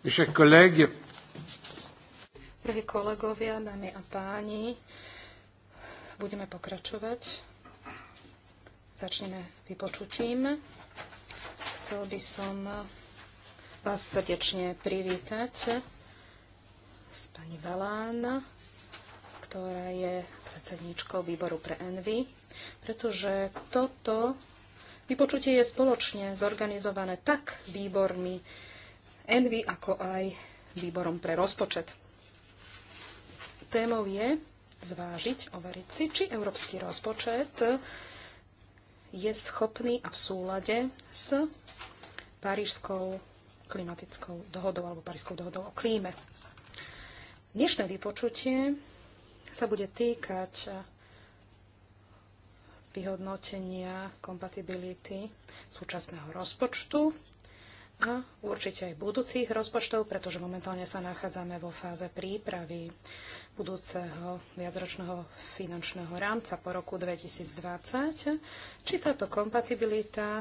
Drahí kolegovia, dámy a páni, budeme pokračovať. Začneme vypočutím. Chcel by som vás srdečne privítať s pani Valán, ktorá je predsedníčkou výboru pre Envy, pretože toto vypočutie je spoločne zorganizované tak výbormi, Envy, ako aj výborom pre rozpočet. Témou je zvážiť, overiť si, či európsky rozpočet je schopný a v súlade s parížskou klimatickou dohodou alebo parížskou dohodou o klíme. Dnešné vypočutie sa bude týkať vyhodnotenia kompatibility súčasného rozpočtu a určite aj budúcich rozpočtov, pretože momentálne sa nachádzame vo fáze prípravy budúceho viacročného finančného rámca po roku 2020. Či táto kompatibilita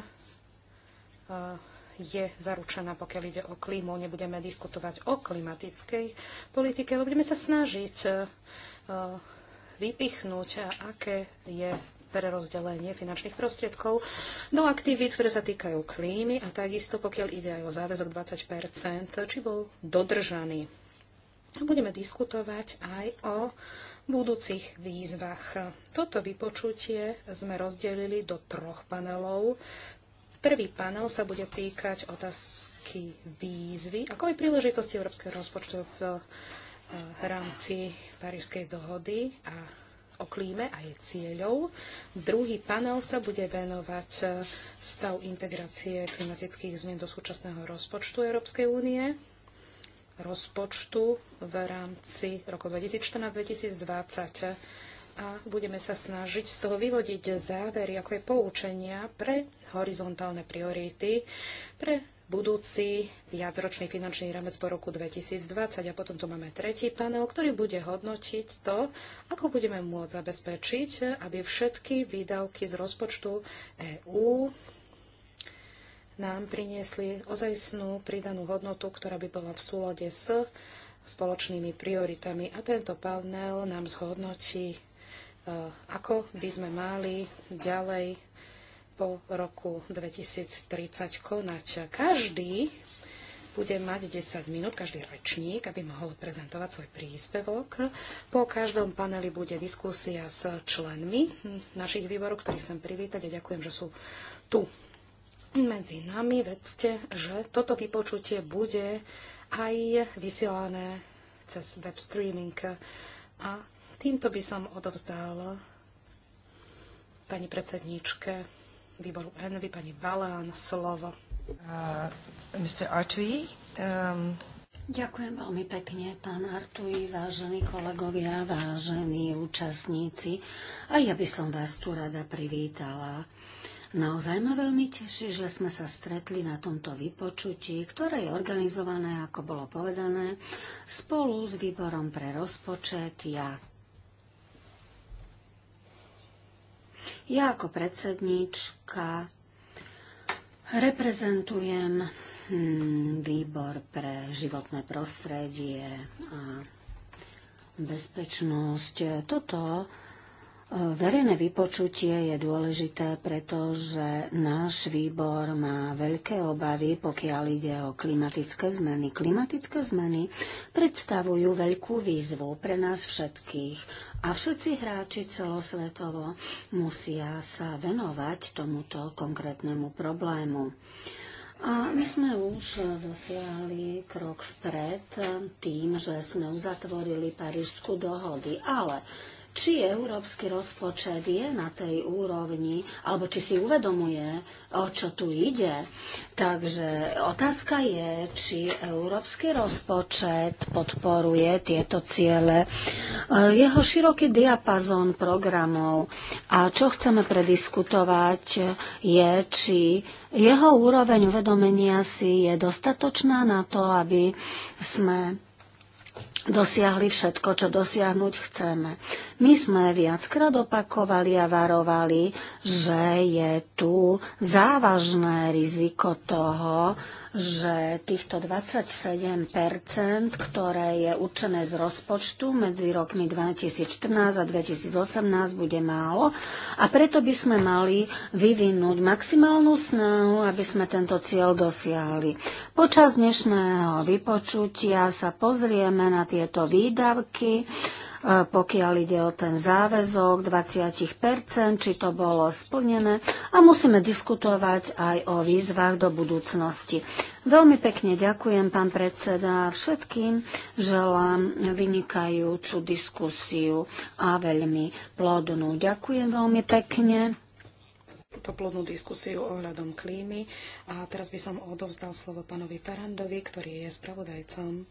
je zaručená, pokiaľ ide o klímu. Nebudeme diskutovať o klimatickej politike, ale budeme sa snažiť vypichnúť, aké je prerozdelenie finančných prostriedkov do aktivít, ktoré sa týkajú klímy a takisto, pokiaľ ide aj o záväzok 20 či bol dodržaný. Budeme diskutovať aj o budúcich výzvach. Toto vypočutie sme rozdelili do troch panelov. Prvý panel sa bude týkať otázky výzvy, ako aj príležitosti európskeho rozpočtu v eh, rámci Parížskej dohody a o klíme a jej cieľov. Druhý panel sa bude venovať e, stav integrácie klimatických zmien do súčasného rozpočtu Európskej únie rozpočtu v rámci roku 2014-2020 a budeme sa snažiť z toho vyvodiť závery, ako je poučenia pre horizontálne priority, pre budúci viacročný finančný rámec po roku 2020. A potom tu máme tretí panel, ktorý bude hodnotiť to, ako budeme môcť zabezpečiť, aby všetky výdavky z rozpočtu EÚ nám priniesli ozajstnú pridanú hodnotu, ktorá by bola v súlade s spoločnými prioritami. A tento panel nám zhodnotí, e, ako by sme mali ďalej po roku 2030 konať. Každý bude mať 10 minút, každý rečník, aby mohol prezentovať svoj príspevok. Po každom paneli bude diskusia s členmi našich výborov, ktorých chcem privítať a ďakujem, že sú tu medzi nami. Vedzte, že toto vypočutie bude aj vysielané cez web streaming. A týmto by som odovzdal pani predsedničke výboru Envy, pani Balán, slovo. Uh, Mr. Artui, um... Ďakujem veľmi pekne, pán Artui, vážení kolegovia, vážení účastníci. A ja by som vás tu rada privítala. Naozaj ma veľmi teší, že sme sa stretli na tomto vypočutí, ktoré je organizované, ako bolo povedané, spolu s výborom pre rozpočet. Ja Ja ako predsedníčka reprezentujem hm, výbor pre životné prostredie a bezpečnosť. Toto Verejné vypočutie je dôležité, pretože náš výbor má veľké obavy, pokiaľ ide o klimatické zmeny. Klimatické zmeny predstavujú veľkú výzvu pre nás všetkých a všetci hráči celosvetovo musia sa venovať tomuto konkrétnemu problému. A my sme už dosiahli krok vpred tým, že sme uzatvorili Parížskú dohody, ale či európsky rozpočet je na tej úrovni, alebo či si uvedomuje, o čo tu ide. Takže otázka je, či európsky rozpočet podporuje tieto ciele, jeho široký diapazón programov a čo chceme prediskutovať je, či jeho úroveň uvedomenia si je dostatočná na to, aby sme dosiahli všetko, čo dosiahnuť chceme. My sme viackrát opakovali a varovali, že je tu závažné riziko toho, že týchto 27%, ktoré je určené z rozpočtu medzi rokmi 2014 a 2018, bude málo a preto by sme mali vyvinúť maximálnu snahu, aby sme tento cieľ dosiahli. Počas dnešného vypočutia sa pozrieme na tieto výdavky, pokiaľ ide o ten záväzok 20%, či to bolo splnené a musíme diskutovať aj o výzvach do budúcnosti. Veľmi pekne ďakujem, pán predseda, všetkým. Želám vynikajúcu diskusiu a veľmi plodnú. Ďakujem veľmi pekne túto plodnú diskusiu ohľadom klímy. A teraz by som odovzdal slovo pánovi Tarandovi, ktorý je spravodajcom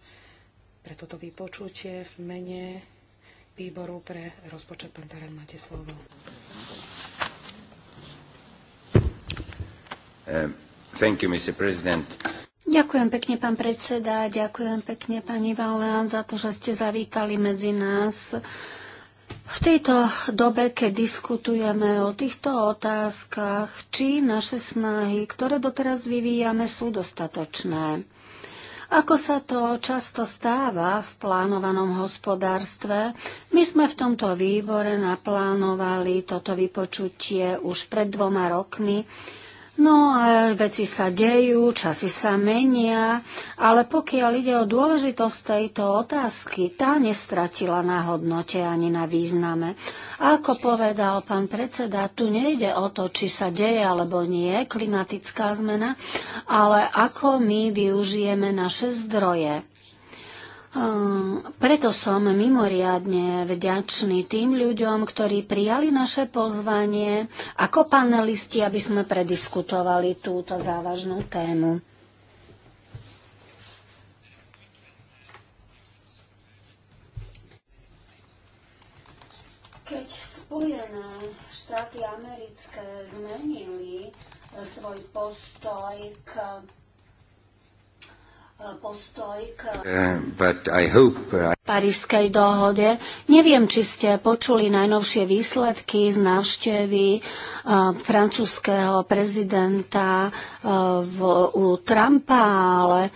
pre toto vypočutie v mene výboru pre rozpočet. Pán Taran, máte slovo. Um, thank you, Mr. President. Ďakujem pekne, pán predseda, ďakujem pekne, pani Valéan, za to, že ste zavítali medzi nás. V tejto dobe, keď diskutujeme o týchto otázkach, či naše snahy, ktoré doteraz vyvíjame, sú dostatočné. Ako sa to často stáva v plánovanom hospodárstve, my sme v tomto výbore naplánovali toto vypočutie už pred dvoma rokmi No a veci sa dejú, časy sa menia, ale pokiaľ ide o dôležitosť tejto otázky, tá nestratila na hodnote ani na význame. Ako povedal pán predseda, tu nejde o to, či sa deje alebo nie klimatická zmena, ale ako my využijeme naše zdroje. Ehm, preto som mimoriadne vďačný tým ľuďom, ktorí prijali naše pozvanie ako panelisti, aby sme prediskutovali túto závažnú tému. Keď Spojené štáty americké zmenili svoj postoj k postoj k uh, uh, parískej dohode. Neviem, či ste počuli najnovšie výsledky z návštevy uh, francúzského prezidenta v, u Trumpa, ale e,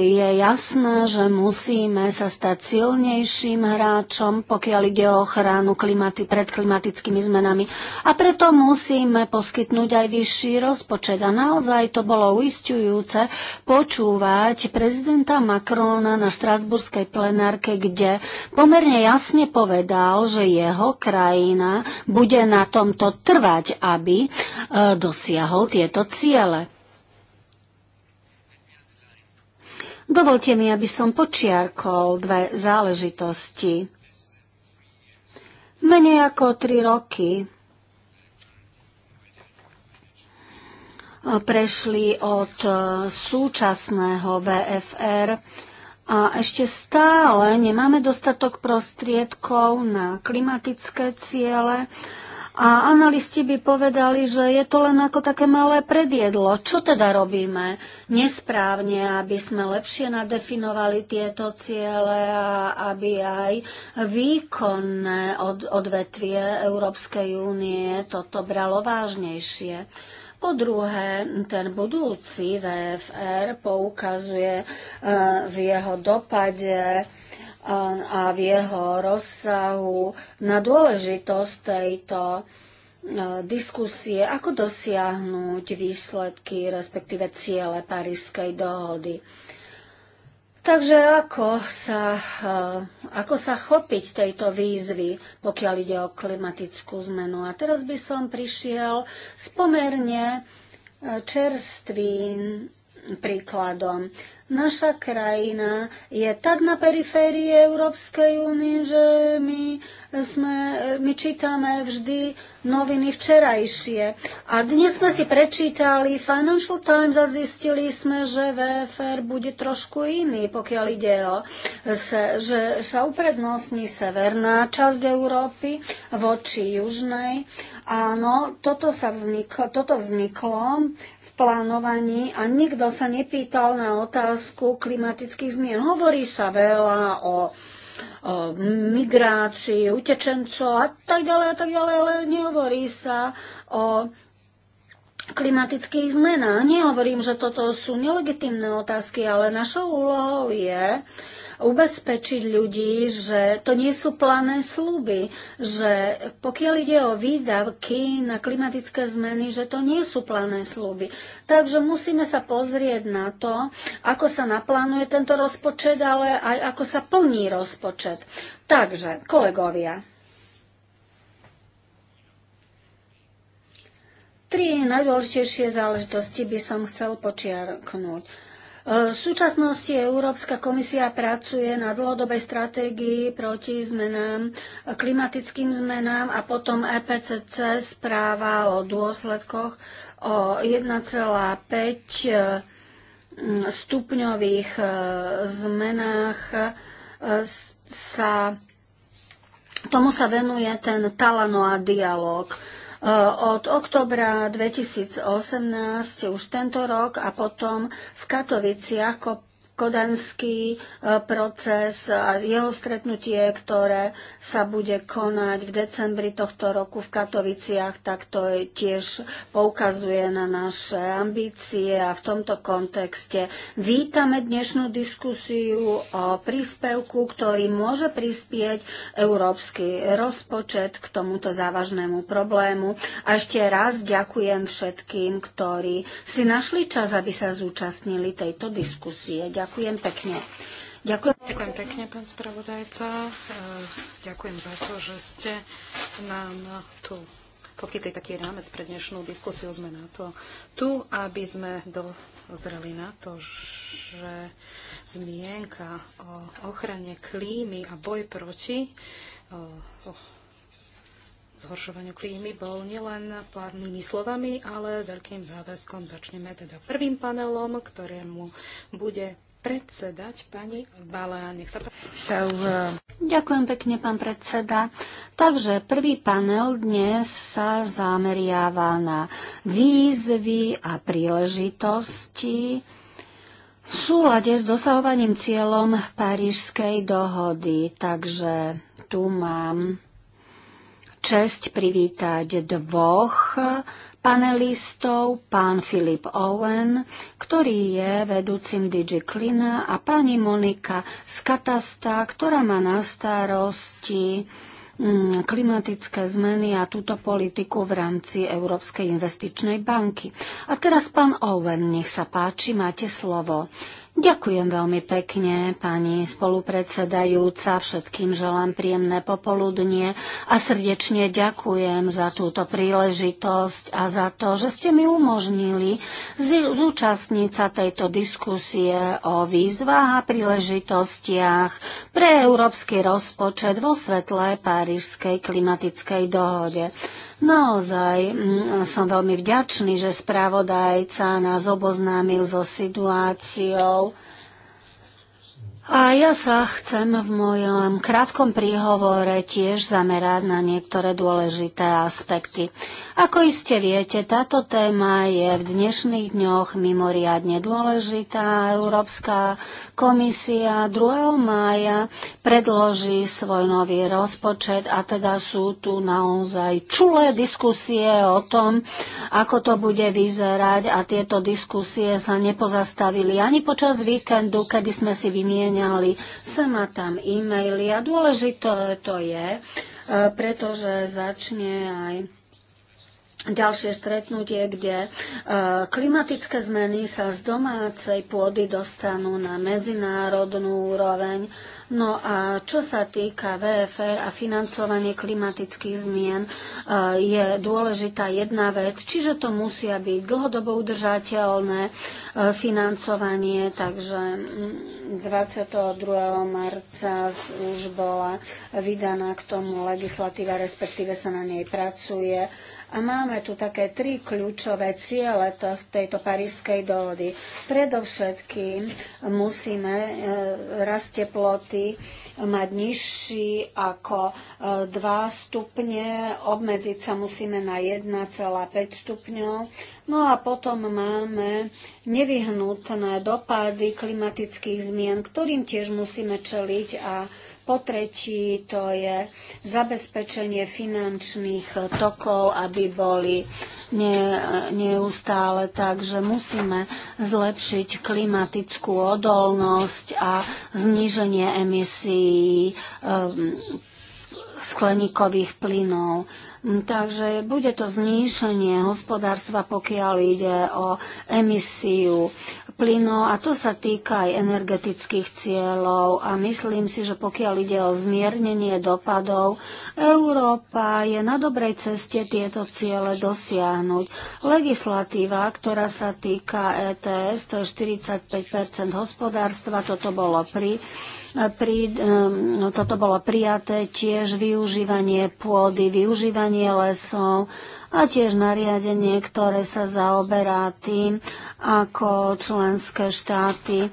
je jasné, že musíme sa stať silnejším hráčom, pokiaľ ide o ochranu klimaty, pred klimatickými zmenami. A preto musíme poskytnúť aj vyšší rozpočet. A naozaj to bolo uistujúce počúvať prezidenta Macrona na štrasburskej plenárke, kde pomerne jasne povedal, že jeho krajina bude na tomto trvať, aby e, dosiahol tieto ciele. Dovolte mi, aby som počiarkol dve záležitosti. Menej ako tri roky prešli od e, súčasného VFR a ešte stále nemáme dostatok prostriedkov na klimatické ciele a analisti by povedali, že je to len ako také malé predjedlo. Čo teda robíme nesprávne, aby sme lepšie nadefinovali tieto ciele a aby aj výkonné od, odvetvie Európskej únie toto bralo vážnejšie. Po druhé, ten budúci VFR poukazuje eh, v jeho dopade a v jeho rozsahu na dôležitosť tejto e, diskusie, ako dosiahnuť výsledky, respektíve ciele Parískej dohody. Takže ako sa, e, ako sa chopiť tejto výzvy, pokiaľ ide o klimatickú zmenu. A teraz by som prišiel s pomerne e, čerstvým príkladom. Naša krajina je tak na periférii Európskej únie, že my, sme, my čítame vždy noviny včerajšie. A dnes sme si prečítali Financial Times a zistili sme, že VFR bude trošku iný, pokiaľ ide o, se, že sa uprednostní severná časť Európy voči južnej. Áno, toto, sa vzniklo, toto vzniklo plánovaní a nikto sa nepýtal na otázku klimatických zmien. Hovorí sa veľa o migrácii, utečencov a tak ďalej a tak ďalej, ale nehovorí sa o klimatických zmenách. Nehovorím, že toto sú nelegitimné otázky, ale našou úlohou je ubezpečiť ľudí, že to nie sú plané sluby, že pokiaľ ide o výdavky na klimatické zmeny, že to nie sú plané sluby. Takže musíme sa pozrieť na to, ako sa naplánuje tento rozpočet, ale aj ako sa plní rozpočet. Takže, kolegovia, Tri najdôležitejšie záležitosti by som chcel počiarknúť. E, v súčasnosti Európska komisia pracuje na dlhodobej stratégii proti zmenám, klimatickým zmenám a potom EPCC správa o dôsledkoch o 1,5 e, stupňových e, zmenách sa tomu sa venuje ten Talanoa dialog. Eh, od oktobra 2018 už tento rok a potom v Katoviciach kodanský e, proces a jeho stretnutie, ktoré sa bude konať v decembri tohto roku v Katoviciach, tak to tiež poukazuje na naše ambície a v tomto kontexte vítame dnešnú diskusiu o príspevku, ktorý môže prispieť európsky rozpočet k tomuto závažnému problému. A ešte raz ďakujem všetkým, ktorí si našli čas, aby sa zúčastnili tejto diskusie. Ďakujem. Ďakujem pekne. Ďakujem. Ďakujem pekne, pán spravodajca. E, ďakujem za to, že ste nám tu poskytli taký rámec pre dnešnú diskusiu. Sme na to tu, aby sme dozreli na to, že zmienka o ochrane klímy a boj proti e, zhoršovaniu klímy bol nielen párnymi slovami, ale veľkým záväzkom. Začneme teda prvým panelom, ktorému bude predsedať pani Balá. Nech sa so, uh... Ďakujem pekne, pán predseda. Takže prvý panel dnes sa zameriava na výzvy a príležitosti v súlade s dosahovaním cieľom Parížskej dohody. Takže tu mám čest privítať dvoch panelistov pán Filip Owen, ktorý je vedúcim DigiClina a pani Monika Skatasta, ktorá má na starosti mm, klimatické zmeny a túto politiku v rámci Európskej investičnej banky. A teraz pán Owen, nech sa páči, máte slovo. Ďakujem veľmi pekne, pani spolupredsedajúca. Všetkým želám príjemné popoludnie a srdečne ďakujem za túto príležitosť a za to, že ste mi umožnili zúčastniť sa tejto diskusie o výzvach a príležitostiach pre európsky rozpočet vo svetle Parížskej klimatickej dohode. Naozaj mm, som veľmi vďačný, že spravodajca nás oboznámil so situáciou a ja sa chcem v mojom krátkom príhovore tiež zamerať na niektoré dôležité aspekty. Ako iste viete, táto téma je v dnešných dňoch mimoriadne dôležitá. Európska komisia 2. mája predloží svoj nový rozpočet a teda sú tu naozaj čulé diskusie o tom, ako to bude vyzerať a tieto diskusie sa nepozastavili ani počas víkendu, kedy sme si vymienili vymieňali sem a tam e-maily a dôležité to je, e, pretože začne aj ďalšie stretnutie, kde e, klimatické zmeny sa z domácej pôdy dostanú na medzinárodnú úroveň No a čo sa týka VFR a financovanie klimatických zmien, e, je dôležitá jedna vec, čiže to musia byť dlhodobo udržateľné e, financovanie, takže 22. Mm, marca už bola vydaná k tomu legislatíva, respektíve sa na nej pracuje. A máme tu také tri kľúčové ciele tejto parískej dohody. Predovšetkým musíme e, rast teploty mať nižší ako 2 e, stupne, obmedziť sa musíme na 1,5 stupňov. No a potom máme nevyhnutné dopady klimatických zmien, ktorým tiež musíme čeliť a po tretí, to je zabezpečenie finančných tokov, aby boli ne, neustále, takže musíme zlepšiť klimatickú odolnosť a zníženie emisí um, skleníkových plynov. Takže bude to zníšenie hospodárstva, pokiaľ ide o emisiu plynov a to sa týka aj energetických cieľov a myslím si, že pokiaľ ide o zmiernenie dopadov, Európa je na dobrej ceste tieto ciele dosiahnuť. Legislatíva, ktorá sa týka ETS, to je 45 hospodárstva, toto bolo pri pri, ehm, toto bolo prijaté tiež využívanie pôdy, využívanie lesov a tiež nariadenie, ktoré sa zaoberá tým, ako členské štáty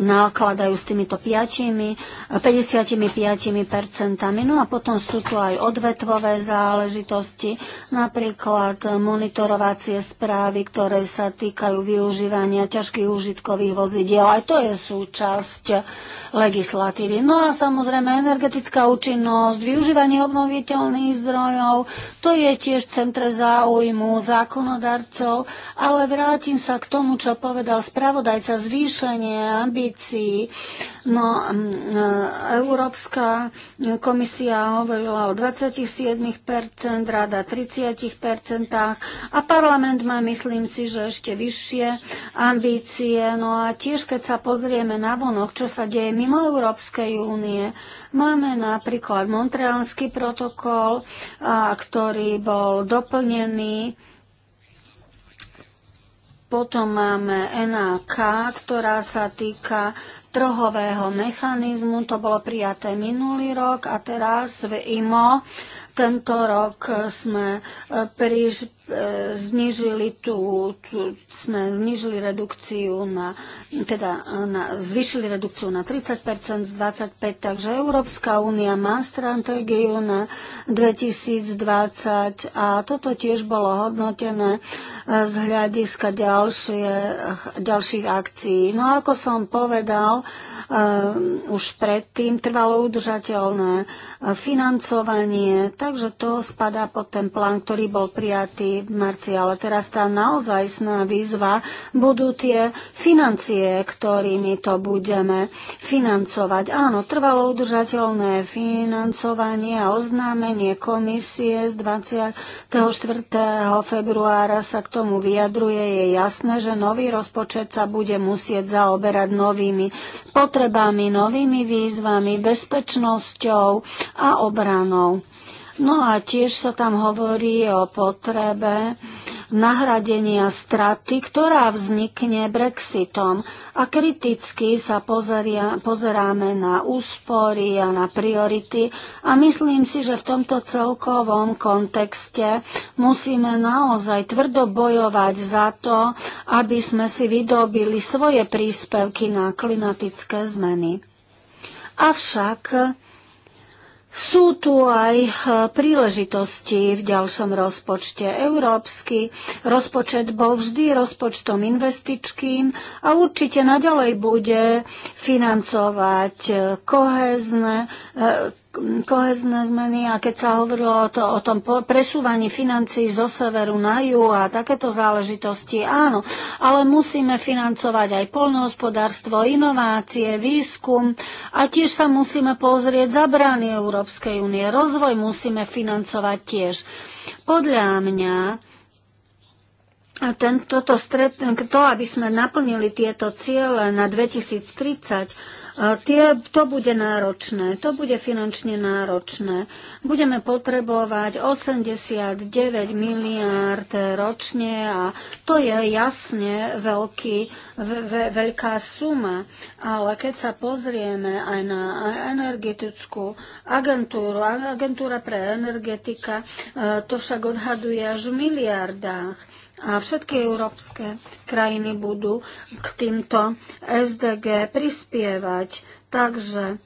nákladajú s týmito 5, 55 percentami. No a potom sú tu aj odvetvové záležitosti, napríklad monitorovacie správy, ktoré sa týkajú využívania ťažkých užitkových vozidiel. Aj to je súčasť legislatívy. No a samozrejme energetická účinnosť, využívanie obnoviteľných zdrojov, to je tiež centre záujmu zákonodarcov, ale vrátim sa k tomu, čo povedal spravodajca, zvýšenie ambícií. No, e, Európska komisia hovorila o 27%, rada 30% a parlament má, myslím si, že ešte vyššie ambície. No a tiež, keď sa pozrieme na vonok, čo sa deje mimo Európskej únie, máme napríklad Montrealský protokol, ktorý bol doplnený potom máme NAK, ktorá sa týka trhového mechanizmu. To bolo prijaté minulý rok a teraz v IMO tento rok sme e, E, znižili tú, tú, sme znižili redukciu na, teda e, na, zvyšili redukciu na 30% z 25, takže Európska únia má stratégiu na 2020 a toto tiež bolo hodnotené e, z hľadiska ďalšie, ďalších akcií. No ako som povedal, už predtým trvalo udržateľné financovanie, takže to spadá pod ten plán, ktorý bol prijatý marci, ale teraz tá naozajstná výzva budú tie financie, ktorými to budeme financovať. Áno, trvalo udržateľné financovanie a oznámenie komisie z 24. februára sa k tomu vyjadruje. Je jasné, že nový rozpočet sa bude musieť zaoberať novými potrebami, novými výzvami, bezpečnosťou a obranou. No a tiež sa tam hovorí o potrebe nahradenia straty, ktorá vznikne Brexitom a kriticky sa pozeria, pozeráme na úspory a na priority a myslím si, že v tomto celkovom kontexte musíme naozaj tvrdo bojovať za to, aby sme si vydobili svoje príspevky na klimatické zmeny. Avšak sú tu aj eh, príležitosti v ďalšom rozpočte. Európsky rozpočet bol vždy rozpočtom investičkým a určite naďalej bude financovať eh, kohezne, eh, kohezné zmeny a keď sa hovorilo o, to, o tom presúvaní financií zo severu na ju a takéto záležitosti, áno, ale musíme financovať aj polnohospodárstvo, inovácie, výskum a tiež sa musíme pozrieť za brány Európskej únie. Rozvoj musíme financovať tiež. Podľa mňa tento, to, aby sme naplnili tieto ciele na 2030, Tie, to bude náročné, to bude finančne náročné. Budeme potrebovať 89 miliárd ročne a to je jasne veľký, ve, ve, veľká suma. Ale keď sa pozrieme aj na energetickú agentúru, agentúra pre energetika, e, to však odhaduje až v miliardách a všetky európske krajiny budú k týmto SDG prispievať. Takže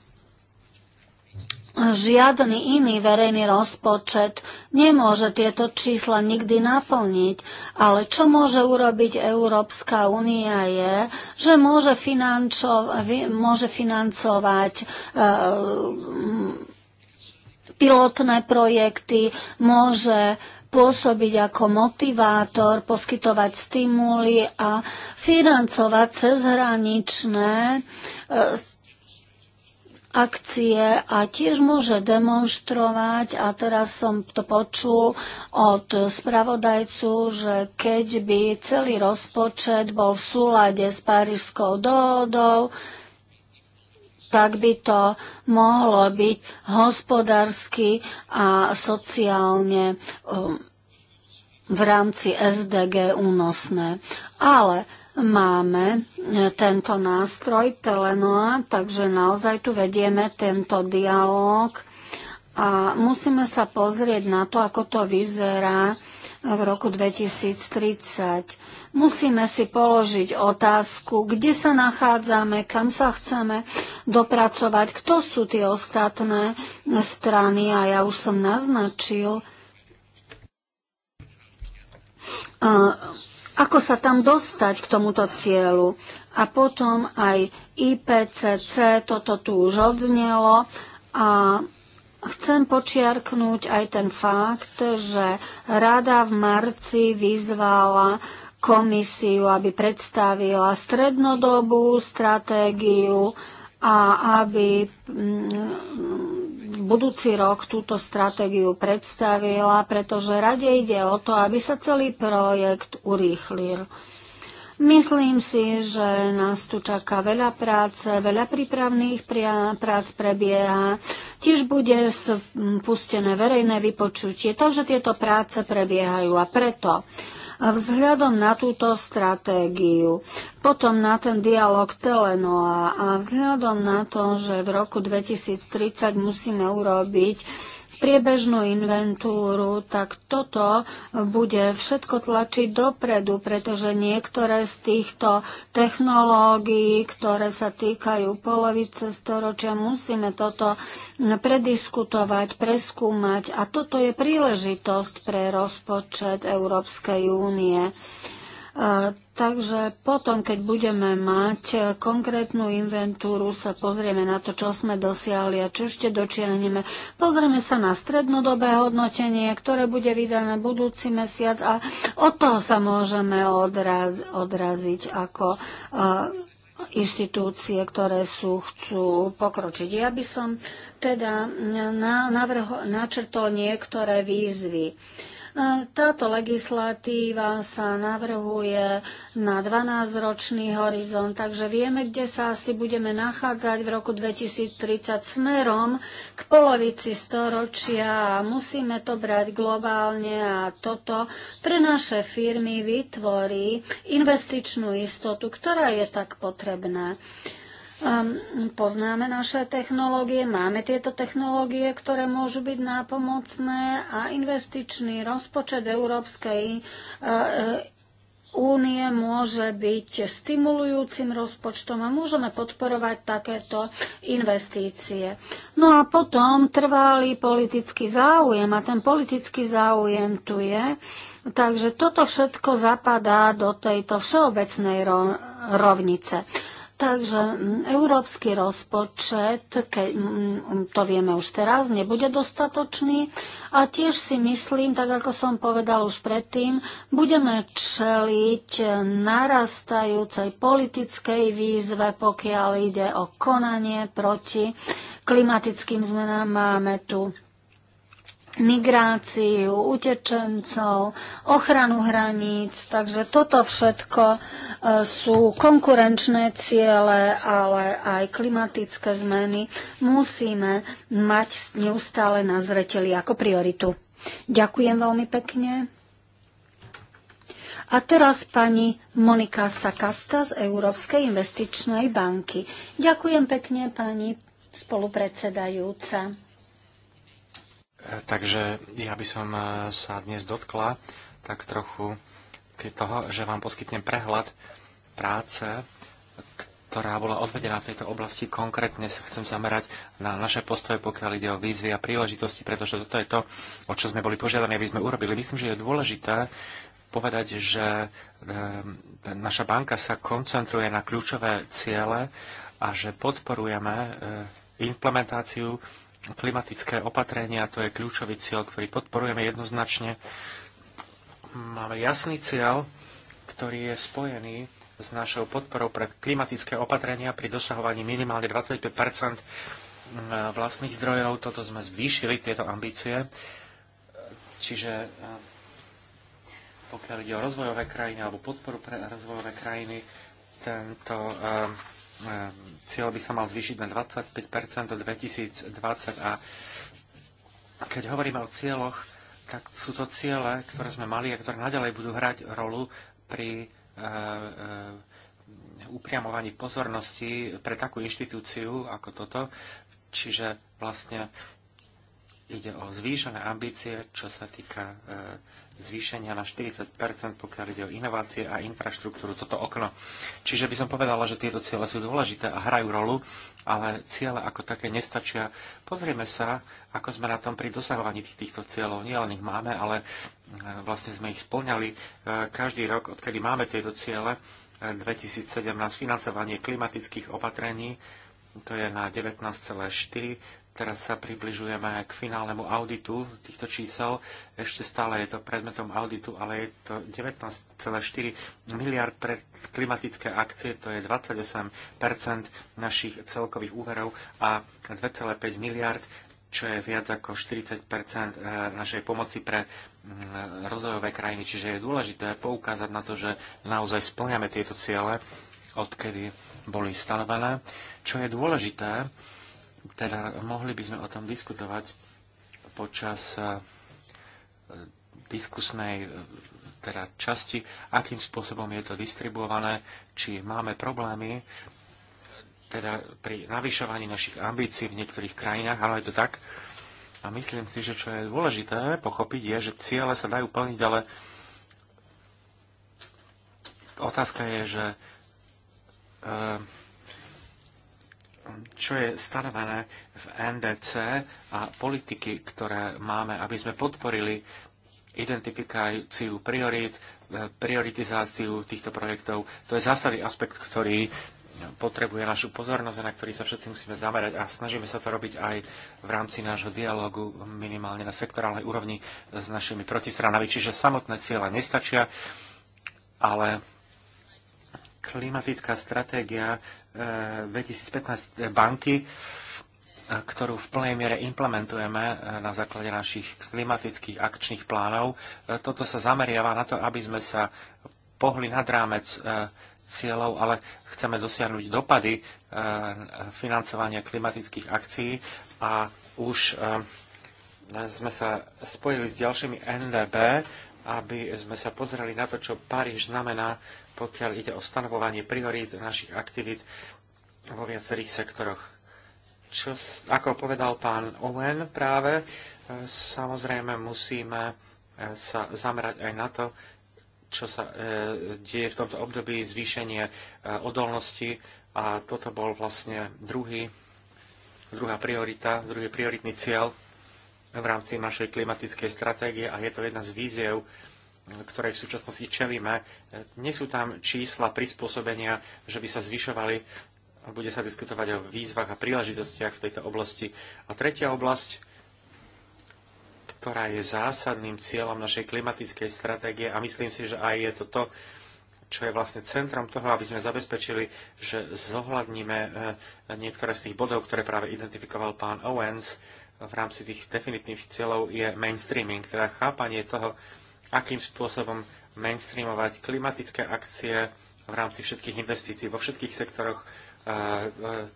žiadny iný verejný rozpočet nemôže tieto čísla nikdy naplniť, ale čo môže urobiť Európska únia je, že môže, financo- môže financovať uh, pilotné projekty, môže uh, pôsobiť ako motivátor, poskytovať stimuly a financovať cezhraničné eh, akcie a tiež môže demonstrovať, a teraz som to počul od spravodajcu, že keď by celý rozpočet bol v súlade s Parížskou dohodou, tak by to mohlo byť hospodársky a sociálne um, v rámci SDG únosné. Ale máme e, tento nástroj Telenoa, takže naozaj tu vedieme tento dialog a musíme sa pozrieť na to, ako to vyzerá v roku 2030. Musíme si položiť otázku, kde sa nachádzame, kam sa chceme dopracovať, kto sú tie ostatné strany a ja už som naznačil, ako sa tam dostať k tomuto cieľu. A potom aj IPCC, toto tu už odznelo a Chcem počiarknúť aj ten fakt, že rada v marci vyzvala komisiu, aby predstavila strednodobú stratégiu a aby mm, budúci rok túto stratégiu predstavila, pretože rade ide o to, aby sa celý projekt urýchlil. Myslím si, že nás tu čaká veľa práce, veľa prípravných prác prebieha. Tiež bude spustené verejné vypočutie, takže tieto práce prebiehajú a preto vzhľadom na túto stratégiu, potom na ten dialog Telenoa a vzhľadom na to, že v roku 2030 musíme urobiť priebežnú inventúru, tak toto bude všetko tlačiť dopredu, pretože niektoré z týchto technológií, ktoré sa týkajú polovice storočia, musíme toto prediskutovať, preskúmať a toto je príležitosť pre rozpočet Európskej únie. Takže potom, keď budeme mať e, konkrétnu inventúru, sa pozrieme na to, čo sme dosiahli a čo ešte dočiahneme. Pozrieme sa na strednodobé hodnotenie, ktoré bude vydané budúci mesiac a od toho sa môžeme odraz, odraziť ako inštitúcie, ktoré sú, chcú pokročiť. Ja by som teda navrho, načrtol niektoré výzvy. Uh, E, táto legislatíva sa navrhuje na 12-ročný horizont, takže vieme, kde sa asi budeme nachádzať v roku 2030 smerom k polovici storočia a musíme to brať globálne a toto pre naše firmy vytvorí investičnú istotu, ktorá je tak potrebná poznáme naše technológie, máme tieto technológie, ktoré môžu byť nápomocné a investičný rozpočet Európskej e, e, únie môže byť stimulujúcim rozpočtom a môžeme podporovať takéto investície. No a potom trvalý politický záujem a ten politický záujem tu je. Takže toto všetko zapadá do tejto všeobecnej rovnice. Takže mm, európsky rozpočet, ke, mm, mm, to vieme už teraz, nebude dostatočný a tiež si myslím, tak ako som povedal už predtým, budeme čeliť narastajúcej politickej výzve, pokiaľ ide o konanie proti klimatickým zmenám. Máme tu migráciu, utečencov, ochranu hraníc. Takže toto všetko e, sú konkurenčné ciele, ale aj klimatické zmeny musíme mať neustále na zreteli ako prioritu. Ďakujem veľmi pekne. A teraz pani Monika Sakasta z Európskej investičnej banky. Ďakujem pekne, pani spolupredsedajúca. Takže ja by som e, sa dnes dotkla tak trochu toho, že vám poskytnem prehľad práce, ktorá bola odvedená v tejto oblasti. Konkrétne sa chcem zamerať na naše postoje, pokiaľ ide o výzvy a príležitosti, pretože toto je to, o čo sme boli požiadaní, aby sme urobili. Myslím, že je dôležité povedať, že e, naša banka sa koncentruje na kľúčové ciele a že podporujeme e, implementáciu klimatické opatrenia, to je kľúčový cieľ, ktorý podporujeme jednoznačne. Máme jasný cieľ, ktorý je spojený s našou podporou pre klimatické opatrenia pri dosahovaní minimálne 25 vlastných zdrojov. Toto sme zvýšili, tieto ambície. Čiže pokiaľ ide o rozvojové krajiny alebo podporu pre rozvojové krajiny, tento E, cieľ by sa mal zvýšiť na 25 do 2020 a keď hovoríme o cieľoch, tak sú to ciele, ktoré sme mali a ktoré nadalej budú hrať rolu pri e, e, upriamovaní pozornosti pre takú inštitúciu ako toto. Čiže vlastne ide o zvýšené ambície, čo sa týka zvýšenia na 40 pokiaľ ide o inovácie a infraštruktúru, toto okno. Čiže by som povedala, že tieto ciele sú dôležité a hrajú rolu, ale ciele ako také nestačia. Pozrieme sa, ako sme na tom pri dosahovaní týchto cieľov. Nie len ich máme, ale e, vlastne sme ich splňali e, každý rok, odkedy máme tieto ciele. 2017 e, financovanie klimatických opatrení, to je na 19,4 Teraz sa približujeme k finálnemu auditu týchto čísel. Ešte stále je to predmetom auditu, ale je to 19,4 miliard pre klimatické akcie, to je 28 našich celkových úverov a 2,5 miliard čo je viac ako 40 eh, našej pomoci pre mm, rozvojové krajiny. Čiže je dôležité poukázať na to, že naozaj splňame tieto ciele, odkedy boli stanovené. Čo je dôležité, teda mohli by sme o tom diskutovať počas e, diskusnej e, teda časti, akým spôsobom je to distribuované, či máme problémy e, teda pri navyšovaní našich ambícií v niektorých krajinách, ale je to tak. A myslím si, že čo je dôležité pochopiť, je, že ciele sa dajú plniť, ale otázka je, že e, čo je stanovené v NDC a politiky, ktoré máme, aby sme podporili identifikáciu priorit, e, prioritizáciu týchto projektov. To je zásadný aspekt, ktorý potrebuje našu pozornosť a na ktorý sa všetci musíme zamerať a snažíme sa to robiť aj v rámci nášho dialogu minimálne na sektorálnej úrovni s našimi protistranami. Čiže samotné cieľa nestačia, ale klimatická stratégia 2015 banky, e, ktorú v plnej miere implementujeme e, na základe našich klimatických akčných plánov. E, toto sa zameriava na to, aby sme sa pohli nad rámec cieľov, ale chceme dosiahnuť dopady financovania klimatických akcií a už sme sa spojili s ďalšími NDB, aby sme sa pozreli na to, čo Paríž znamená pokiaľ ide o stanovovanie priorít našich aktivít vo viacerých sektoroch. Čo, ako povedal pán Owen práve, e, samozrejme musíme e, sa zamerať aj na to, čo sa e, deje v tomto období, zvýšenie odolnosti a toto bol vlastne druhý, druhá priorita, druhý prioritný cieľ v rámci našej klimatickej stratégie a je to jedna z víziev, ktorej v súčasnosti čelíme, nie sú tam čísla prispôsobenia, že by sa zvyšovali a bude sa diskutovať o výzvach a príležitostiach v tejto oblasti. A tretia oblasť, ktorá je zásadným cieľom našej klimatickej stratégie a myslím si, že aj je to to, čo je vlastne centrom toho, aby sme zabezpečili, že zohľadníme eh, niektoré z tých bodov, ktoré práve identifikoval pán Owens v rámci tých definitívnych cieľov, je mainstreaming, teda chápanie toho, akým spôsobom mainstreamovať klimatické akcie v rámci všetkých investícií vo všetkých sektoroch, eh, eh,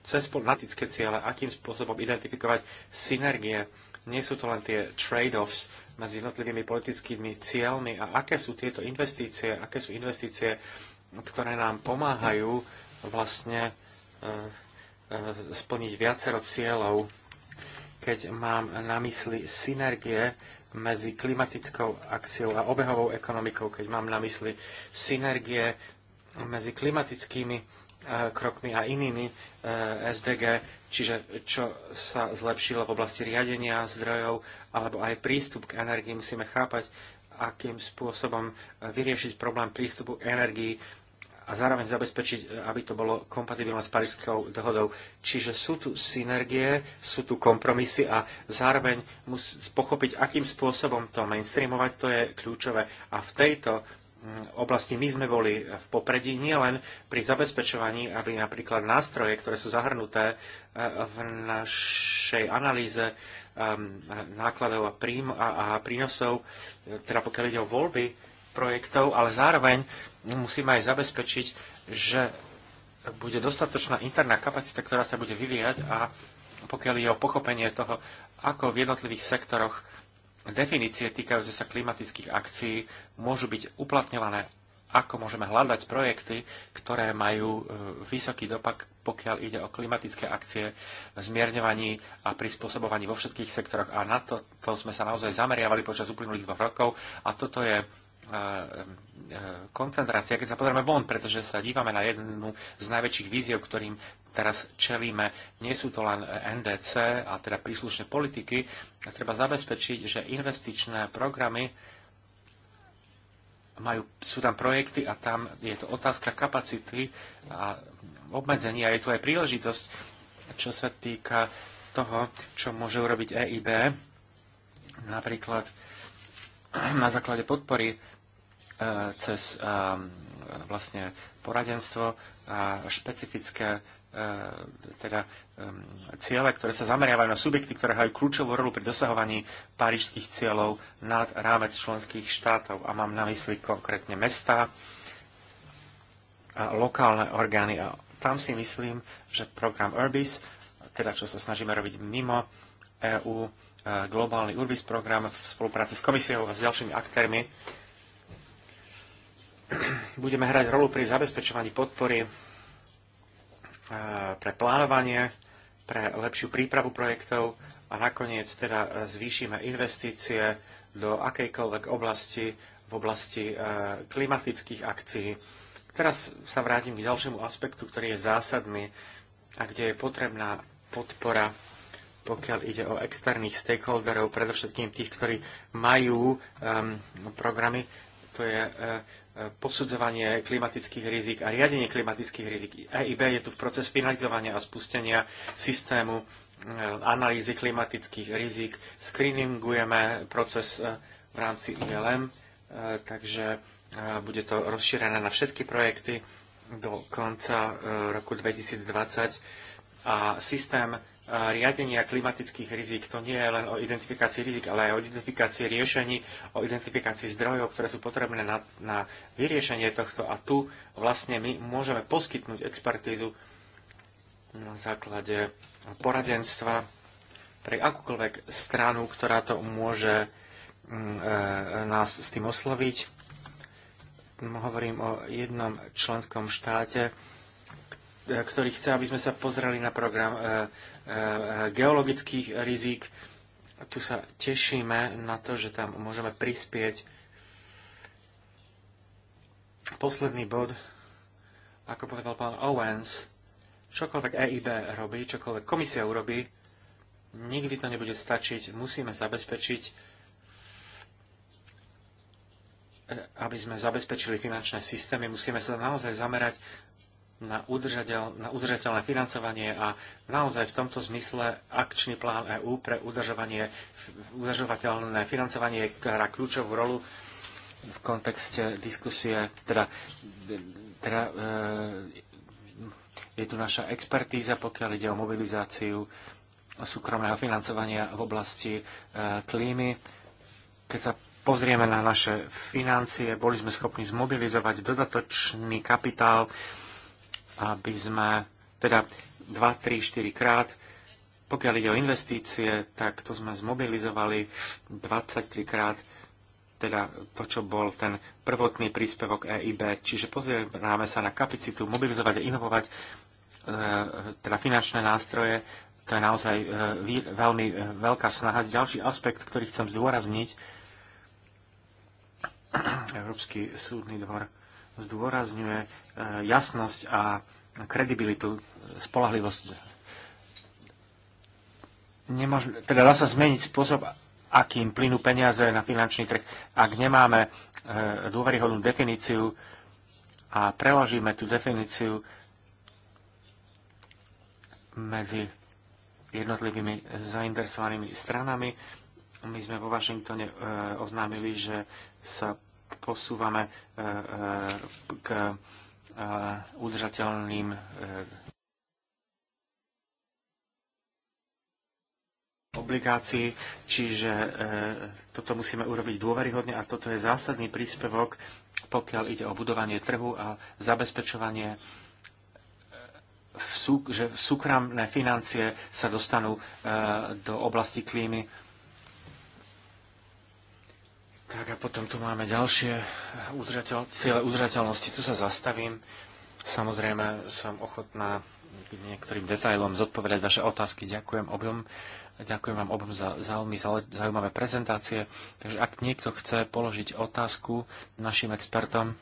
cez politické ciele, akým spôsobom identifikovať synergie. Nie sú to len tie trade-offs medzi jednotlivými politickými cieľmi a aké sú tieto investície, aké sú investície, ktoré nám pomáhajú vlastne eh, splniť viacero cieľov. Keď mám na mysli synergie, medzi klimatickou akciou a obehovou ekonomikou, keď mám na mysli synergie medzi klimatickými e, krokmi a inými e, SDG, čiže čo sa zlepšilo v oblasti riadenia zdrojov alebo aj prístup k energii. Musíme chápať, akým spôsobom e, vyriešiť problém prístupu k energii a zároveň zabezpečiť, aby to bolo kompatibilné s parískou dohodou. Čiže sú tu synergie, sú tu kompromisy a zároveň musí pochopiť, akým spôsobom to mainstreamovať, to je kľúčové. A v tejto mm, oblasti my sme boli v popredí nielen pri zabezpečovaní, aby napríklad nástroje, ktoré sú zahrnuté e, v našej analýze ehm, nákladov a, prím- a, a prínosov, e, teda pokiaľ ide o voľby projektov, ale zároveň musíme aj zabezpečiť, že bude dostatočná interná kapacita, ktorá sa bude vyvíjať a pokiaľ je o pochopenie toho, ako v jednotlivých sektoroch definície týkajúce sa klimatických akcií môžu byť uplatňované, ako môžeme hľadať projekty, ktoré majú e, vysoký dopak, pokiaľ ide o klimatické akcie v zmierňovaní a prispôsobovaní vo všetkých sektoroch. A na to, to sme sa naozaj zameriavali počas uplynulých dvoch rokov a toto je koncentrácia, keď sa pozrieme von, pretože sa dívame na jednu z najväčších víziev, ktorým teraz čelíme. Nie sú to len NDC a teda príslušné politiky. A treba zabezpečiť, že investičné programy majú, sú tam projekty a tam je to otázka kapacity a obmedzenia. Je tu aj príležitosť, čo sa týka toho, čo môže urobiť EIB. Napríklad na základe podpory E, cez e, vlastne poradenstvo a špecifické e, teda ciele, ktoré sa zameriavajú na subjekty, ktoré hrajú kľúčovú rolu pri dosahovaní parížských cieľov nad rámec členských štátov. A mám na mysli konkrétne mesta a lokálne orgány. A tam si myslím, že program URBIS, teda čo sa snažíme robiť mimo EÚ, globálny URBIS program v spolupráci s komisiou a s ďalšími aktérmi, budeme hrať rolu pri zabezpečovaní podpory e, pre plánovanie, pre lepšiu prípravu projektov a nakoniec teda e, zvýšime investície do akejkoľvek oblasti v oblasti e, klimatických akcií. Teraz sa vrátim k ďalšiemu aspektu, ktorý je zásadný a kde je potrebná podpora, pokiaľ ide o externých stakeholderov, predovšetkým tých, ktorí majú um, programy, to je e, e, posudzovanie klimatických rizik a riadenie klimatických rizik. EIB je tu v proces finalizovania a spustenia systému e, analýzy klimatických rizik. Screeningujeme proces v rámci ILM, takže bude to rozšírené na všetky projekty do konca roku 2020 a systém riadenia klimatických rizik. To nie je len o identifikácii rizik, ale aj o identifikácii riešení, o identifikácii zdrojov, ktoré sú potrebné na, na vyriešenie tohto. A tu vlastne my môžeme poskytnúť expertízu na základe poradenstva pre akúkoľvek stranu, ktorá to môže mm, e, nás s tým osloviť. Hovorím o jednom členskom štáte, e, ktorý chce, aby sme sa pozreli na program e, Eh, geologických rizík. Tu sa tešíme na to, že tam môžeme prispieť. Posledný bod, ako povedal pán Owens, čokoľvek EIB robí, čokoľvek komisia urobí, nikdy to nebude stačiť. Musíme zabezpečiť, eh, aby sme zabezpečili finančné systémy, musíme sa naozaj zamerať na, udržateľ, na udržateľné financovanie a naozaj v tomto zmysle akčný plán EÚ pre udržovateľné financovanie hrá kľúčovú rolu v kontexte diskusie, teda, teda e, je tu naša expertíza, pokiaľ ide o mobilizáciu súkromného financovania v oblasti e, klímy. Keď sa pozrieme na naše financie, boli sme schopní zmobilizovať dodatočný kapitál e, aby sme, teda 2, 3, 4 krát, pokiaľ ide o investície, tak to sme zmobilizovali 23 krát, teda to, čo bol ten prvotný príspevok EIB. Čiže pozrieme sa na kapacitu mobilizovať a inovovať e, teda finančné nástroje, to je naozaj e, veľmi e, veľká snaha. Ďalší aspekt, ktorý chcem zdôrazniť, Európsky súdny dvor zdôrazňuje jasnosť a kredibilitu, spolahlivosť. Nemož, teda dá sa zmeniť spôsob, akým plynú peniaze na finančný trh, ak nemáme e, dôveryhodnú definíciu a preložíme tú definíciu medzi jednotlivými zainteresovanými stranami. My sme vo Washingtone e, oznámili, že sa posúvame e, e, k udržateľným e, obligácií, čiže e, toto musíme urobiť dôveryhodne a toto je zásadný príspevok, pokiaľ ide o budovanie trhu a zabezpečovanie, e, v sú, že súkromné financie sa dostanú do oblasti klímy tak a potom tu máme ďalšie eh, udržateľ, ciele udržateľnosti. Tu sa zastavím. Samozrejme som ochotná k niektorým detailom zodpovedať vaše otázky. Ďakujem obom. Ďakujem vám obom za veľmi zaujímavé prezentácie. Takže ak niekto chce položiť otázku našim expertom,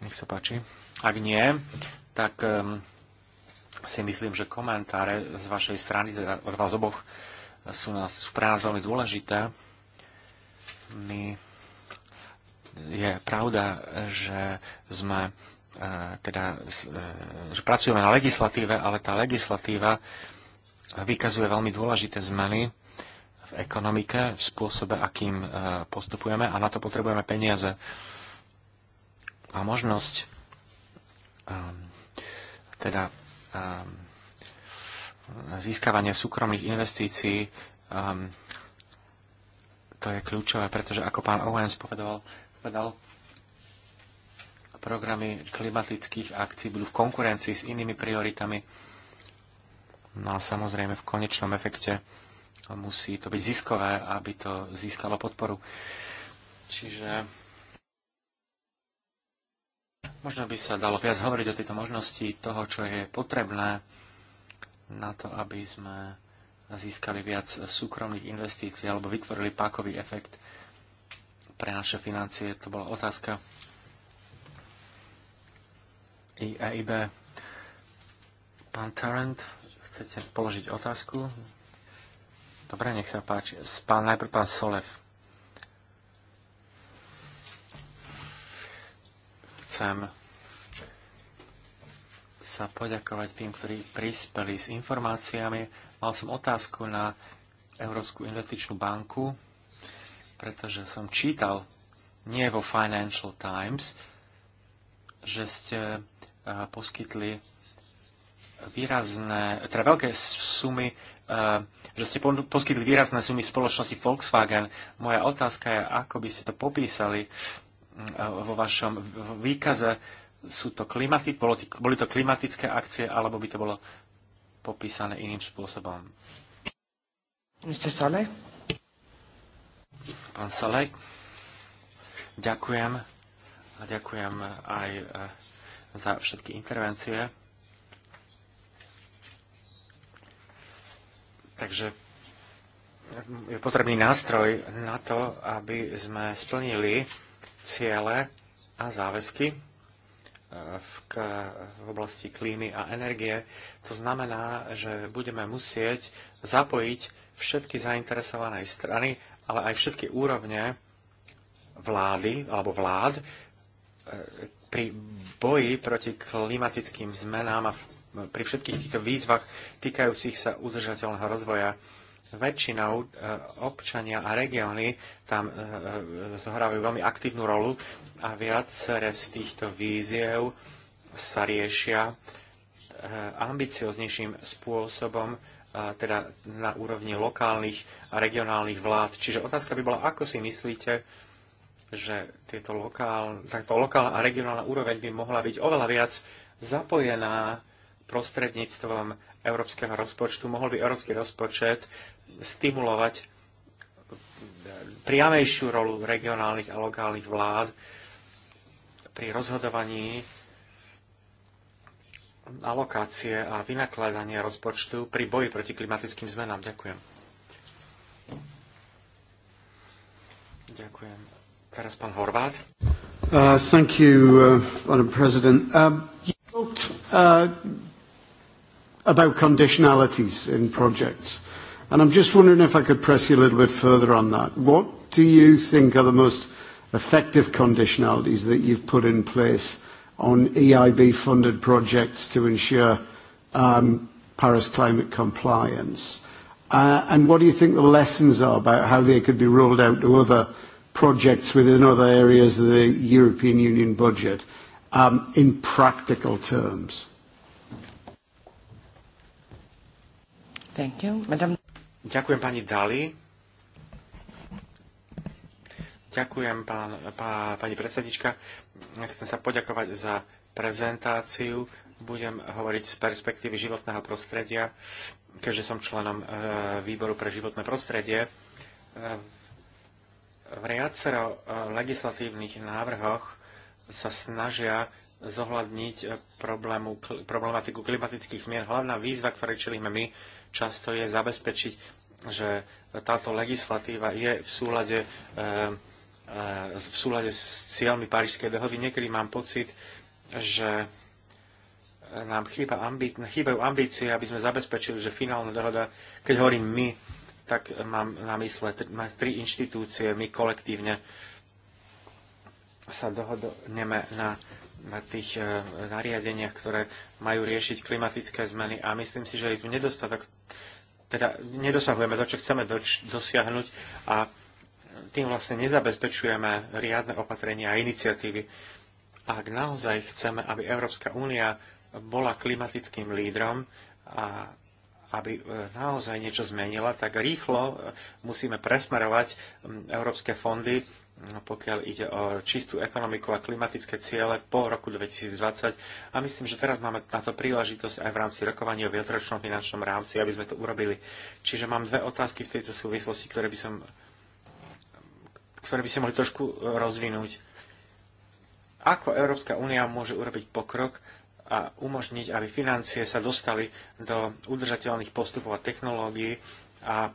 nech sa páči. Ak nie, tak um, si myslím, že komentáre z vašej strany, teda od vás oboch, eh, sú, nás, sú pre nás veľmi dôležité my je pravda, že sme e, teda, e, že pracujeme na legislatíve, ale tá legislatíva vykazuje veľmi dôležité zmeny v ekonomike, v spôsobe, akým e, postupujeme a na to potrebujeme peniaze a možnosť ehm, teda ehm, získavanie súkromných investícií ehm, to je kľúčové, pretože ako pán Owens povedal, povedal programy klimatických akcií budú v konkurencii s inými prioritami. No a samozrejme v konečnom efekte musí to byť ziskové, aby to získalo podporu. Čiže možno by sa dalo viac hovoriť o tejto možnosti toho, čo je potrebné na to, aby sme získali viac súkromných investícií alebo vytvorili pákový efekt pre naše financie. To bola otázka EIB. Pán Tarrant, chcete položiť otázku? Dobre, nech sa páči. Pán, najprv pán Solev. Chcem sa poďakovať tým, ktorí prispeli s informáciami. Mal som otázku na Európsku investičnú banku, pretože som čítal, nie vo Financial Times, že ste eh, poskytli výrazné, teda veľké sumy, eh, že ste poskytli výrazné sumy spoločnosti Volkswagen. Moja otázka je, ako by ste to popísali mm, eh, vo vašom výkaze, sú to klimatic, bolo, boli to klimatické akcie, alebo by to bolo popísané iným spôsobom? Mr. Sole? Pán Sole, Ďakujem. A ďakujem aj e, za všetky intervencie. Takže je potrebný nástroj na to, aby sme splnili ciele a záväzky v, v oblasti klímy a energie. To znamená, že budeme musieť zapojiť všetky zainteresované strany, ale aj všetky úrovne vlády alebo vlád e, pri boji proti klimatickým zmenám a pri všetkých týchto výzvach týkajúcich sa udržateľného rozvoja väčšinou e, občania a regióny tam e, e, zohrávajú veľmi aktívnu rolu a viacere z týchto víziev sa riešia ambicioznejším spôsobom, teda na úrovni lokálnych a regionálnych vlád. Čiže otázka by bola, ako si myslíte, že tieto lokál, takto lokálna a regionálna úroveň by mohla byť oveľa viac zapojená prostredníctvom európskeho rozpočtu. Mohol by európsky rozpočet stimulovať priamejšiu rolu regionálnych a lokálnych vlád pri rozhodovaní alokácie a vynakladania rozpočtu pri boji proti klimatickým zmenám. Ďakujem. Ďakujem. Teraz pán Horvát. Uh, thank you, uh, Madam President. Um, you talked uh, about conditionalities in projects. And I'm just wondering if I could press you a little bit further on that. What do you think are the most effective conditionalities that you've put in place on EIB-funded projects to ensure um, Paris climate compliance? Uh, and what do you think the lessons are about how they could be rolled out to other projects within other areas of the European Union budget um, in practical terms? Thank you. Madam Ďakujem pani Dali. Ďakujem pán, pá, pani predsednička. Chcem sa poďakovať za prezentáciu. Budem hovoriť z perspektívy životného prostredia, keďže som členom e, výboru pre životné prostredie. E, v viacero e, legislatívnych návrhoch sa snažia zohľadniť problému, problematiku klimatických zmien. Hlavná výzva, ktorej čelíme my, často je zabezpečiť, že táto legislatíva je v súlade, eh, eh, v súlade s cieľmi Parížskej dohody. Niekedy mám pocit, že nám chýba ambi- chýbajú ambície, aby sme zabezpečili, že finálna dohoda, keď hovorím my, tak mám na mysle tri, tri inštitúcie, my kolektívne sa dohodneme na na tých e, nariadeniach, ktoré majú riešiť klimatické zmeny a myslím si, že je tu nedostatok, teda nedosahujeme to, čo chceme doč- dosiahnuť a tým vlastne nezabezpečujeme riadne opatrenia a iniciatívy. Ak naozaj chceme, aby Európska únia bola klimatickým lídrom a aby e, naozaj niečo zmenila, tak rýchlo e, musíme presmerovať európske fondy No, pokiaľ ide o čistú ekonomiku a klimatické ciele po roku 2020. A myslím, že teraz máme na to príležitosť aj v rámci rokovania o viacročnom finančnom rámci, aby sme to urobili. Čiže mám dve otázky v tejto súvislosti, ktoré by som ktoré by si mohli trošku rozvinúť. Ako Európska únia môže urobiť pokrok a umožniť, aby financie sa dostali do udržateľných postupov a technológií a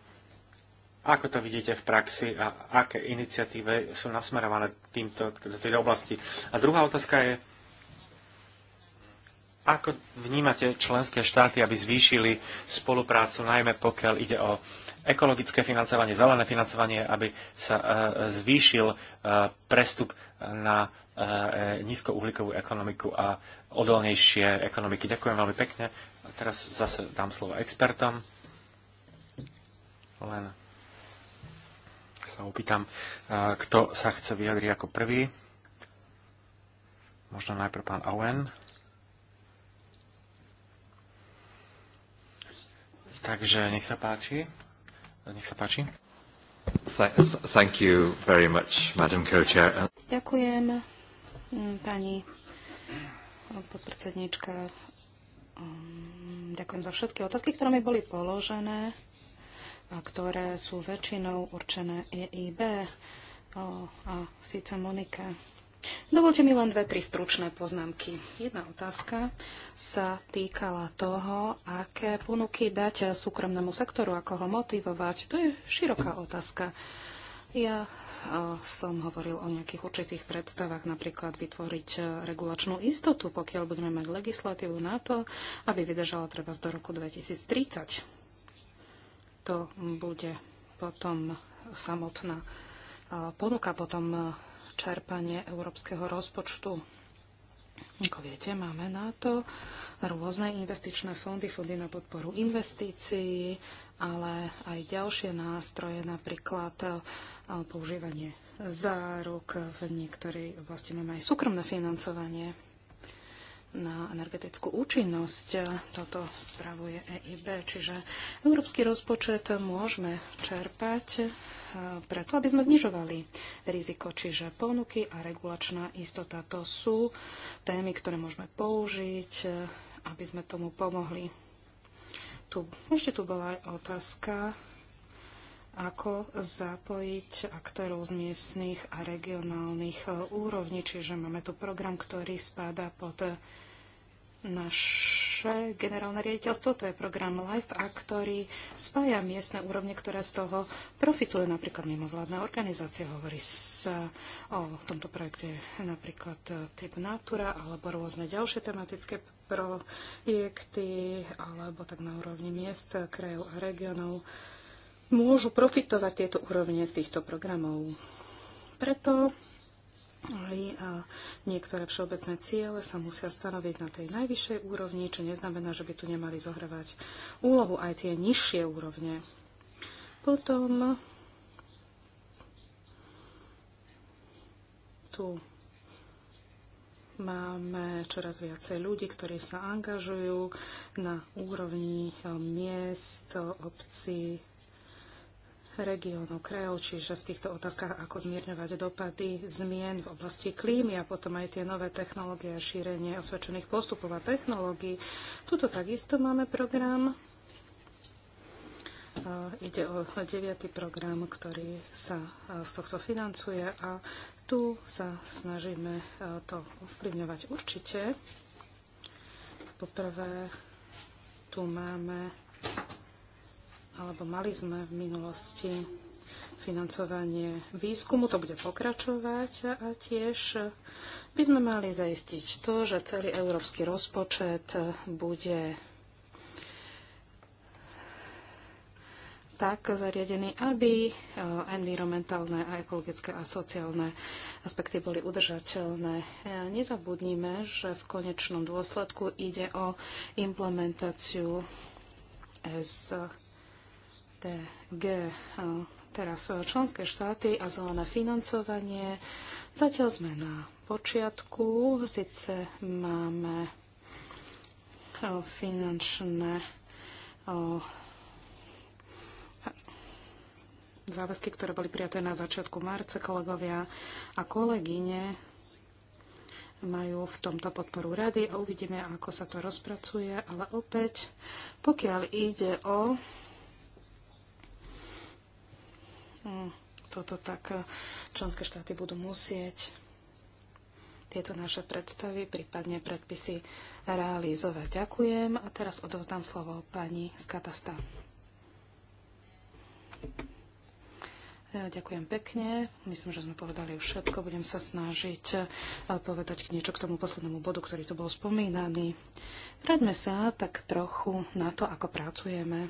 ako to vidíte v praxi a aké iniciatíve sú nasmerované týmto, do teda tejto oblasti? A druhá otázka je, ako vnímate členské štáty, aby zvýšili spoluprácu, najmä pokiaľ ide o ekologické financovanie, zelené financovanie, aby sa e, zvýšil e, prestup na e, nízkouhlíkovú ekonomiku a odolnejšie ekonomiky. Ďakujem veľmi pekne. A teraz zase dám slovo expertom. Lena sa opýtam, kto sa chce vyjadriť ako prvý. Možno najprv pán Owen. Takže nech sa páči. Nech sa páči. Thank you very much, Madam Co-Chair. Ďakujem, mm, pani podpredsednička. Mm, ďakujem za všetky otázky, ktoré mi boli položené ktoré sú väčšinou určené EIB a síce Monike. Dovolte mi len dve, tri stručné poznámky. Jedna otázka sa týkala toho, aké ponuky dať súkromnému sektoru, ako ho motivovať. To je široká otázka. Ja som hovoril o nejakých určitých predstavách, napríklad vytvoriť e, regulačnú istotu, pokiaľ budeme mať legislatívu na to, aby vydržala treba z do roku 2030 to bude potom samotná ponuka, potom e, čerpanie európskeho rozpočtu. Ako viete, máme na to rôzne investičné fondy, fondy na podporu investícií, ale aj ďalšie nástroje, napríklad e, používanie záruk v niektorej oblasti, máme aj súkromné financovanie na energetickú účinnosť. Toto spravuje EIB, čiže európsky rozpočet môžeme čerpať e, preto, aby sme znižovali riziko, čiže ponuky a regulačná istota. To sú témy, ktoré môžeme použiť, e, aby sme tomu pomohli. Tu, ešte tu bola aj otázka, ako zapojiť aktérov z miestnych a regionálnych e, úrovní. Čiže máme tu program, ktorý spadá pod naše generálne riaditeľstvo, to je program LIFE, a ktorý spája miestne úrovne, ktoré z toho profitujú, napríklad mimovládne organizácie. Hovorí sa o tomto projekte napríklad e, typ Natura alebo rôzne ďalšie tematické projekty, alebo tak na úrovni miest, krajov a regionov. Môžu profitovať tieto úrovne z týchto programov. Preto a niektoré všeobecné ciele sa musia stanoviť na tej najvyššej úrovni, čo neznamená, že by tu nemali zohrávať úlohu aj tie nižšie úrovne. Potom tu máme čoraz viacej ľudí, ktorí sa angažujú na úrovni e, miest, obcí, regiónov, krajov, čiže v týchto otázkach, ako zmierňovať dopady zmien v oblasti klímy a potom aj tie nové technológie a šírenie osvedčených postupov a technológií. Tuto takisto máme program. E, ide o deviatý program, ktorý sa e, z tohto financuje a tu sa snažíme e, to ovplyvňovať určite. Poprvé, tu máme alebo mali sme v minulosti financovanie výskumu, to bude pokračovať a tiež by sme mali zaistiť to, že celý európsky rozpočet bude tak zariadený, aby e, environmentálne a ekologické a sociálne aspekty boli udržateľné. E, nezabudnime, že v konečnom dôsledku ide o implementáciu z DG. Eh, teraz eh, členské štáty a zelené financovanie. Zatiaľ sme na počiatku. Sice máme eh, finančné záväzky, ktoré boli prijaté na začiatku marca. Kolegovia a kolegyne majú v tomto podporu rady a uvidíme, ako sa to rozpracuje. Ale opäť, pokiaľ ide o toto tak e, členské štáty budú musieť tieto naše predstavy, prípadne predpisy realizovať. Ďakujem a teraz odovzdám slovo pani z Katasta. E, ďakujem pekne. Myslím, že sme povedali všetko. Budem sa snažiť e, povedať niečo k tomu poslednému bodu, ktorý tu bol spomínaný. Vráťme sa tak trochu na to, ako pracujeme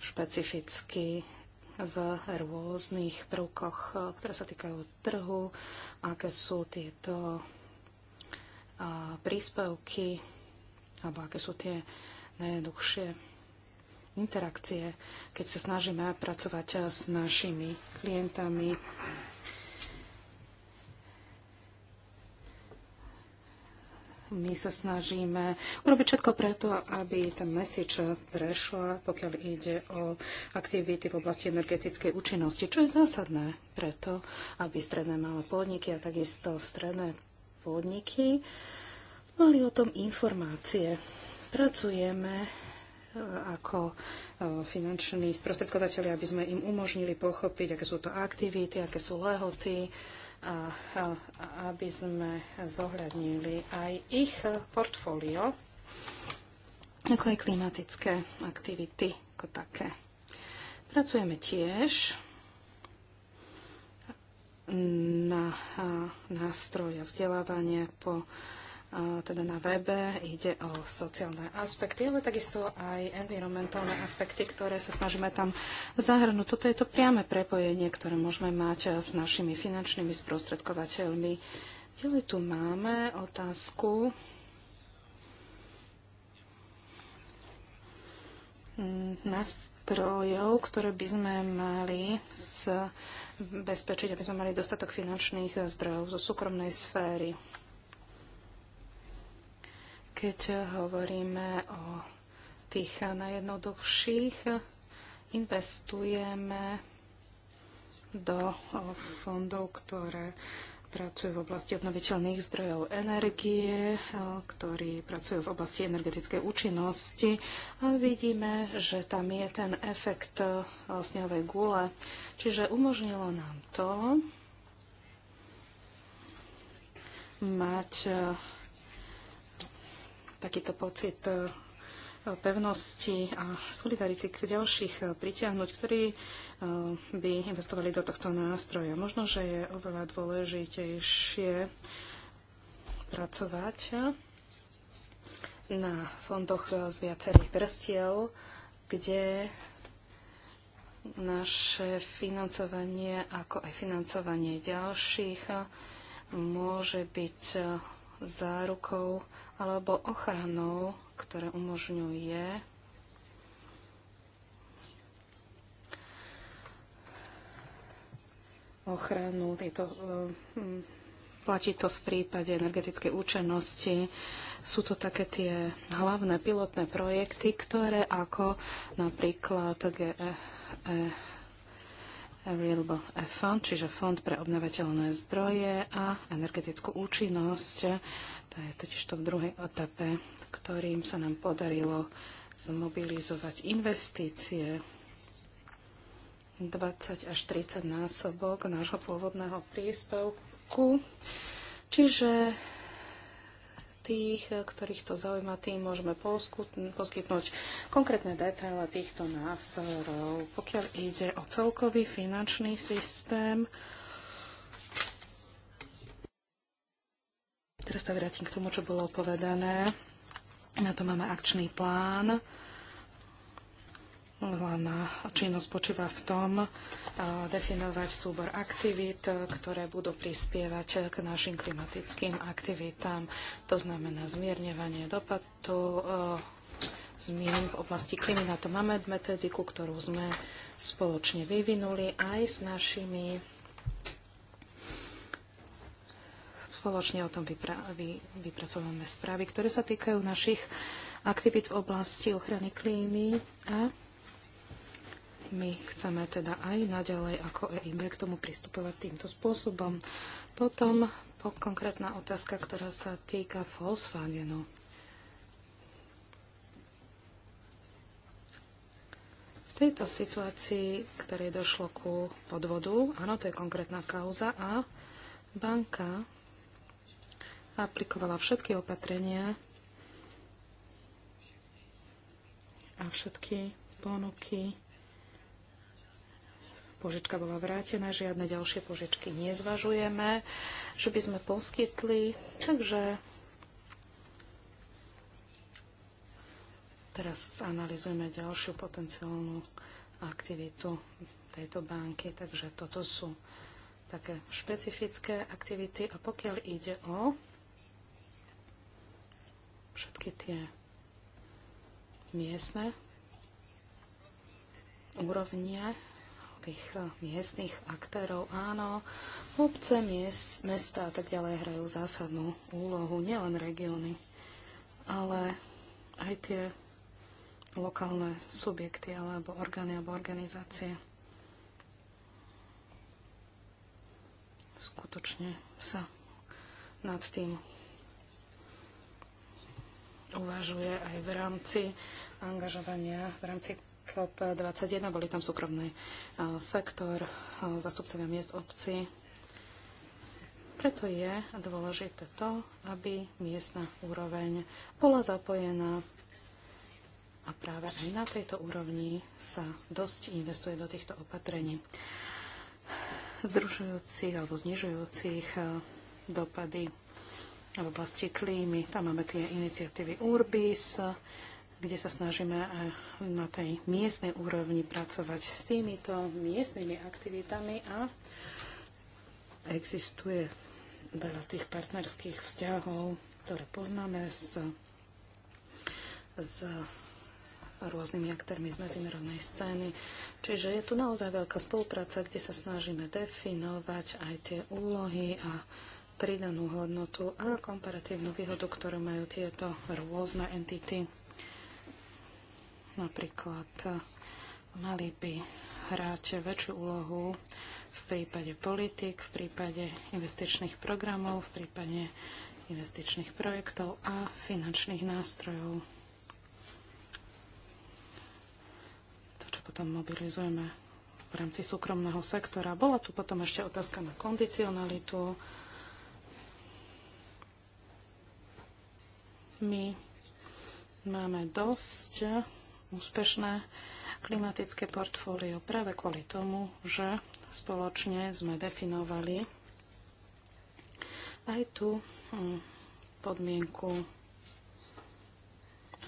špecificky v rôznych prvkoch, ktoré sa týkajú trhu, aké sú tieto príspevky, alebo aké sú tie najjednoduchšie interakcie, keď sa snažíme pracovať s našimi klientami my sa snažíme urobiť všetko preto, aby ten message prešla, pokiaľ ide o aktivity v oblasti energetickej účinnosti, čo je zásadné preto, aby stredné malé podniky a takisto stredné podniky mali o tom informácie. Pracujeme e, ako e, finanční sprostredkovateľi, aby sme im umožnili pochopiť, aké sú to aktivity, aké sú lehoty, aby sme zohľadnili aj ich portfólio, ako aj klimatické aktivity ako také. Pracujeme tiež na nástroja vzdelávania po teda na webe. Ide o sociálne aspekty, ale takisto aj environmentálne aspekty, ktoré sa snažíme tam zahrnúť. Toto je to priame prepojenie, ktoré môžeme mať s našimi finančnými sprostredkovateľmi. Ďalej tu máme otázku. nástrojov, ktoré by sme mali bezpečiť, aby sme mali dostatok finančných zdrojov zo súkromnej sféry. Keď hovoríme o tých najjednoduchších, investujeme do fondov, ktoré pracujú v oblasti obnoviteľných zdrojov energie, ktorí pracujú v oblasti energetickej účinnosti. A vidíme, že tam je ten efekt e, sňovej vlastne gule. Čiže umožnilo nám to mať e, takýto pocit e, pevnosti a solidarity k ďalších e, pritiahnuť, ktorí e, by investovali do tohto nástroja. Možno, že je oveľa dôležitejšie pracovať na fondoch z viacerých prstiel, kde naše financovanie, ako aj financovanie ďalších, môže byť zárukou alebo ochranou, ktoré umožňuje ochranu tejto eh, hm, Platí to v prípade energetickej účenosti, Sú to také tie hlavné pilotné projekty, ktoré ako napríklad GE e Available Fund, čiže Fond pre obnovateľné zdroje a energetickú účinnosť. To je totiž to v druhej etape, ktorým sa nám podarilo zmobilizovať investície 20 až 30 násobok nášho pôvodného príspevku. Čiže tých, e, ktorých to zaujíma, tým môžeme poskytnúť konkrétne detaily týchto nástrojov. Pokiaľ ide o celkový finančný systém, Teraz sa vrátim k tomu, čo bolo povedané. Na to máme akčný plán Hlavná činnosť počíva v tom, definovať súbor aktivít, ktoré budú prispievať k našim klimatickým aktivitám. To znamená zmierňovanie dopadu e, zmien v oblasti klímy. Na to máme metodiku, ktorú sme spoločne vyvinuli aj s našimi spoločne o tom vypra- vy- vypracovame správy, ktoré sa týkajú našich aktivít v oblasti ochrany klímy a my chceme teda aj naďalej ako EIB k tomu pristupovať týmto spôsobom. Potom konkrétna otázka, ktorá sa týka Volkswagenu. V tejto situácii, ktorej došlo ku podvodu, áno, to je konkrétna kauza, a banka aplikovala všetky opatrenia a všetky ponuky požička bola vrátená, žiadne ďalšie požičky nezvažujeme, že by sme poskytli. Takže teraz zanalizujeme ďalšiu potenciálnu aktivitu tejto banky. Takže toto sú také špecifické aktivity. A pokiaľ ide o všetky tie miestne úrovnie, tých e, miestnych aktérov. Áno, obce, miest, mesta a tak ďalej hrajú zásadnú úlohu, nielen regióny, ale aj tie lokálne subjekty alebo orgány alebo organizácie. Skutočne sa nad tým uvažuje aj v rámci angažovania, v rámci COP21, boli tam súkromný e, sektor, e, zastupcovia miest obci. Preto je dôležité to, aby miestna úroveň bola zapojená a práve aj na tejto úrovni sa dosť investuje do týchto opatrení. Združujúcich alebo znižujúcich e, dopady v oblasti klímy. Tam máme tie iniciatívy Urbis, kde sa snažíme eh, na tej miestnej úrovni pracovať s týmito miestnymi aktivitami a existuje veľa tých partnerských vzťahov, ktoré poznáme s, s rôznymi aktérmi z medzinárodnej scény. Čiže je tu naozaj veľká spolupráca, kde sa snažíme definovať aj tie úlohy a pridanú hodnotu a komparatívnu výhodu, ktorú majú tieto rôzne entity Napríklad e, mali by hrať väčšiu úlohu v prípade politik, v prípade investičných programov, v prípade investičných projektov a finančných nástrojov. To, čo potom mobilizujeme v rámci súkromného sektora. Bola tu potom ešte otázka na kondicionalitu. My máme dosť úspešné klimatické portfólio práve kvôli tomu, že spoločne sme definovali aj tú hm, podmienku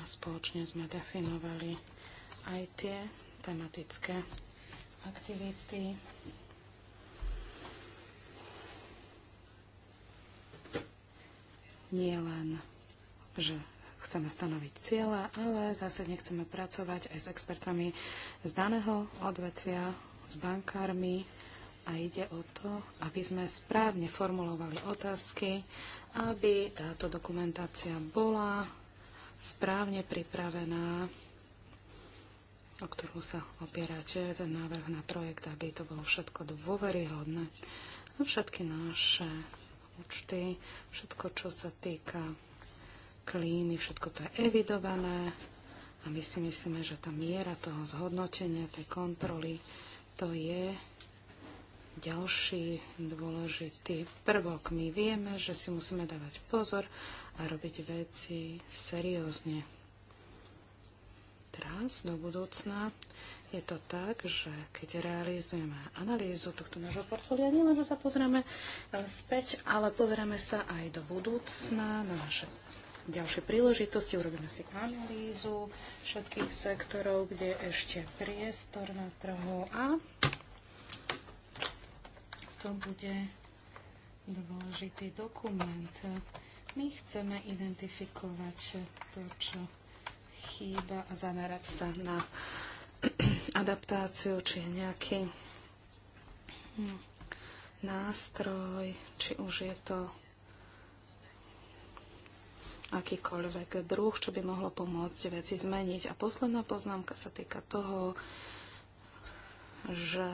a spoločne sme definovali aj tie tematické aktivity, nie len, že chceme stanoviť cieľa, ale zase nechceme pracovať aj s expertami z daného odvetvia, s bankármi a ide o to, aby sme správne formulovali otázky, aby táto dokumentácia bola správne pripravená, o ktorú sa opierate, ten návrh na projekt, aby to bolo všetko dôveryhodné. A všetky naše účty, všetko, čo sa týka klímy, všetko to je evidované a my si myslíme, že tá miera toho zhodnotenia, tej kontroly, to je ďalší dôležitý prvok. My vieme, že si musíme dávať pozor a robiť veci seriózne. Teraz, do budúcna, je to tak, že keď realizujeme analýzu tohto nášho portfólia, nielen, že sa pozrieme eh, späť, ale pozrieme sa aj do budúcna na naše ďalšie príležitosti, urobíme si analýzu všetkých sektorov, kde ešte priestor na trhu a to bude dôležitý dokument. My chceme identifikovať to, čo chýba a zamerať sa na adaptáciu, či je nejaký hm, nástroj, či už je to akýkoľvek druh, čo by mohlo pomôcť veci zmeniť. A posledná poznámka sa týka toho, že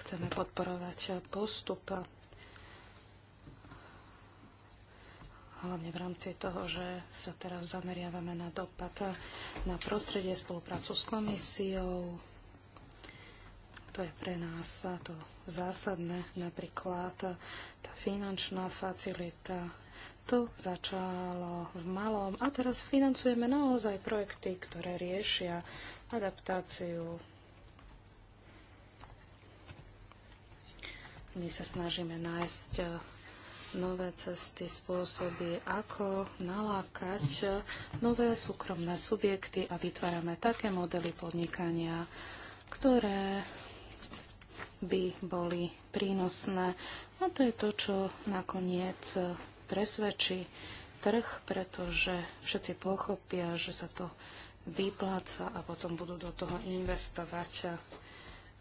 chceme podporovať postup hlavne v rámci toho, že sa teraz zameriavame na dopad na prostredie, spoluprácu s komisiou. To je pre nás to zásadné, napríklad tá finančná facilita, to začalo v malom a teraz financujeme naozaj projekty, ktoré riešia adaptáciu. My sa snažíme nájsť eh, nové cesty, spôsoby, ako nalákať eh, nové súkromné subjekty a vytvárame také modely podnikania, ktoré by boli prínosné. A to je to, čo nakoniec presvedčí trh, pretože všetci pochopia, že sa to vypláca a potom budú do toho investovať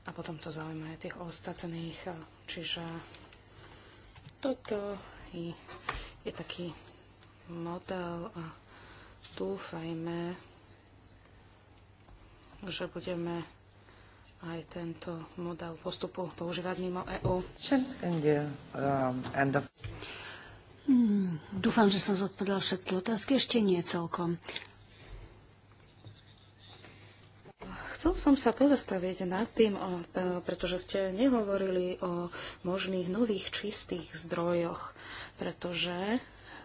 a potom to zaujíma aj tých ostatných. Čiže toto je, je taký model a dúfajme, že budeme aj tento model postupu používať mimo EÚ. Hmm, dúfam, že som zodpovedal všetky otázky. Ešte nie celkom. Chcel som sa pozastaviť nad tým, e, pretože ste nehovorili o možných nových čistých zdrojoch, pretože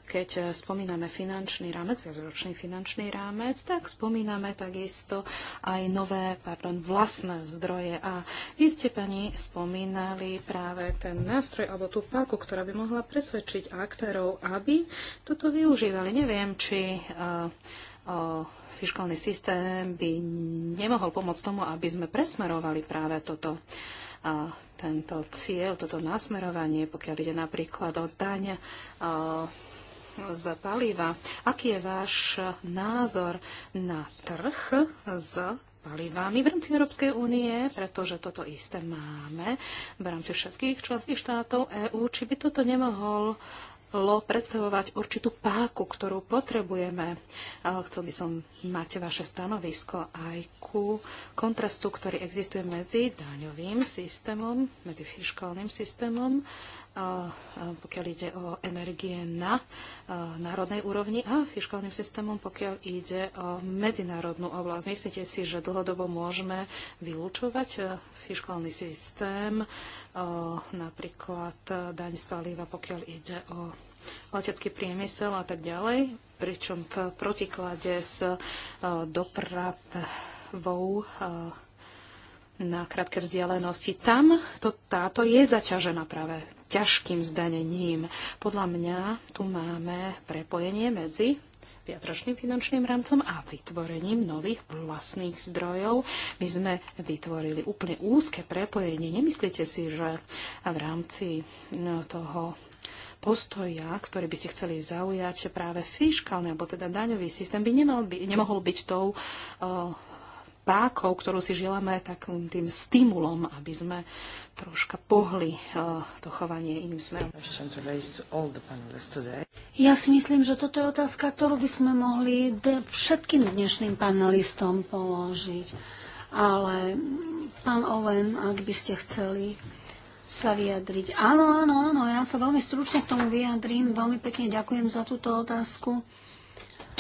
keď spomíname finančný rámec, viacročný finančný rámec, tak spomíname takisto aj nové, pardon, vlastné zdroje. A vy ste, pani, spomínali práve ten nástroj alebo tú páku, ktorá by mohla presvedčiť aktérov, aby toto využívali. Neviem, či uh, uh, fiskálny systém by nemohol pomôcť tomu, aby sme presmerovali práve toto, a, eh, tento cieľ, toto nasmerovanie, pokiaľ ide napríklad o daň eh, z paliva. Aký je váš názor na trh s palivami v rámci Európskej únie, pretože toto isté máme v rámci všetkých členských štátov EÚ. Či by toto nemohol predstavovať určitú páku, ktorú potrebujeme. Ale chcel by som mať vaše stanovisko aj ku kontrastu, ktorý existuje medzi daňovým systémom, medzi fiskálnym systémom pokiaľ ide o energie na národnej úrovni a fiskálnym systémom, pokiaľ ide o medzinárodnú oblasť. Myslíte si, že dlhodobo môžeme vylúčovať e, fiskálny systém, e, napríklad e, daň z paliva, pokiaľ ide o letecký priemysel a tak ďalej, pričom v protiklade s dopravou na krátke vzdialenosti. Tam to, táto je zaťažená práve ťažkým zdanením. Podľa mňa tu máme prepojenie medzi viacročným finančným rámcom a vytvorením nových vlastných zdrojov. My sme vytvorili úplne úzke prepojenie. Nemyslíte si, že v rámci no, toho postoja, ktorý by ste chceli zaujať, práve fiskálny, alebo teda daňový systém by, nemal by nemohol byť tou uh, pákov, ktorú si želáme takým tým stimulom, aby sme troška pohli eh, to chovanie iným smerom. Ja si myslím, že toto je otázka, ktorú by sme mohli všetkým dnešným panelistom položiť. Ale mm, pán Owen, ak by ste chceli sa vyjadriť. Áno, áno, áno, ja sa veľmi stručne k tomu vyjadrím. Veľmi pekne ďakujem za túto otázku.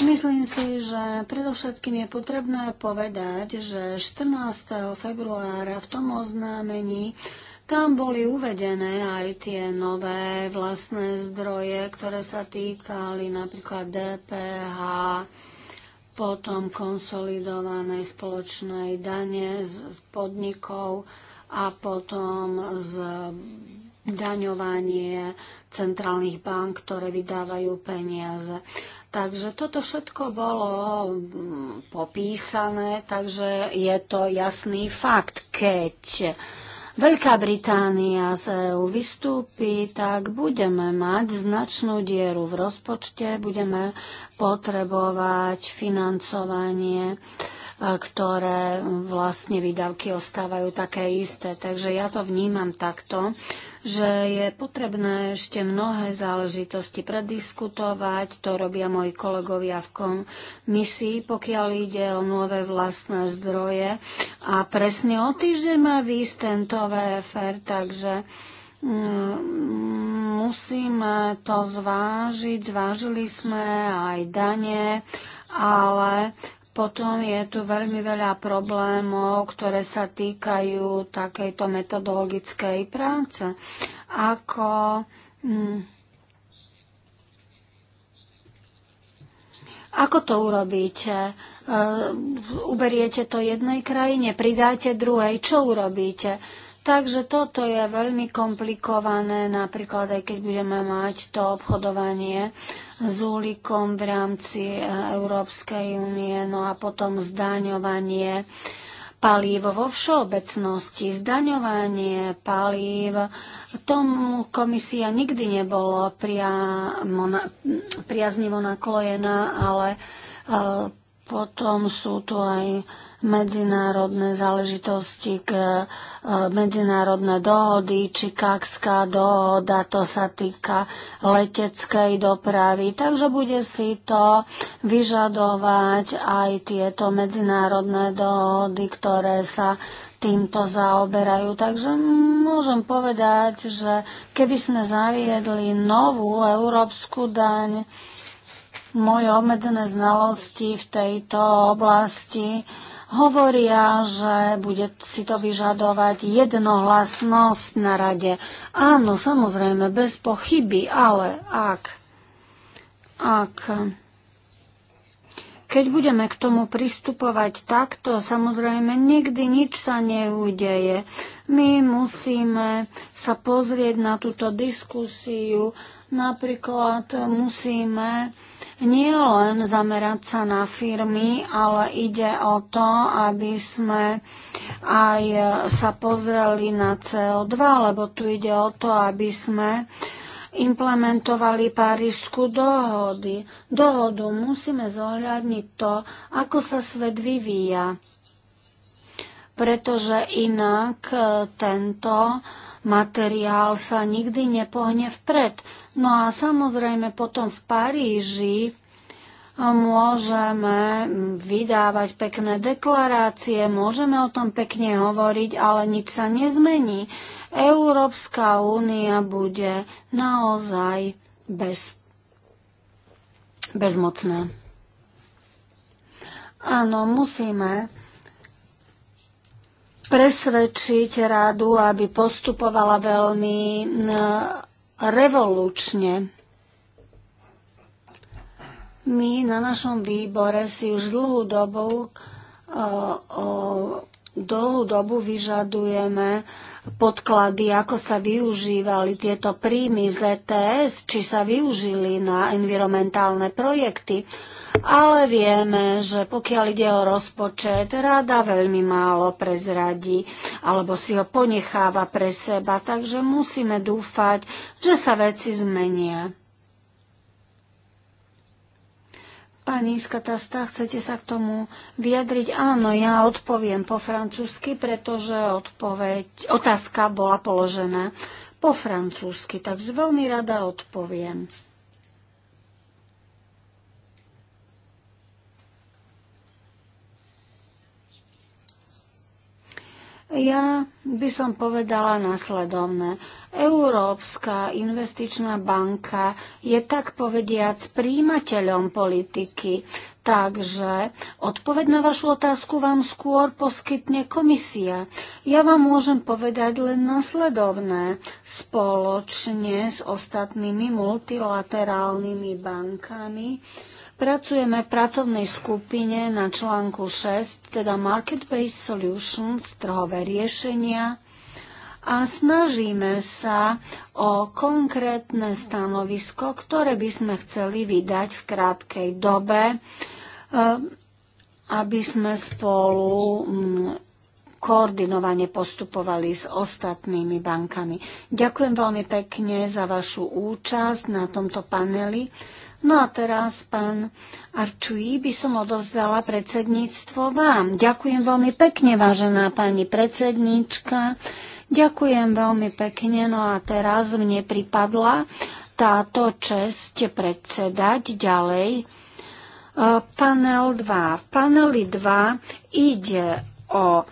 Myslím si, že predovšetkým je potrebné povedať, že 14. februára v tom oznámení tam boli uvedené aj tie nové vlastné zdroje, ktoré sa týkali napríklad DPH, potom konsolidovanej spoločnej dane z podnikov a potom z daňovanie centrálnych bank, ktoré vydávajú peniaze. Takže toto všetko bolo mm, popísané, takže je to jasný fakt. Keď Veľká Británia z EU vystúpi, tak budeme mať značnú dieru v rozpočte, budeme potrebovať financovanie e, ktoré vlastne výdavky ostávajú také isté. Takže ja to vnímam takto, že je potrebné ešte mnohé záležitosti prediskutovať. To robia moji kolegovia v komisii, pokiaľ ide o nové vlastné zdroje. A presne o týždeň má výjsť tento VFR, takže mm, musíme to zvážiť. Zvážili sme aj dane, ale potom je tu veľmi veľa problémov, ktoré sa týkajú takejto metodologickej práce. Ako hm, Ako to urobíte? E, uberiete to jednej krajine, pridáte druhej, čo urobíte? Takže toto je veľmi komplikované, napríklad aj keď budeme mať to obchodovanie Zulikom v rámci e, Európskej únie, no a potom zdaňovanie palív vo všeobecnosti, zdaňovanie palív, tomu komisia nikdy nebolo priamo na, priaznivo naklojená, ale e, potom sú tu aj medzinárodné záležitosti, k e, medzinárodné dohody, kakská dohoda, to sa týka leteckej dopravy. Takže bude si to vyžadovať aj tieto medzinárodné dohody, ktoré sa týmto zaoberajú. Takže môžem povedať, že keby sme zaviedli novú európsku daň, moje obmedzené znalosti v tejto oblasti hovoria, že bude si to vyžadovať jednohlasnosť na rade. Áno, samozrejme, bez pochyby, ale ak, ak keď budeme k tomu pristupovať takto, samozrejme nikdy nič sa neudeje. My musíme sa pozrieť na túto diskusiu, napríklad musíme nie len zamerať sa na firmy, ale ide o to, aby sme aj sa pozreli na CO2, lebo tu ide o to, aby sme implementovali Parížskú dohody. dohodu. Musíme zohľadniť to, ako sa svet vyvíja, pretože inak eh, tento materiál sa nikdy nepohne vpred. No a samozrejme potom v Paríži môžeme vydávať pekné deklarácie, môžeme o tom pekne hovoriť, ale nič sa nezmení. Európska únia bude naozaj bez, bezmocná. Áno, musíme presvedčiť radu, aby postupovala veľmi eh, revolučne. My na našom výbore si už dlhú dobu, eh, dlhú dobu vyžadujeme podklady, ako sa využívali tieto príjmy ZTS, e či sa využili na environmentálne projekty ale vieme, že pokiaľ ide o rozpočet, rada veľmi málo prezradí alebo si ho ponecháva pre seba, takže musíme dúfať, že sa veci zmenia. Pani Skatasta, chcete sa k tomu vyjadriť? Áno, ja odpoviem po francúzsky, pretože odpoveď, otázka bola položená po francúzsky, takže veľmi rada odpoviem. Ja by som povedala nasledovné. Európska investičná banka je tak povediac príjimateľom politiky, takže odpoveď na vašu otázku vám skôr poskytne komisia. Ja vám môžem povedať len nasledovné. Spoločne s ostatnými multilaterálnymi bankami Pracujeme v pracovnej skupine na článku 6, teda Market-Based Solutions, trhové riešenia, a snažíme sa o konkrétne stanovisko, ktoré by sme chceli vydať v krátkej dobe, e, aby sme spolu koordinovane postupovali s ostatnými bankami. Ďakujem veľmi pekne za vašu účasť na tomto paneli. No a teraz, pán Arčují, by som odovzdala predsedníctvo vám. Ďakujem veľmi pekne, vážená pani predsedníčka. Ďakujem veľmi pekne. No a teraz mne pripadla táto čest predsedať ďalej. E, panel 2. V paneli 2 ide o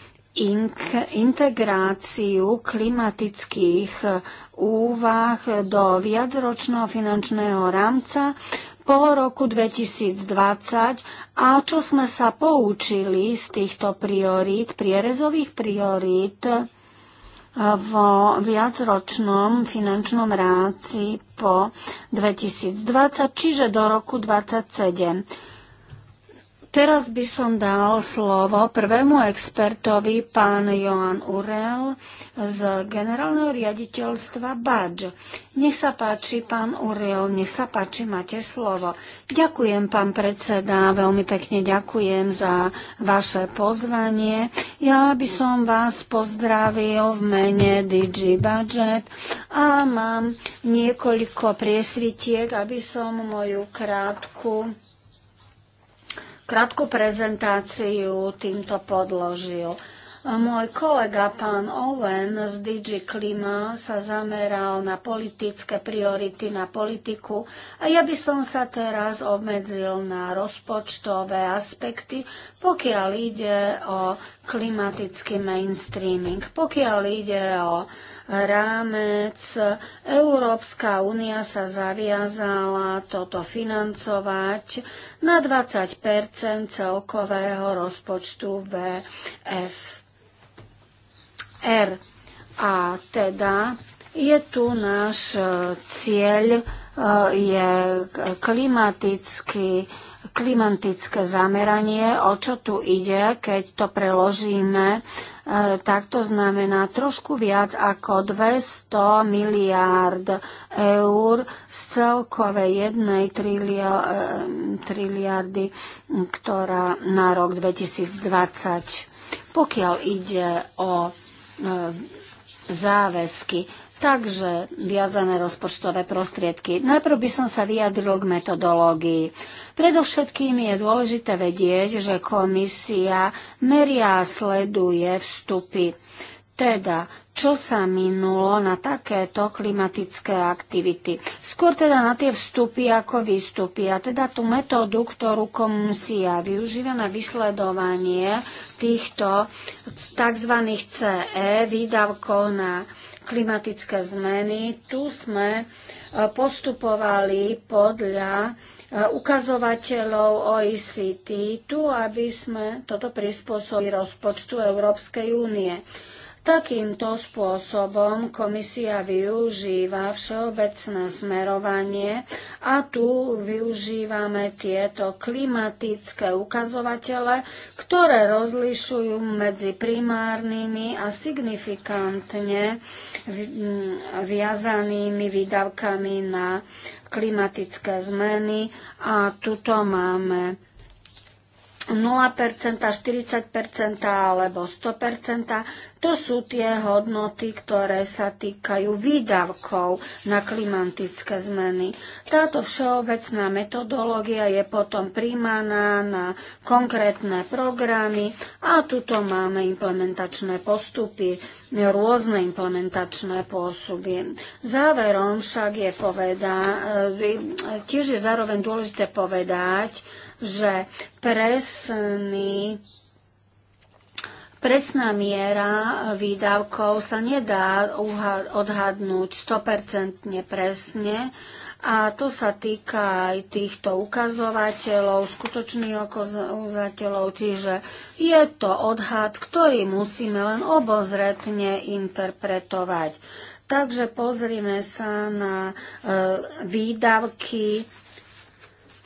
integráciu klimatických e, úvah do viacročného finančného rámca po roku 2020 a čo sme sa poučili z týchto priorít, prierezových priorít e, vo viacročnom finančnom rámci po 2020, čiže do roku 2027. Teraz by som dal slovo prvému expertovi, pán Joan Urel z generálneho riaditeľstva BAČ. Nech sa páči, pán Urel, nech sa páči, máte slovo. Ďakujem, pán predseda, veľmi pekne ďakujem za vaše pozvanie. Ja by som vás pozdravil v mene DG Budget a mám niekoľko priesvitiek, aby som moju krátku krátku prezentáciu týmto podložil. Môj kolega pán Owen z DG Klima sa zameral na politické priority, na politiku a ja by som sa teraz obmedzil na rozpočtové aspekty, pokiaľ ide o klimatický mainstreaming, pokiaľ ide o rámec. Európska únia sa zaviazala toto financovať na 20 celkového rozpočtu VFR. A teda je tu náš e, cieľ, e, je klimatický klimatické zameranie, o čo tu ide, keď to preložíme E, tak to znamená trošku viac ako 200 miliárd eur z celkovej jednej e, triliardy, ktorá na rok 2020. Pokiaľ ide o e, záväzky, Takže viazané rozpočtové prostriedky. Najprv by som sa vyjadril k metodológii. Predovšetkým je dôležité vedieť, že komisia meria a sleduje vstupy. Teda, čo sa minulo na takéto klimatické aktivity. Skôr teda na tie vstupy ako výstupy a teda tú metódu, ktorú komisia využíva na vysledovanie týchto tzv. CE výdavkov na klimatické zmeny. Tu sme e, postupovali podľa e, ukazovateľov OECD, tu aby sme toto prispôsobili rozpočtu Európskej únie. Takýmto spôsobom komisia využíva všeobecné smerovanie a tu využívame tieto klimatické ukazovatele, ktoré rozlišujú medzi primárnymi a signifikantne mm, viazanými výdavkami na klimatické zmeny a tuto máme 0%, 40% alebo 100%. To sú tie hodnoty, ktoré sa týkajú výdavkov na klimatické zmeny. Táto všeobecná metodológia je potom príjmaná na konkrétne programy a tuto máme implementačné postupy, rôzne implementačné pôsoby. Záverom však je povedá, e, tiež je zároveň dôležité povedať, že presný Presná miera výdavkov sa nedá odhadnúť 100% presne a to sa týka aj týchto ukazovateľov, skutočných ukazovateľov, čiže je to odhad, ktorý musíme len obozretne interpretovať. Takže pozrime sa na e, výdavky,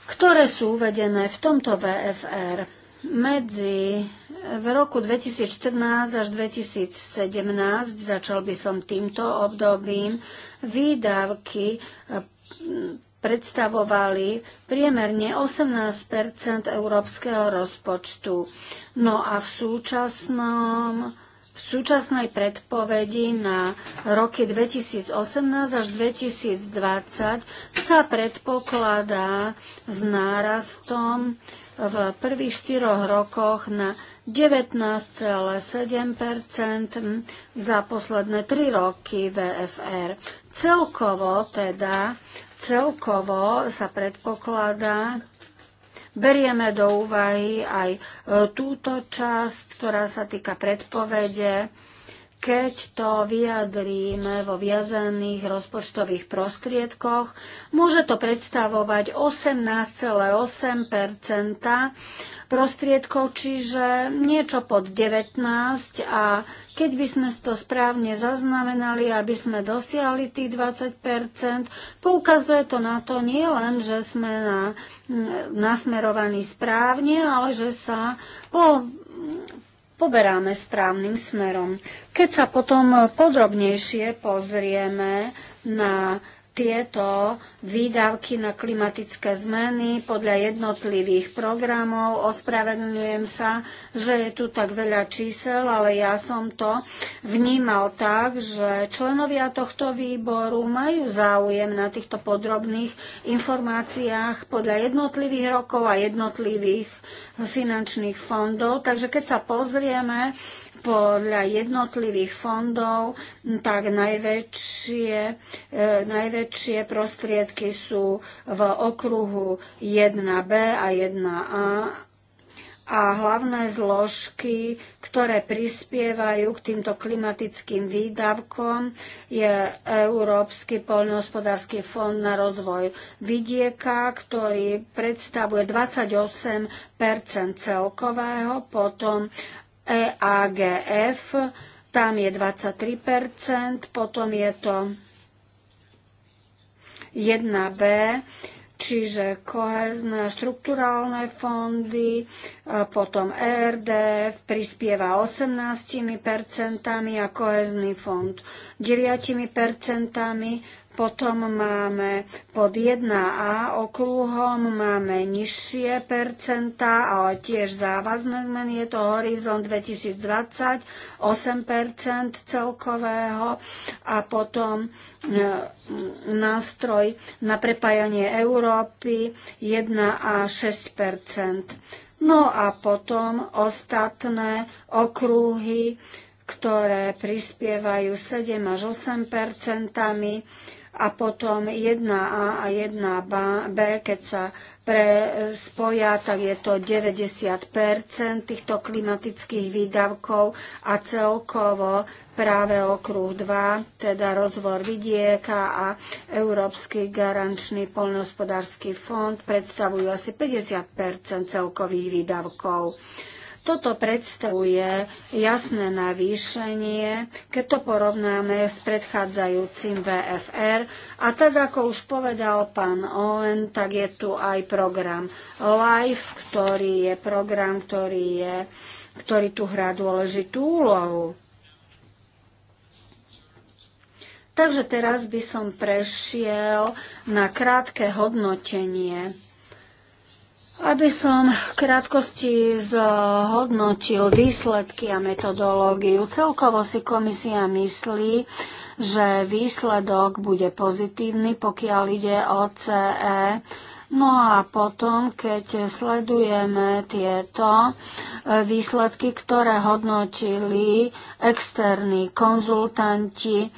ktoré sú uvedené v tomto VFR medzi v roku 2014 až 2017 začal by som týmto obdobím výdavky eh, predstavovali priemerne 18 európskeho rozpočtu. No a v súčasnom v súčasnej predpovedi na roky 2018 až 2020 sa predpokladá s nárastom v prvých štyroch rokoch na 19,7 za posledné 3 roky VFR. Celkovo teda, celkovo sa predpokladá, berieme do úvahy aj e, túto časť, ktorá sa týka predpovede, keď to vyjadríme vo viazaných rozpočtových prostriedkoch, môže to predstavovať 18,8 prostriedkov, čiže niečo pod 19 a keď by sme to správne zaznamenali, aby sme dosiahli tých 20 poukazuje to na to nie len, že sme na, nasmerovaní správne, ale že sa po poberáme správnym smerom. Keď sa potom podrobnejšie pozrieme na tieto výdavky na klimatické zmeny podľa jednotlivých programov. Ospravedlňujem sa, že je tu tak veľa čísel, ale ja som to vnímal tak, že členovia tohto výboru majú záujem na týchto podrobných informáciách podľa jednotlivých rokov a jednotlivých finančných fondov. Takže keď sa pozrieme podľa jednotlivých fondov, tak najväčšie, e, najväčšie prostriedky sú v okruhu 1B a 1A a hlavné zložky, ktoré prispievajú k týmto klimatickým výdavkom, je Európsky poľnohospodársky fond na rozvoj vidieka, ktorý predstavuje 28 celkového, potom EAGF, tam je 23%, potom je to 1B, čiže kohezné štruktúrálne fondy, e, potom ERDF prispieva 18% a kohezný fond 9%, potom máme pod 1A okruhom máme nižšie percentá, ale tiež závazné zmeny. Je to horizont 2020, 8% celkového a potom e, nástroj na prepájanie Európy 1A 6%. No a potom ostatné okruhy, ktoré prispievajú 7 až 8 percentami a potom 1A a 1B, keď sa prespoja, tak je to 90 týchto klimatických výdavkov a celkovo práve okruh 2, teda rozvor vidieka a Európsky garančný poľnohospodársky fond predstavujú asi 50 celkových výdavkov. Toto predstavuje jasné navýšenie, keď to porovnáme s predchádzajúcim VFR. A tak, ako už povedal pán Owen, tak je tu aj program LIFE, ktorý je program, ktorý, je, ktorý tu hrá dôležitú úlohu. Takže teraz by som prešiel na krátke hodnotenie aby som v krátkosti zhodnotil výsledky a metodológiu, celkovo si komisia myslí, že výsledok bude pozitívny, pokiaľ ide o CE. No a potom, keď sledujeme tieto e, výsledky, ktoré hodnotili externí konzultanti,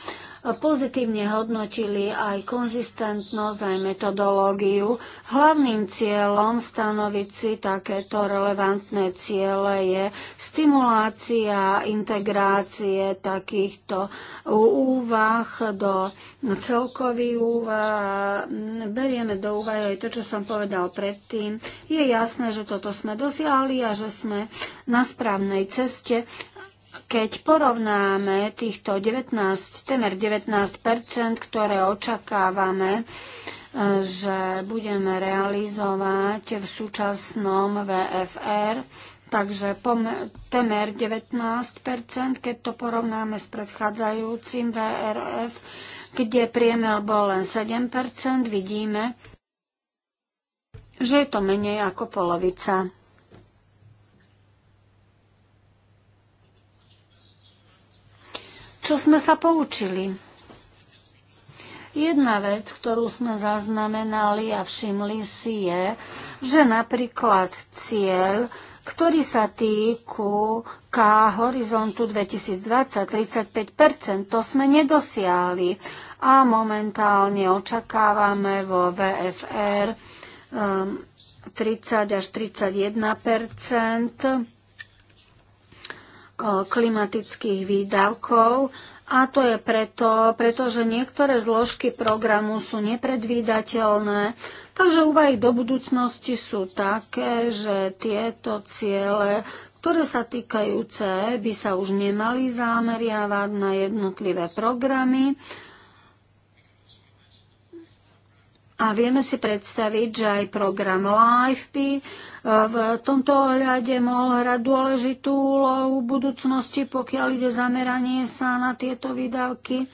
pozitívne hodnotili aj konzistentnosť, aj metodológiu. Hlavným cieľom stanoviť si takéto relevantné ciele je stimulácia integrácie takýchto úvah do celkových úvah. Berieme do úvahy aj to, čo som povedal predtým. Je jasné, že toto sme dosiahli a že sme na správnej ceste. Keď porovnáme týchto 19, temer 19 ktoré očakávame, e, že budeme realizovať v súčasnom VFR, takže temer 19 keď to porovnáme s predchádzajúcim VRF, kde priemer bol len 7 vidíme, že je to menej ako polovica. čo sme sa poučili. Jedna vec, ktorú sme zaznamenali a všimli si je, že napríklad cieľ, ktorý sa týku k horizontu 2020 35 to sme nedosiahli a momentálne očakávame vo VFR um, 30 až 31 klimatických výdavkov a to je preto, pretože niektoré zložky programu sú nepredvídateľné, takže úvahy do budúcnosti sú také, že tieto ciele, ktoré sa týkajú CE, by sa už nemali zameriavať na jednotlivé programy, A vieme si predstaviť, že aj program LIFE by e, v tomto ohľade mohol hrať dôležitú úlohu v budúcnosti, pokiaľ ide zameranie sa na tieto výdavky.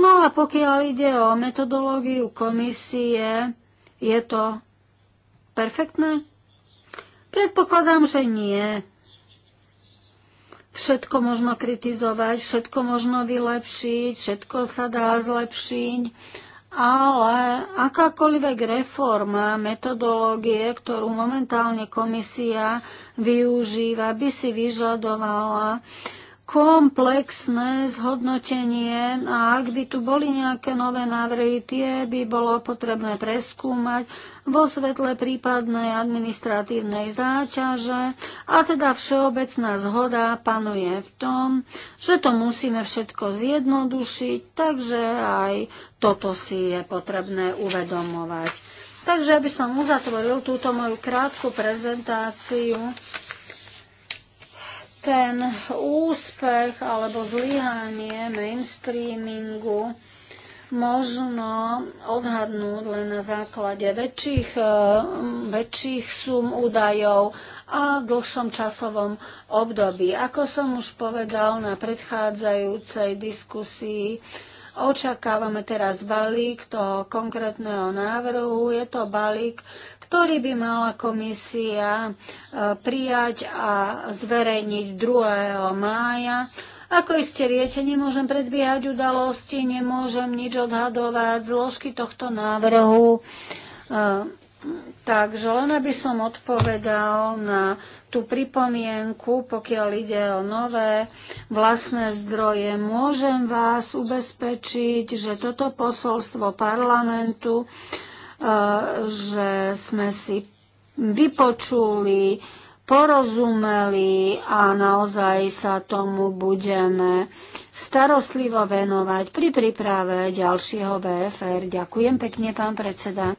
No a pokiaľ ide o metodológiu komisie, je to perfektné? Predpokladám, že nie. Všetko možno kritizovať, všetko možno vylepšiť, všetko sa dá zlepšiť ale akákoľvek reforma metodológie, ktorú momentálne komisia využíva, by si vyžadovala komplexné zhodnotenie a ak by tu boli nejaké nové návrhy, tie by bolo potrebné preskúmať vo svetle prípadnej administratívnej záťaže a teda všeobecná zhoda panuje v tom, že to musíme všetko zjednodušiť, takže aj toto si je potrebné uvedomovať. Takže aby som uzatvoril túto moju krátku prezentáciu, ten úspech alebo zlyhanie mainstreamingu možno odhadnúť len na základe väčších, eh, väčších sum údajov a dlhšom časovom období. Ako som už povedal na predchádzajúcej diskusii, očakávame teraz balík toho konkrétneho návrhu. Je to balík, ktorý by mala komisia e, prijať a zverejniť 2. mája. Ako iste viete, nemôžem predbiehať udalosti, nemôžem nič odhadovať, zložky tohto návrhu. E, takže len aby som odpovedal na tú pripomienku, pokiaľ ide o nové vlastné zdroje, môžem vás ubezpečiť, že toto posolstvo parlamentu E, že sme si vypočuli, porozumeli a naozaj sa tomu budeme starostlivo venovať pri príprave ďalšieho BFR. Ďakujem pekne, pán predseda.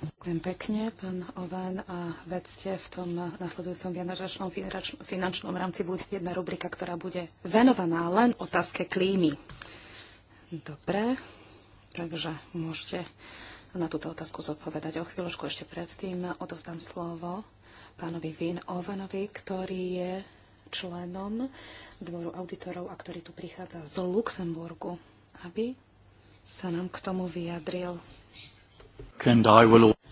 Ďakujem pekne, pán Ovan, A vedzte, v tom nasledujúcom vianočnom finančnom rámci bude jedna rubrika, ktorá bude venovaná len otázke klímy. Dobre, takže môžete na túto otázku zodpovedať. O chvíľočku ešte predtým odovzdám slovo pánovi Vin Ovanovi, ktorý je členom dvoru auditorov a ktorý tu prichádza z Luxemburgu, aby sa nám k tomu vyjadril.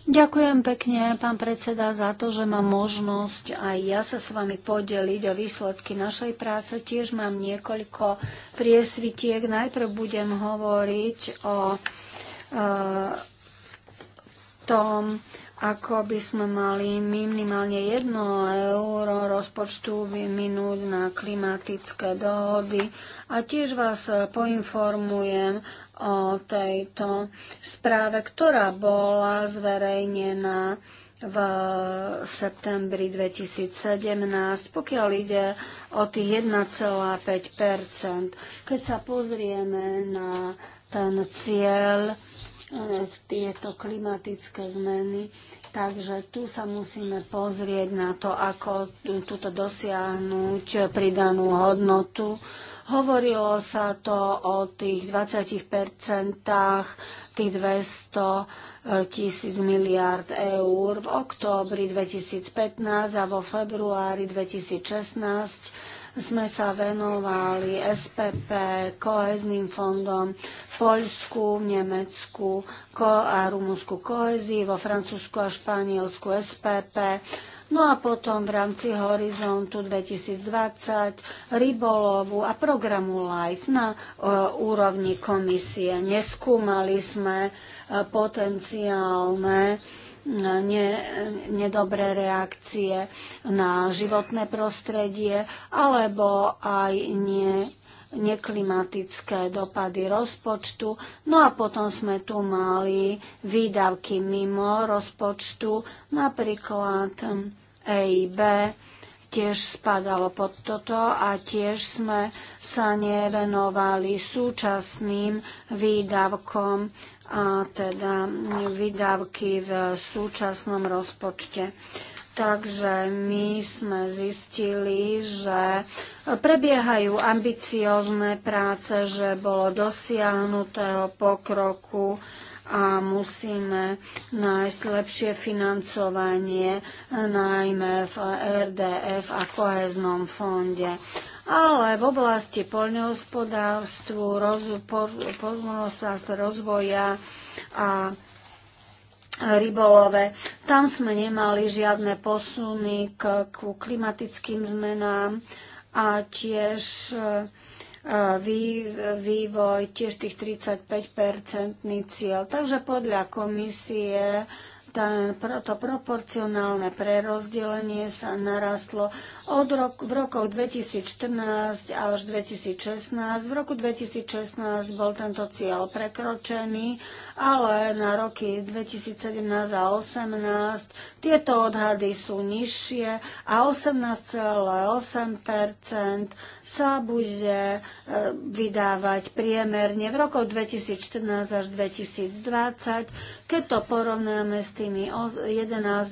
Ďakujem pekne, pán predseda, za to, že mám možnosť aj ja sa s vami podeliť o výsledky našej práce. Tiež mám niekoľko priesvitiek. Najprv budem hovoriť o e, tom, ako by sme mali minimálne 1 euro rozpočtu vyminúť na klimatické dohody. A tiež vás poinformujem o tejto správe, ktorá bola zverejnená v septembri 2017, pokiaľ ide o tých 1,5 Keď sa pozrieme na ten cieľ, Eh, tieto klimatické zmeny. Takže tu sa musíme pozrieť na to, ako túto dosiahnuť pridanú hodnotu. Hovorilo sa to o tých 20 tých 200 eh, tisíc miliard eur v októbri 2015 a vo februári 2016 sme sa venovali SPP, Koezným fondom v Poľsku, v Nemecku a Rumunsku kohezii, vo Francúzsku a Španielsku SPP. No a potom v rámci Horizontu 2020 rybolovu a programu LIFE na úrovni komisie. Neskúmali sme eh, potenciálne ne, nedobré reakcie na životné prostredie alebo aj nie neklimatické dopady rozpočtu. No a potom sme tu mali výdavky mimo rozpočtu, napríklad EIB, tiež spadalo pod toto a tiež sme sa nevenovali súčasným výdavkom a teda vydavky v súčasnom rozpočte. Takže my sme zistili, že prebiehajú ambiciozne práce, že bolo dosiahnutého pokroku a musíme nájsť lepšie financovanie, najmä v RDF a koheznom fonde ale v oblasti poľnohospodárstvu, poľnohospodárstvu, rozvoja a rybolove. Tam sme nemali žiadne posuny k, k klimatickým zmenám a tiež e, vý, vývoj, tiež tých 35-percentný cieľ. Takže podľa komisie to proporcionálne prerozdelenie sa narastlo od rok, v rokoch 2014 až 2016. V roku 2016 bol tento cieľ prekročený, ale na roky 2017 a 2018 tieto odhady sú nižšie a 18,8 sa bude e, vydávať priemerne v rokoch 2014 až 2020, keď to porovnáme s tým, 11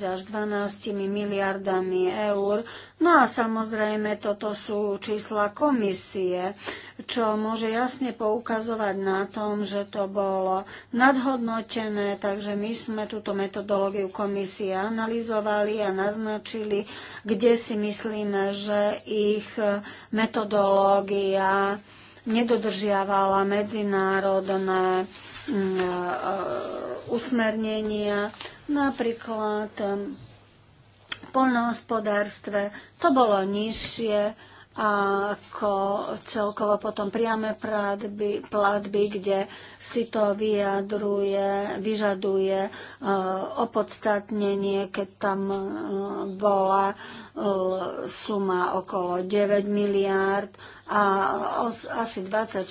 až 12 miliardami eur. No a samozrejme toto sú čísla komisie, čo môže jasne poukazovať na tom, že to bolo nadhodnotené, takže my sme túto metodológiu komisie analyzovali a naznačili, kde si myslíme, že ich metodológia nedodržiavala medzinárodné Mm, e, usmernenia, napríklad mm, v polnohospodárstve to bolo nižšie ako celkovo potom priame platby, platby kde si to vyjadruje, vyžaduje e, opodstatnenie, keď tam e, bola e, suma okolo 9 miliárd a asi 24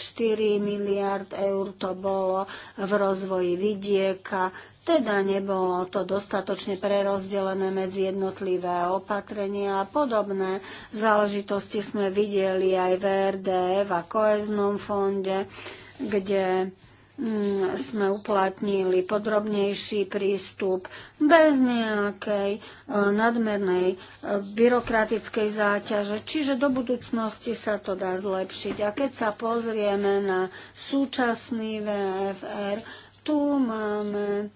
miliárd eur to bolo v rozvoji vidieka, teda nebolo to dostatočne prerozdelené medzi jednotlivé opatrenia a podobné záležitosti sme videli aj v RDF a koheznom fonde, kde mm, sme uplatnili podrobnejší prístup bez nejakej e, nadmernej e, byrokratickej záťaže, čiže do budúcnosti sa to dá zlepšiť. A keď sa pozrieme na súčasný VFR, tu máme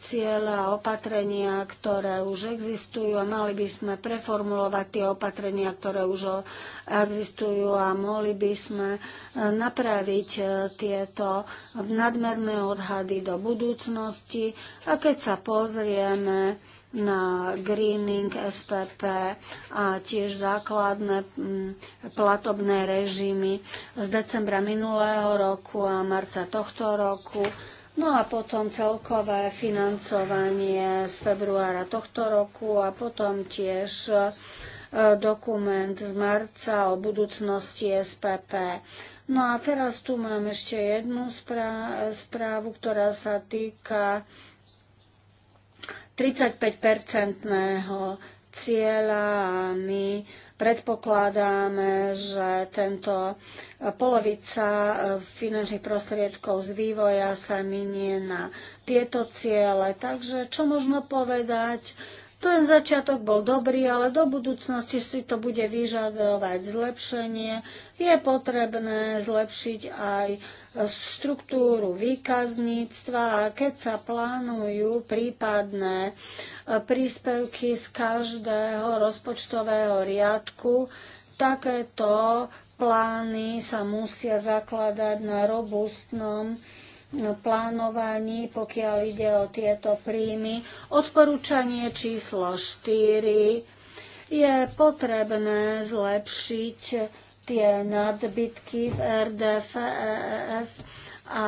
ciele a opatrenia, ktoré už existujú a mali by sme preformulovať tie opatrenia, ktoré už existujú a mohli by sme e, napraviť e, tieto nadmerné odhady do budúcnosti. A keď sa pozrieme na greening SPP a tiež základné mm, platobné režimy z decembra minulého roku a marca tohto roku, No a potom celkové financovanie z februára tohto roku a potom tiež e, dokument z marca o budúcnosti SPP. No a teraz tu mám ešte jednu správu, ktorá sa týka 35-percentného cieľa a my Predpokladáme, že tento e, polovica e, finančných prostriedkov z vývoja sa minie na tieto ciele. Takže čo možno povedať? Ten začiatok bol dobrý, ale do budúcnosti si to bude vyžadovať zlepšenie. Je potrebné zlepšiť aj štruktúru výkazníctva a keď sa plánujú prípadné e, príspevky z každého rozpočtového riadku, takéto plány sa musia zakladať na robustnom e, plánovaní, pokiaľ ide o tieto príjmy. Odporúčanie číslo 4 je potrebné zlepšiť tie nadbytky v RDF, EEF a,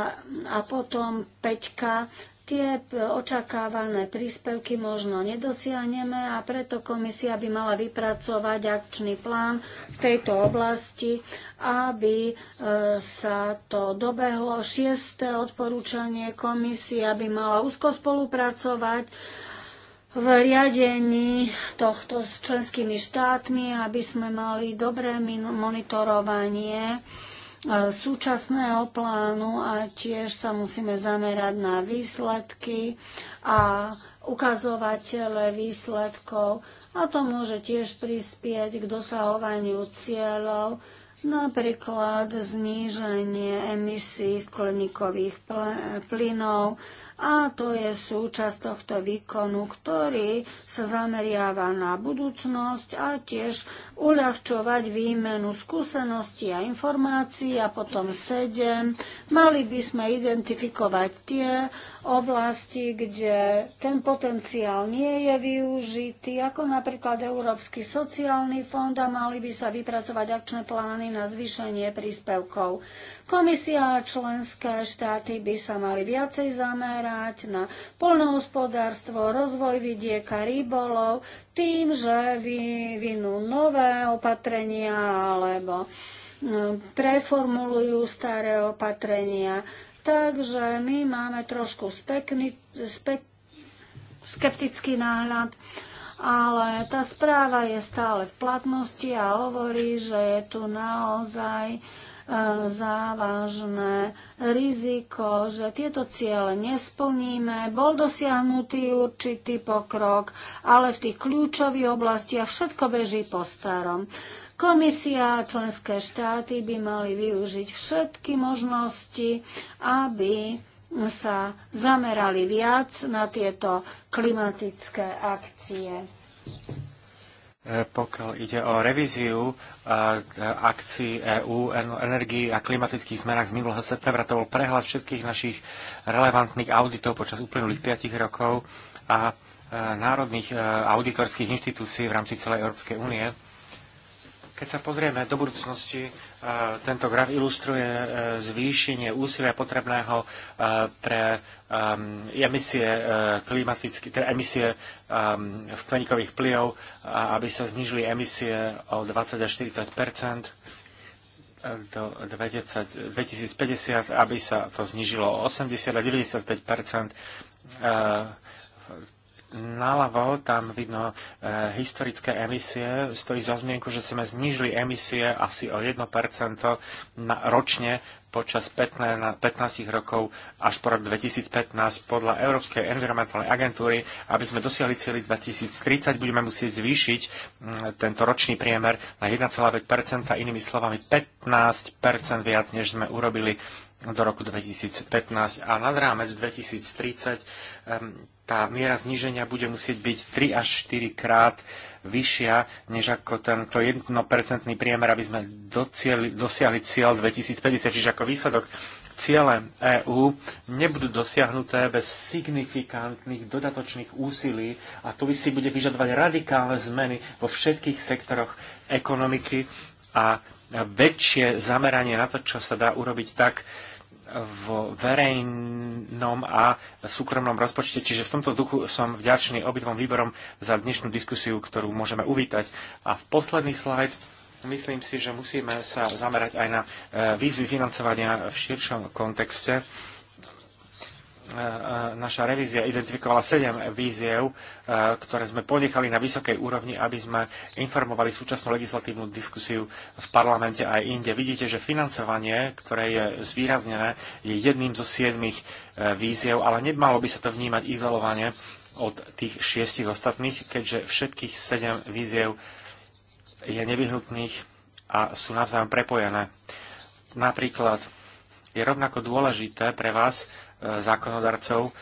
a potom 5 tie očakávané príspevky možno nedosiahneme a preto komisia by mala vypracovať akčný plán v tejto oblasti, aby e, sa to dobehlo. Šiesté odporúčanie komisia by mala úzko spolupracovať v riadení tohto s členskými štátmi, aby sme mali dobré monitorovanie e, súčasného plánu a tiež sa musíme zamerať na výsledky a ukazovatele výsledkov a to môže tiež prispieť k dosahovaniu cieľov, napríklad zníženie emisí skleníkových plynov a to je súčasť tohto výkonu, ktorý sa zameriava na budúcnosť a tiež uľahčovať výmenu skúseností a informácií a potom sedem. Mali by sme identifikovať tie oblasti, kde ten potenciál nie je využitý, ako napríklad Európsky sociálny fond a mali by sa vypracovať akčné plány na zvýšenie príspevkov. Komisia a členské štáty by sa mali viacej zamerať zamerať na polnohospodárstvo, rozvoj vidieka, rybolov, tým, že vyvinú nové opatrenia alebo hm, preformulujú staré opatrenia. Takže my máme trošku spekni, spek, skeptický náhľad ale tá správa je stále v platnosti a hovorí, že je tu naozaj E, závažné riziko, že tieto ciele nesplníme. Bol dosiahnutý určitý pokrok, ale v tých kľúčových oblastiach všetko beží po starom. Komisia a členské štáty by mali využiť všetky možnosti, aby sa zamerali viac na tieto klimatické akcie. E, pokiaľ ide o revíziu e, akcií EÚ energii a klimatických zmenách z minulého septembra. To bol prehľad všetkých našich relevantných auditov počas uplynulých 5 rokov a e, národných auditorských inštitúcií v rámci celej Európskej únie. Keď sa pozrieme do budúcnosti, tento graf ilustruje zvýšenie úsilia potrebného pre um, emisie, uh, klimaticky, teda emisie um, skleníkových plyov, aby sa znižili emisie o 20 až 40 uh, do 20, 2050, aby sa to znižilo o 80 a 95 uh, tam vidno e, historické emisie. Stojí za zmienku, že sme znížili emisie asi o 1% na, ročne počas 15, 15 rokov až po rok 2015 podľa Európskej environmentálnej agentúry, aby sme dosiahli celý 2030, budeme musieť zvýšiť mm, tento ročný priemer na 1,5 inými slovami 15 viac, než sme urobili do roku 2015 a nad rámec 2030 tá miera zníženia bude musieť byť 3 až 4 krát vyššia než ako tento 1% priemer, aby sme docieli, dosiahli cieľ 2050, čiže ako výsledok ciele EÚ nebudú dosiahnuté bez signifikantných dodatočných úsilí a to by si bude vyžadovať radikálne zmeny vo všetkých sektoroch ekonomiky a väčšie zameranie na to, čo sa dá urobiť tak, vo verejnom a súkromnom rozpočte. Čiže v tomto duchu som vďačný obidvom výborom za dnešnú diskusiu, ktorú môžeme uvítať. A v posledný slajd myslím si, že musíme sa zamerať aj na e, výzvy financovania v širšom kontexte. E, e, naša revízia identifikovala sedem víziev, e, ktoré sme ponechali na vysokej úrovni, aby sme informovali súčasnú legislatívnu diskusiu v parlamente aj inde. Vidíte, že financovanie, ktoré je zvýraznené, je jedným zo siedmých víziev, ale nemalo by sa to vnímať izolovane od tých šiestich ostatných, keďže všetkých sedem víziev je nevyhnutných a sú navzájom prepojené. Napríklad je rovnako dôležité pre vás, E, zákonodarcov,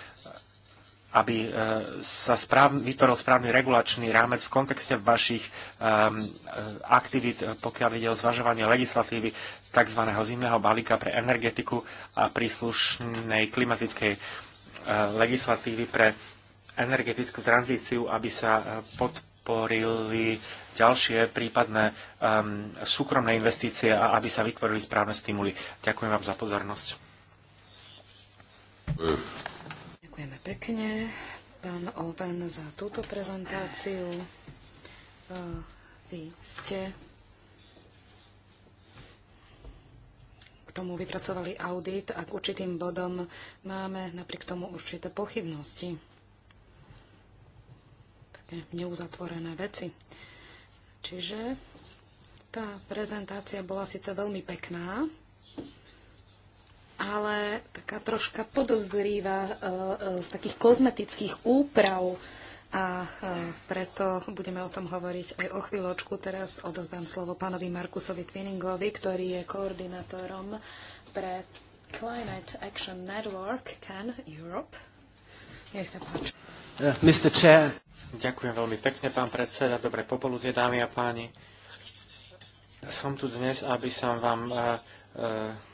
aby e, sa správ, vytvoril správny regulačný rámec v kontexte vašich um, aktivít, pokiaľ ide o zvažovanie legislatívy tzv. zimného balíka pre energetiku a príslušnej klimatickej uh, legislatívy pre energetickú tranzíciu, aby sa podporili ďalšie prípadné um, súkromné investície a aby sa vytvorili správne stimuly. Ďakujem vám za pozornosť. Ďakujeme pekne, pán Oven, za túto prezentáciu. E, vy ste k tomu vypracovali audit a k určitým bodom máme napriek tomu určité pochybnosti. Také neuzatvorené veci. Čiže tá prezentácia bola síce veľmi pekná, ale taká troška podozrýva e, e, z takých kozmetických úprav a e, preto budeme o tom hovoriť aj o chvíľočku. Teraz odozdám slovo pánovi Markusovi Twinningovi, ktorý je koordinátorom pre Climate Action Network Can Europe. Nech sa páči. Mr. Chair. Ďakujem veľmi pekne, pán predseda. Dobré popoludne, dámy a páni. Som tu dnes, aby som vám uh, uh,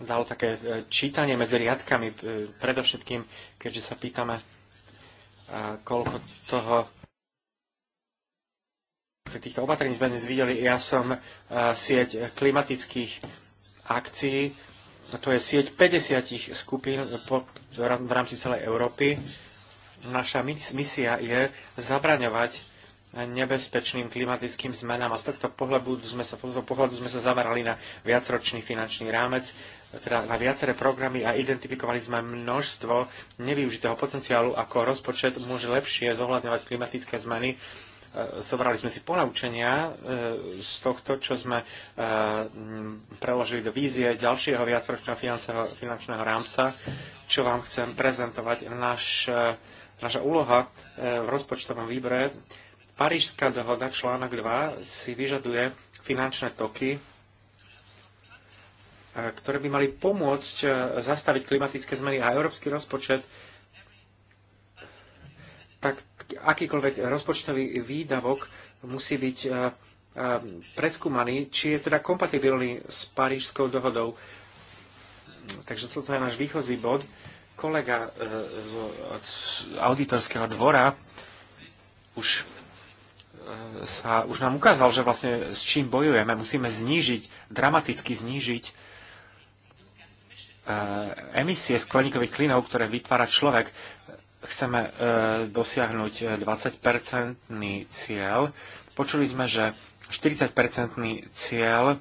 dalo také e, čítanie medzi riadkami, e, predovšetkým, keďže sa pýtame, e, koľko toho týchto opatrení sme dnes videli. Ja som sieť klimatických akcií, to je sieť 50 skupín v rámci celej Európy. Naša misia je zabraňovať nebezpečným klimatickým zmenám a z tohto pohľadu sme sa, pohľadu sme sa zamerali na viacročný finančný rámec teda na viaceré programy a identifikovali sme množstvo nevyužitého potenciálu, ako rozpočet môže lepšie zohľadňovať klimatické zmeny. E, zobrali sme si ponaučenia e, z tohto, čo sme e, preložili do vízie ďalšieho viacročného finančného rámca, čo vám chcem prezentovať. Naš, naša úloha v rozpočtovom výbore Parížská dohoda článok 2 si vyžaduje finančné toky E, ktoré by mali pomôcť e, zastaviť klimatické zmeny a európsky rozpočet, tak akýkoľvek rozpočtový výdavok musí byť e, preskúmaný, či je teda kompatibilný s Parížskou dohodou. Takže toto je náš výchozí bod. Kolega z auditorského dvora už sa už nám ukázal, že vlastne s čím bojujeme. Musíme znížiť, dramaticky znížiť E, emisie skleníkových klinov, ktoré vytvára človek, chceme e, dosiahnuť 20-percentný e, cieľ. Počuli sme, že 40-percentný cieľ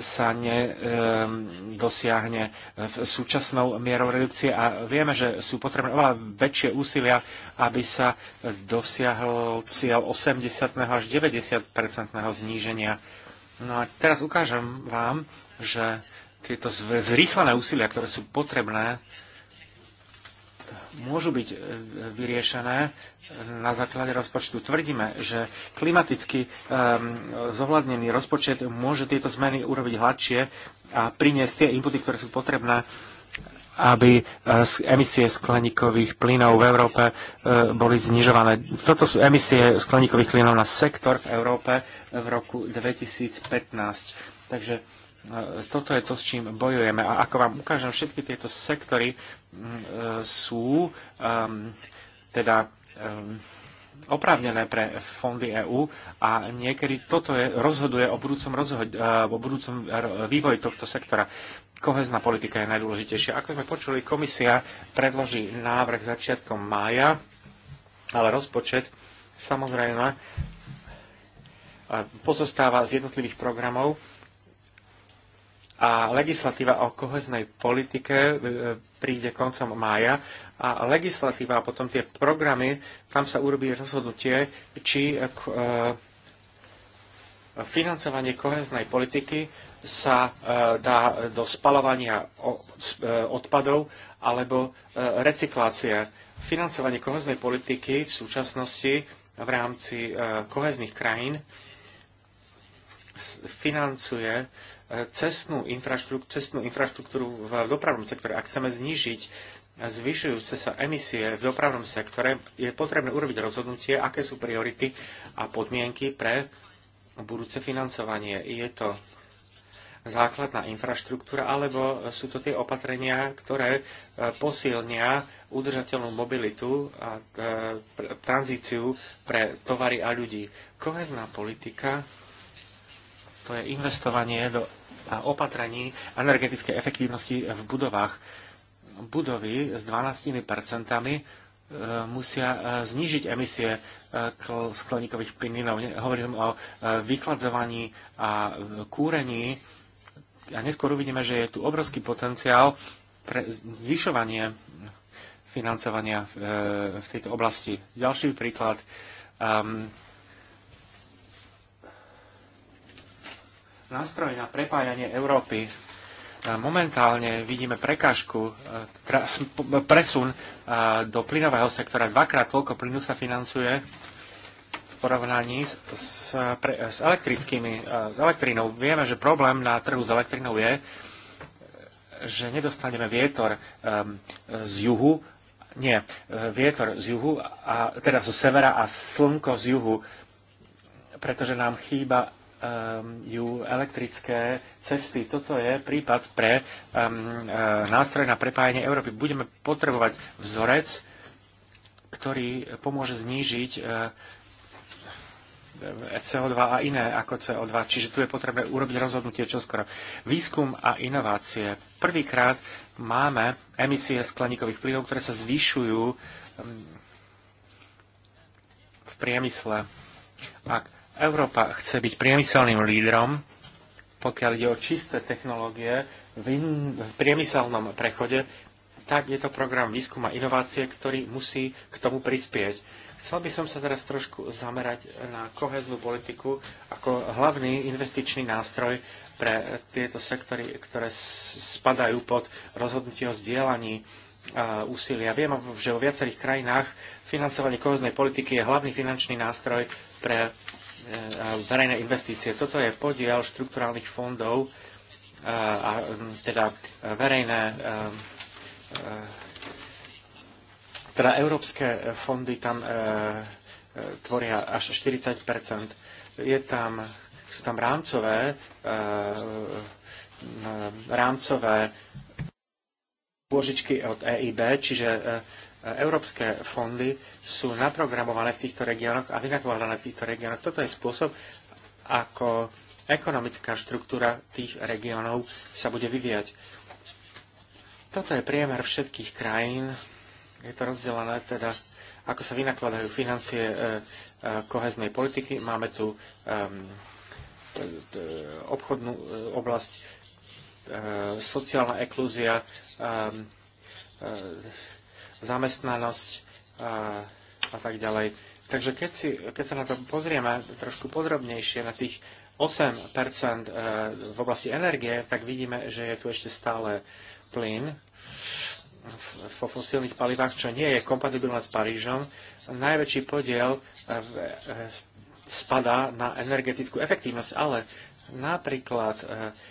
sa nedosiahne v súčasnou mierou redukcie a vieme, že sú potrebné oveľa väčšie úsilia, aby sa dosiahol cieľ 80 až 90 zníženia. No a teraz ukážem vám, že tieto zrýchlené úsilia, ktoré sú potrebné, môžu byť e, vyriešené na základe rozpočtu. Tvrdíme, že klimaticky um, zohľadnený rozpočet môže tieto zmeny urobiť hladšie a priniesť tie inputy, ktoré sú potrebné, aby e, emisie skleníkových plynov v Európe e, boli znižované. Toto sú emisie skleníkových plynov na sektor v Európe v roku 2015. Takže E, toto je to, s čím bojujeme. A ako vám ukážem, všetky tieto sektory e, sú teda oprávnené pre fondy EÚ a niekedy toto je, rozhoduje o budúcom, rozhod, e, o budúcom vývoji tohto sektora. Kohezná politika je najdôležitejšia. Ako sme počuli, komisia predloží návrh začiatkom mája, ale rozpočet samozrejme pozostáva z jednotlivých programov a legislatíva o koheznej politike e, e, príde koncom mája a legislatíva a potom tie programy, tam sa urobí rozhodnutie, či e, financovanie koheznej politiky sa dá do spalovania odpadov alebo recyklácie. Financovanie koheznej politiky v súčasnosti v rámci koheznych krajín financuje cestnú, infraštruktúru, cestnú infraštruktúru v dopravnom sektore. Ak chceme znižiť zvyšujúce sa emisie v dopravnom sektore, je potrebné urobiť rozhodnutie, aké sú priority a podmienky pre budúce financovanie. Je to základná infraštruktúra, alebo sú to tie opatrenia, ktoré e, posilnia udržateľnú mobilitu a e, tranzíciu pre tovary a ľudí. Kohezná politika to je investovanie do a opatrení energetickej efektívnosti v budovách. Budovy s 12 e, musia e, znižiť emisie e, skleníkových plynov. Hovorím o vykladzovaní a kúrení a neskôr uvidíme, že je tu obrovský potenciál pre zvyšovanie financovania v, tejto oblasti. Ďalší príklad. Ehm, nástroj na prepájanie Európy. E, momentálne vidíme prekážku, e, presun e, do plynového sektora. Dvakrát toľko plynu sa financuje v porovnaní s, s, elektrickými, s elektrínou. Vieme, že problém na trhu s elektrínou je, že nedostaneme vietor z juhu, nie, vietor z juhu, a, teda zo severa a slnko z juhu, pretože nám chýba Um, ju elektrické cesty. Toto je prípad pre um, uh, nástroj na prepájanie Európy. Budeme potrebovať vzorec, ktorý pomôže znížiť uh, CO2 a iné ako CO2, čiže tu je potrebné urobiť rozhodnutie čoskoro. Výskum a inovácie. Prvýkrát máme emisie skleníkových plynov, ktoré sa zvyšujú um, v priemysle. Ak Európa chce byť priemyselným lídrom, pokiaľ ide o čisté technológie v, in, v priemyselnom prechode, tak je to program výskuma inovácie, ktorý musí k tomu prispieť. Chcel by som sa teraz trošku zamerať na koheznú politiku ako hlavný investičný nástroj pre tieto sektory, ktoré spadajú pod rozhodnutie o zdieľaní úsilia. Viem, že vo viacerých krajinách financovanie koheznej politiky je hlavný finančný nástroj pre verejné investície. Toto je podiel štrukturálnych fondov a teda verejné teda európske fondy tam tvoria až 40 Je tam, sú tam rámcové rámcové pôžičky od EIB, čiže Európske fondy sú naprogramované v týchto regiónoch a vynakladané v týchto regiónoch. Toto je spôsob, ako ekonomická štruktúra tých regiónov sa bude vyvíjať. Toto je priemer všetkých krajín. Je to rozdelené teda, ako sa vynakladajú financie e, e, koheznej politiky. Máme tu obchodnú e, oblasť, sociálna eklúzia, zamestnanosť a, a tak ďalej. Takže keď, si, keď sa na to pozrieme trošku podrobnejšie, na tých 8 v e, oblasti energie, tak vidíme, že je tu ešte stále plyn vo fosílnych palivách, čo nie je kompatibilné s Parížom. Najväčší podiel e, e, spadá na energetickú efektívnosť, ale napríklad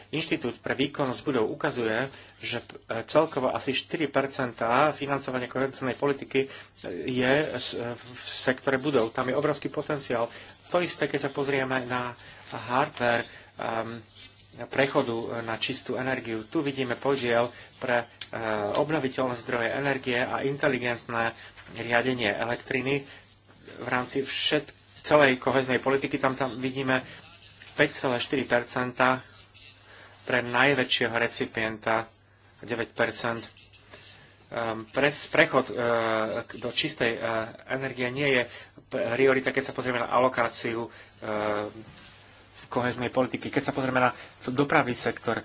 Inštitút pre výkonnosť budov ukazuje, že e, celkovo asi 4 financovania koherentnej politiky e, je e, v sektore budov. Tam je obrovský potenciál. To isté, keď sa pozrieme na hardware um, prechodu na čistú energiu. Tu vidíme podiel pre obnoviteľné zdroje energie a inteligentné riadenie elektriny v rámci všet, celej koheznej politiky. Tam, tam vidíme 5,4 pre najväčšieho recipienta Ehm, pres, prechod ehm, do čistej ehm, energie nie je priorita, keď sa pozrieme na alokáciu v koheznej politiky. Keď sa pozrieme na dopravný sektor,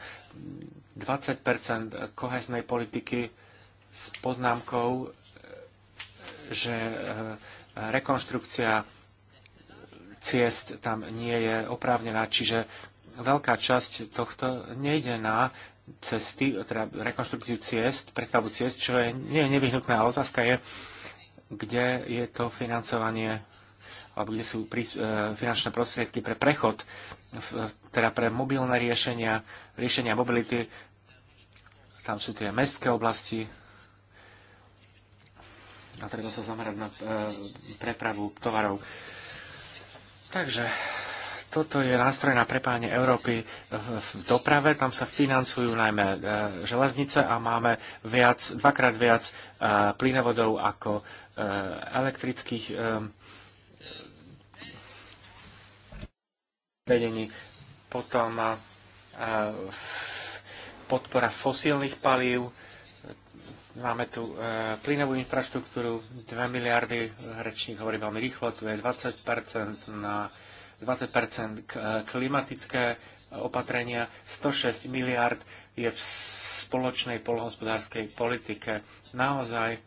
20 koheznej politiky s poznámkou, e, že e, rekonštrukcia ciest tam nie je oprávnená, čiže veľká časť tohto nejde na cesty, teda rekonštrukciu ciest, predstavu ciest, čo je nie je nevyhnutná. Ale otázka je, kde je to financovanie alebo kde sú prí, e, finančné prostriedky pre prechod, f, teda pre mobilné riešenia, riešenia mobility. Tam sú tie mestské oblasti a treba sa zamerať na e, prepravu tovarov. Takže toto je nástroj na prepájanie Európy v doprave. Tam sa financujú najmä e, železnice a máme viac, dvakrát viac e, plynovodov ako e, elektrických vedení. Potom podpora fosílnych palív. Máme tu plynovú infraštruktúru, 2 miliardy, rečník hovorí veľmi rýchlo, tu je 20 na 20 e, klimatické opatrenia, 106 miliard je v spoločnej polhospodárskej politike. Naozaj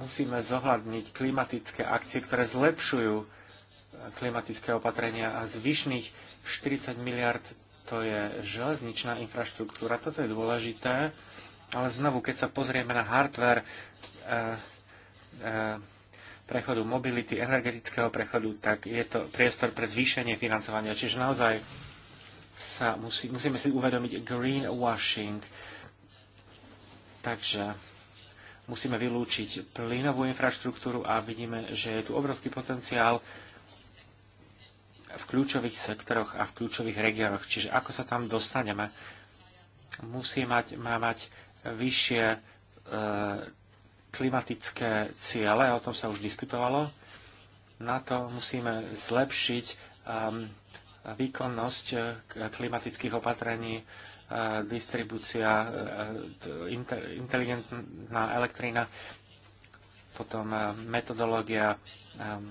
musíme zohľadniť klimatické akcie, ktoré zlepšujú e, klimatické opatrenia a zvyšných 40 miliard to je železničná infraštruktúra. Toto je dôležité, ale znovu, keď sa pozrieme na hardware, eh, eh, prechodu mobility, energetického prechodu, tak je to priestor pre zvýšenie financovania. Čiže naozaj sa musí, musíme si uvedomiť greenwashing. Takže musíme vylúčiť plynovú infraštruktúru a vidíme, že je tu obrovský potenciál v kľúčových sektoroch a v kľúčových regiónoch. Čiže ako sa tam dostaneme, musí mať, má mať vyššie e, klimatické ciele, o tom sa už diskutovalo. Na to musíme zlepšiť um, výkonnosť eh, klimatických opatrení, eh, distribúcia, eh, inteligentná elektrína, potom metodológia ehm,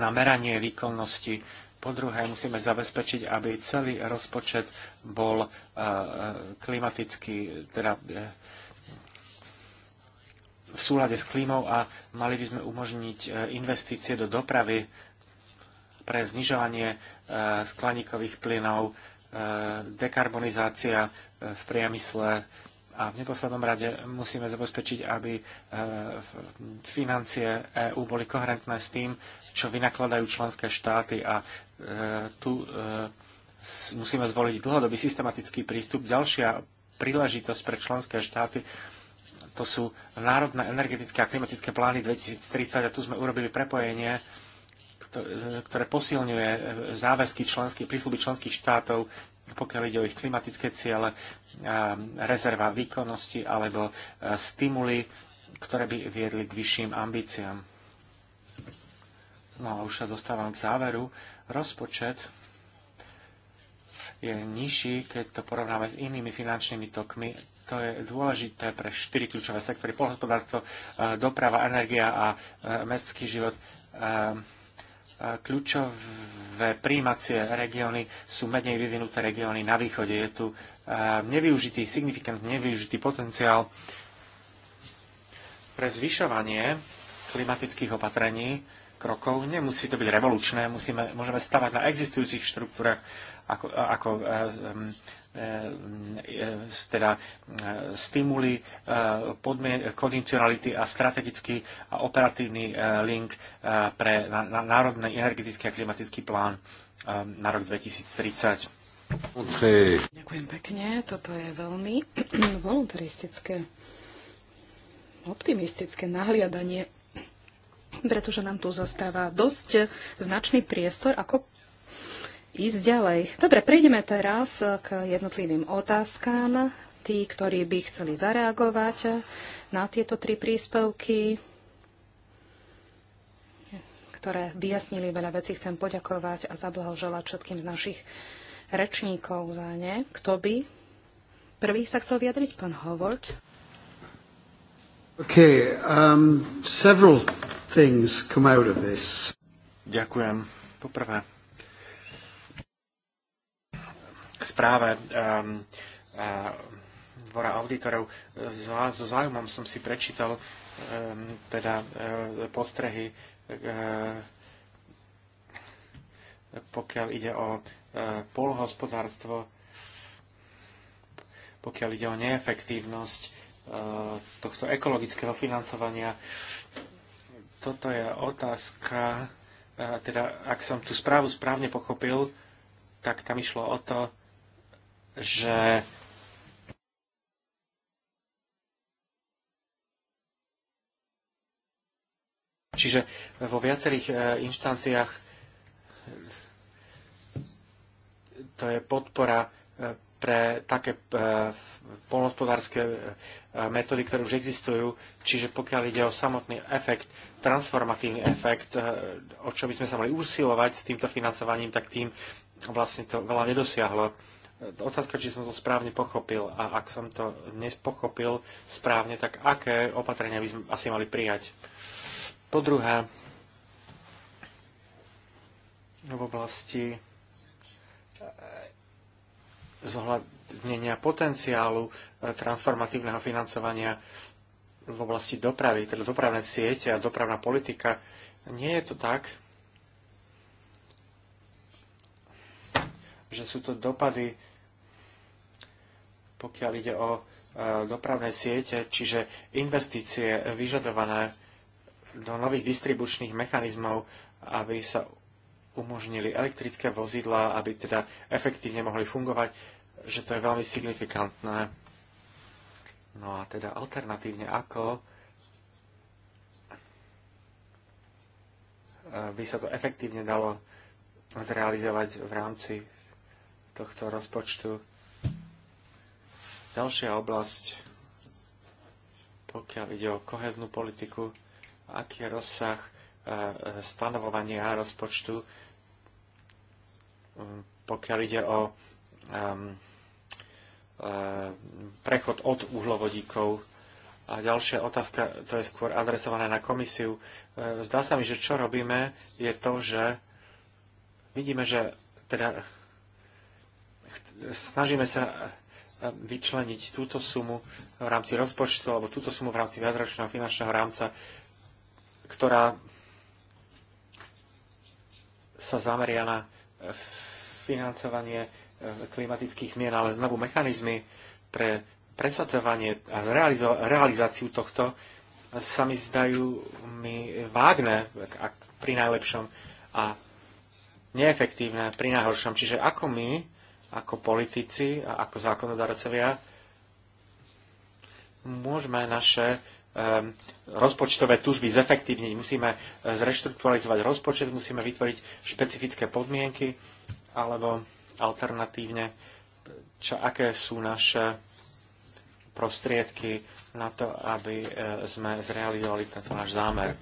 na meranie výkonnosti. Po druhé, musíme zabezpečiť, aby celý rozpočet bol klimaticky, teda v súlade s klímou a mali by sme umožniť e, investície do dopravy pre znižovanie e, skleníkových plynov, e, dekarbonizácia v priemysle a v neposlednom rade musíme zabezpečiť, aby financie EÚ boli koherentné s tým, čo vynakladajú členské štáty a tu musíme zvoliť dlhodobý systematický prístup. Ďalšia príležitosť pre členské štáty to sú národné energetické a klimatické plány 2030 a tu sme urobili prepojenie, ktoré posilňuje záväzky členských, prísluby členských štátov, pokiaľ ide o ich klimatické ciele, rezerva výkonnosti alebo e, stimuly, ktoré by viedli k vyšším ambíciám. No a už sa dostávam k záveru. Rozpočet je nižší, keď to porovnáme s inými finančnými tokmi, to je dôležité pre štyri kľúčové sektory. Polhospodárstvo, e, doprava, energia a e, mestský život. E, kľúčové príjmacie regióny sú menej vyvinuté regióny na východe. Je tu nevyužitý, signifikant nevyužitý potenciál pre zvyšovanie klimatických opatrení krokov. Nemusí to byť revolučné, musíme, môžeme stavať na existujúcich štruktúrach ako, ako Eh, eh, teda eh, stimuli, kondicionality a strategický a operatívny link pre národný energetický a klimatický plán na rok 2030. Okay. Ďakujem pekne. Toto je veľmi voluntaristické, optimistické nahliadanie, pretože nám tu zastáva dosť značný priestor, ako ísť ďalej. Dobre, prejdeme teraz k jednotlivým otázkám. Tí, ktorí by chceli zareagovať na tieto tri príspevky, ktoré vyjasnili veľa vecí, chcem poďakovať a zablahoželať všetkým z našich rečníkov za ne. Kto by? Prvý sa chcel vyjadriť pán Howard. Okay, um, several things come out of this. Ďakujem. Poprvé, správe ehm, ehm, dvora auditorov. So záujmom som si prečítal ehm, teda eh, postrehy, eh, pokiaľ ide o eh, polhospodárstvo, pokiaľ ide o neefektívnosť tohto ekologického financovania. Toto je otázka, teda ak som tú správu správne pochopil, tak tam išlo o to, že Čiže vo viacerých e, inštanciách to je podpora e, pre také e, polnospodárske metódy, ktoré už existujú. Čiže pokiaľ ide o samotný efekt, transformatívny efekt, o čo by sme sa mali usilovať s týmto financovaním, tak tým vlastne to veľa nedosiahlo. E, otázka, či som to správne pochopil a ak som to nepochopil správne, tak aké opatrenia by sme asi mali prijať? Po druhé, v oblasti e, zohľadnenia potenciálu e, transformatívneho financovania v oblasti dopravy, teda dopravné siete a dopravná politika. Nie je to tak, že sú to dopady pokiaľ ide o e, dopravné siete, čiže investície vyžadované do nových distribučných mechanizmov, aby sa umožnili elektrické vozidlá, aby teda efektívne mohli fungovať, že to je veľmi signifikantné. No a teda alternatívne ako e, by sa to efektívne dalo zrealizovať v rámci tohto rozpočtu. Ďalšia oblasť, pokiaľ ide o koheznú politiku, aký je rozsah e, e, stanovovania rozpočtu, pokiaľ ide o e, prechod od uhlovodíkov. A ďalšia otázka, to je skôr adresované na komisiu. Zdá sa mi, že čo robíme, je to, že vidíme, že teda snažíme sa vyčleniť túto sumu v rámci rozpočtu alebo túto sumu v rámci viacročného finančného rámca, ktorá sa zameria na financovanie eh, klimatických zmien, ale znovu mechanizmy pre presadzovanie a realizáciu tohto sa mi zdajú mi vágne, ak pri najlepšom a neefektívne pri najhoršom. Čiže ako my ako politici a ako zákonodarcovia môžeme naše rozpočtové túžby zefektívniť, musíme e, zreštrukturalizovať rozpočet, musíme vytvoriť špecifické podmienky alebo alternatívne, čo, aké sú naše prostriedky na to, aby e, sme zrealizovali tento náš zámer.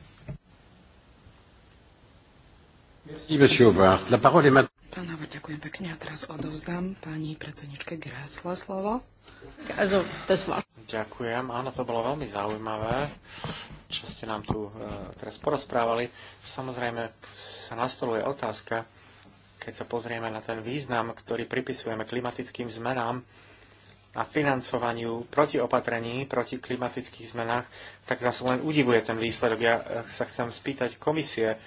Pán Havar, ďakujem pekne. A teraz odovzdám pani predsedničke Grásla slovo. Ďakujem. Áno, to bolo veľmi zaujímavé, čo ste nám tu e, teraz porozprávali. Samozrejme sa nastoluje otázka, keď sa pozrieme na ten význam, ktorý pripisujeme klimatickým zmenám a financovaniu protiopatrení proti klimatických zmenách, tak nás len udivuje ten výsledok. Ja e, sa chcem spýtať komisie,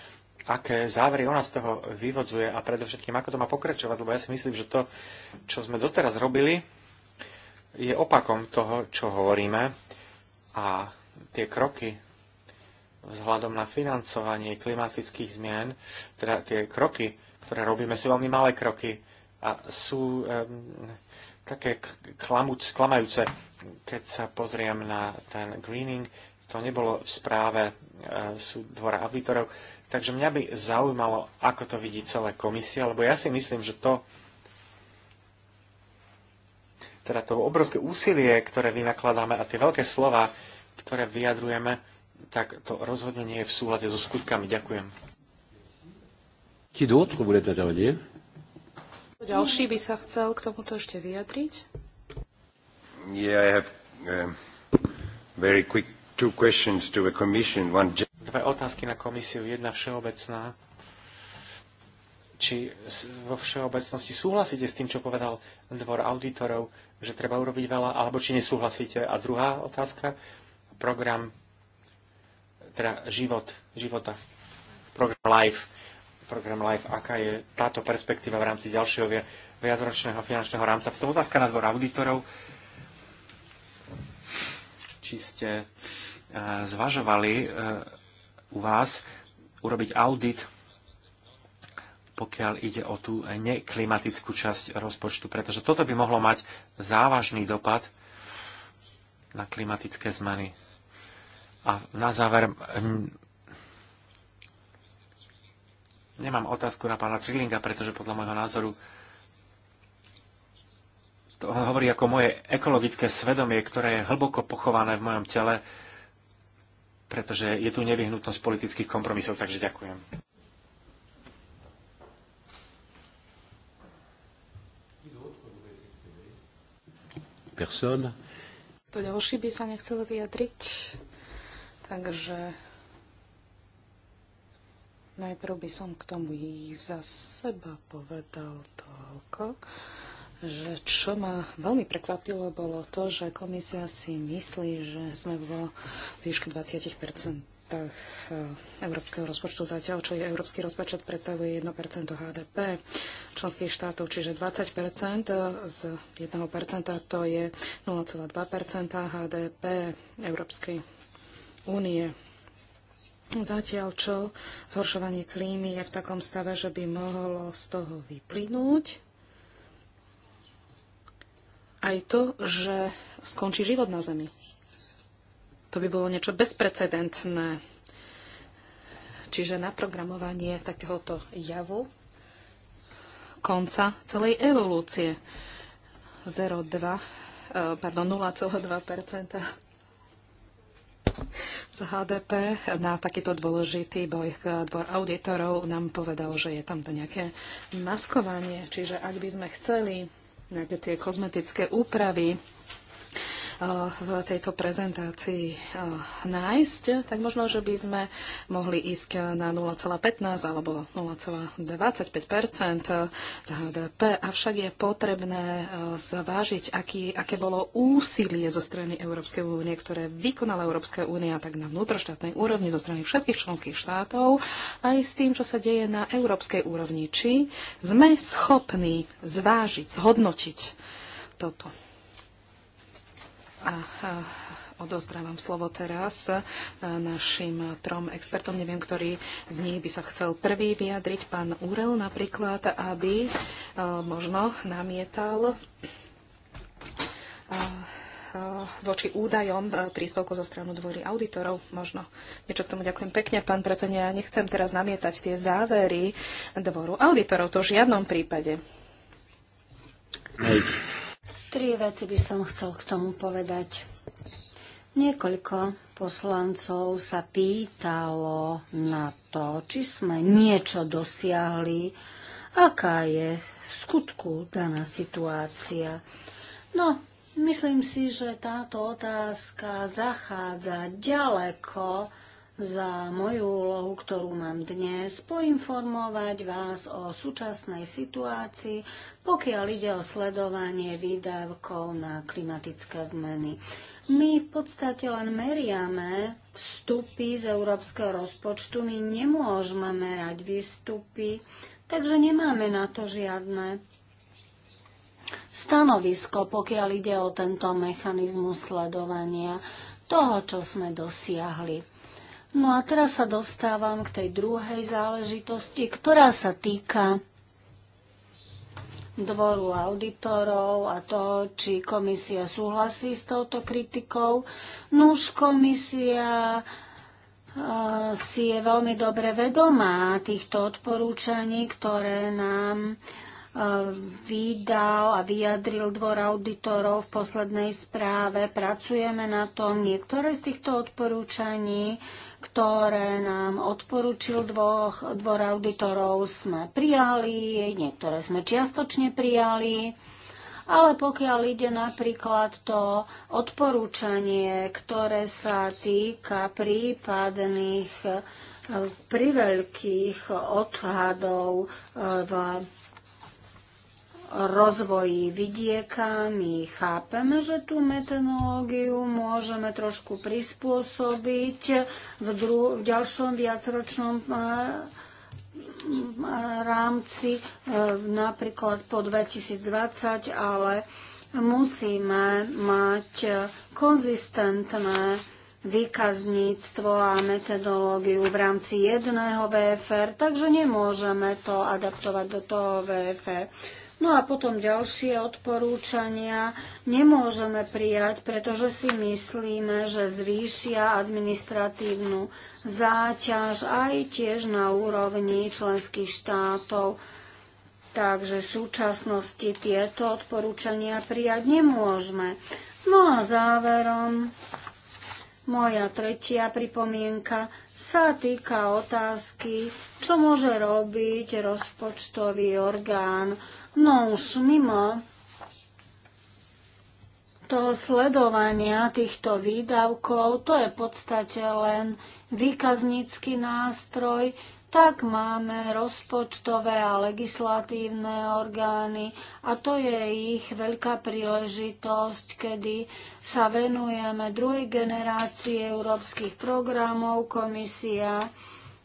aké závery ona z toho vyvodzuje a predovšetkým, ako to má pokračovať, lebo ja si myslím, že to, čo sme doteraz robili, je opakom toho, čo hovoríme a tie kroky vzhľadom na financovanie klimatických zmien, teda tie kroky, ktoré robíme, sú veľmi malé kroky a sú um, také klamuc, klamajúce. Keď sa pozriem na ten greening, to nebolo v správe e, eh, sú dvora auditorov, Takže mňa by zaujímalo, ako to vidí celá komisia, lebo ja si myslím, že to, teda to obrovské úsilie, ktoré vynakladáme a tie veľké slova, ktoré vyjadrujeme, tak to rozhodne nie je v súlade so skutkami. Ďakujem. Qui d'autre voulait intervenir? Ďalší by sa chcel k tomuto ešte vyjadriť. Yeah, I have um, very quick two questions to the commission. One dve otázky na komisiu. Jedna všeobecná. Či vo všeobecnosti súhlasíte s tým, čo povedal dvor auditorov, že treba urobiť veľa, alebo či nesúhlasíte? A druhá otázka, program, teda život, života, program LIFE, program LIFE, aká je táto perspektíva v rámci ďalšieho viacročného finančného rámca. Potom otázka na dvor auditorov. Či ste eh, zvažovali eh, u vás urobiť audit, pokiaľ ide o tú neklimatickú časť rozpočtu, pretože toto by mohlo mať závažný dopad na klimatické zmeny. A na záver mm, nemám otázku na pána Trillinga, pretože podľa môjho názoru to hovorí ako moje ekologické svedomie, ktoré je hlboko pochované v mojom tele, pretože je tu nevyhnutnosť politických kompromisov, takže ďakujem. Person. To ďalší by sa nechcel vyjadriť, takže najprv by som k tomu ich za seba povedal toľko že čo ma veľmi prekvapilo, bolo to, že komisia si myslí, že sme vo výške 20 eh, európskeho rozpočtu zatiaľ, čo je európsky rozpočet predstavuje 1% HDP členských štátov, čiže 20% eh, z 1% to je 0,2% HDP Európskej únie. Zatiaľ čo zhoršovanie klímy je v takom stave, že by mohlo z toho vyplynúť aj to, že skončí život na Zemi. To by bolo niečo bezprecedentné. Čiže naprogramovanie takéhoto javu konca celej evolúcie. 0,2, eh, pardon, 0,2 z HDP na takýto dôležitý boj. Eh, dvor auditorov nám povedal, že je tam to nejaké maskovanie. Čiže ak by sme chceli nejaké tie kozmetické úpravy Eh, v tejto prezentácii eh, nájsť, tak možno, že by sme mohli ísť na 0,15 alebo 0,25 z HDP, avšak je potrebné eh, zvážiť, aký, aké bolo úsilie zo strany Európskej únie, ktoré vykonala Európska únia tak na vnútroštátnej úrovni zo strany všetkých členských štátov, aj s tým, čo sa deje na európskej úrovni. Či sme schopní zvážiť, zhodnotiť toto. A, odozdravám slovo teraz e, našim trom expertom. Neviem, ktorý z nich by sa chcel prvý vyjadriť. Pán Úrel napríklad, aby e, možno namietal e, voči údajom príspevku zo stranu dvory auditorov. Možno niečo k tomu ďakujem pekne, pán predsedne, Ja nechcem teraz namietať tie závery dvoru auditorov, to v žiadnom prípade. Tri veci by som chcel k tomu povedať. Niekoľko poslancov sa pýtalo na to, či sme niečo dosiahli, aká je v skutku daná situácia. No, myslím si, že táto otázka zachádza ďaleko za moju úlohu, ktorú mám dnes, poinformovať vás o súčasnej situácii, pokiaľ ide o sledovanie výdavkov na klimatické zmeny. My v podstate len meriame vstupy z európskeho rozpočtu, my nemôžeme merať výstupy, takže nemáme na to žiadne stanovisko, pokiaľ ide o tento mechanizmus sledovania toho, čo sme dosiahli. No a teraz sa dostávam k tej druhej záležitosti, ktorá sa týka dvoru auditorov a to, či komisia súhlasí s touto kritikou. Nuž komisia e, si je veľmi dobre vedomá týchto odporúčaní, ktoré nám vydal a vyjadril dvor auditorov v poslednej správe. Pracujeme na tom. Niektoré z týchto odporúčaní, ktoré nám odporúčil dvoch, dvor auditorov, sme prijali, niektoré sme čiastočne prijali. Ale pokiaľ ide napríklad to odporúčanie, ktoré sa týka prípadných eh, priveľkých odhadov eh, v rozvoji vidieka my chápeme, že tú metanológiu môžeme trošku prispôsobiť v, dru- v ďalšom viacročnom eh, eh, rámci, eh, napríklad po 2020, ale musíme mať konzistentné výkazníctvo a metodológiu v rámci jedného VFR, takže nemôžeme to adaptovať do toho VFR. No a potom ďalšie odporúčania nemôžeme prijať, pretože si myslíme, že zvýšia administratívnu záťaž aj tiež na úrovni členských štátov. Takže v súčasnosti tieto odporúčania prijať nemôžeme. No a záverom moja tretia pripomienka sa týka otázky, čo môže robiť rozpočtový orgán No už mimo toho sledovania týchto výdavkov, to je v podstate len výkaznícky nástroj, tak máme rozpočtové a legislatívne orgány a to je ich veľká príležitosť, kedy sa venujeme druhej generácii európskych programov. Komisia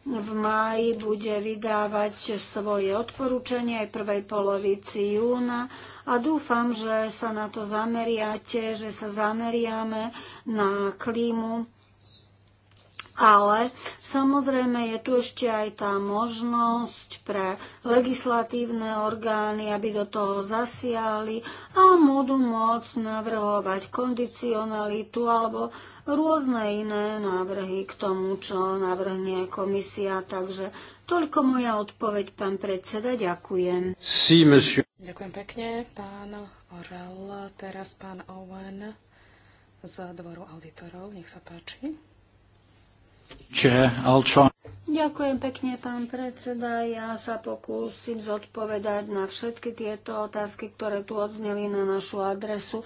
v máji bude vydávať svoje odporúčanie aj prvej polovici júna a dúfam, že sa na to zameriate, že sa zameriame na klímu ale samozrejme je tu ešte aj tá možnosť pre legislatívne orgány, aby do toho zasiali a môžu môcť navrhovať kondicionalitu alebo rôzne iné návrhy k tomu, čo navrhne komisia. Takže toľko moja odpoveď, pán predseda. Ďakujem. Sí, Ďakujem pekne, pán Orel. Teraz pán Owen z dvoru auditorov. Nech sa páči. Ďakujem pekne, pán predseda. Ja sa pokúsim zodpovedať na všetky tieto otázky, ktoré tu odzneli na našu adresu.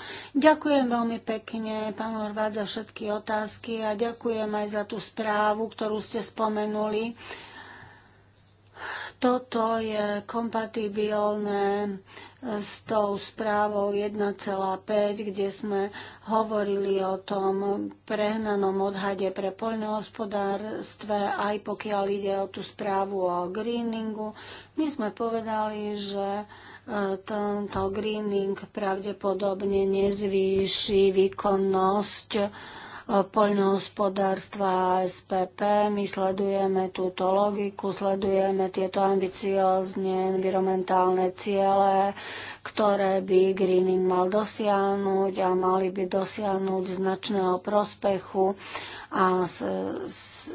Ďakujem veľmi pekne, pán Horváth, za všetky otázky a ďakujem aj za tú správu, ktorú ste spomenuli. Toto je kompatibilné eh, s tou správou 1,5, kde sme hovorili o tom prehnanom odhade pre poľnohospodárstve, aj pokiaľ ide o tú správu o greeningu. My sme povedali, že eh, tento greening pravdepodobne nezvýši výkonnosť poľnohospodárstva SPP. My sledujeme túto logiku, sledujeme tieto ambiciozne environmentálne ciele, ktoré by greening mal dosiahnuť a mali by dosiahnuť značného prospechu a s, s,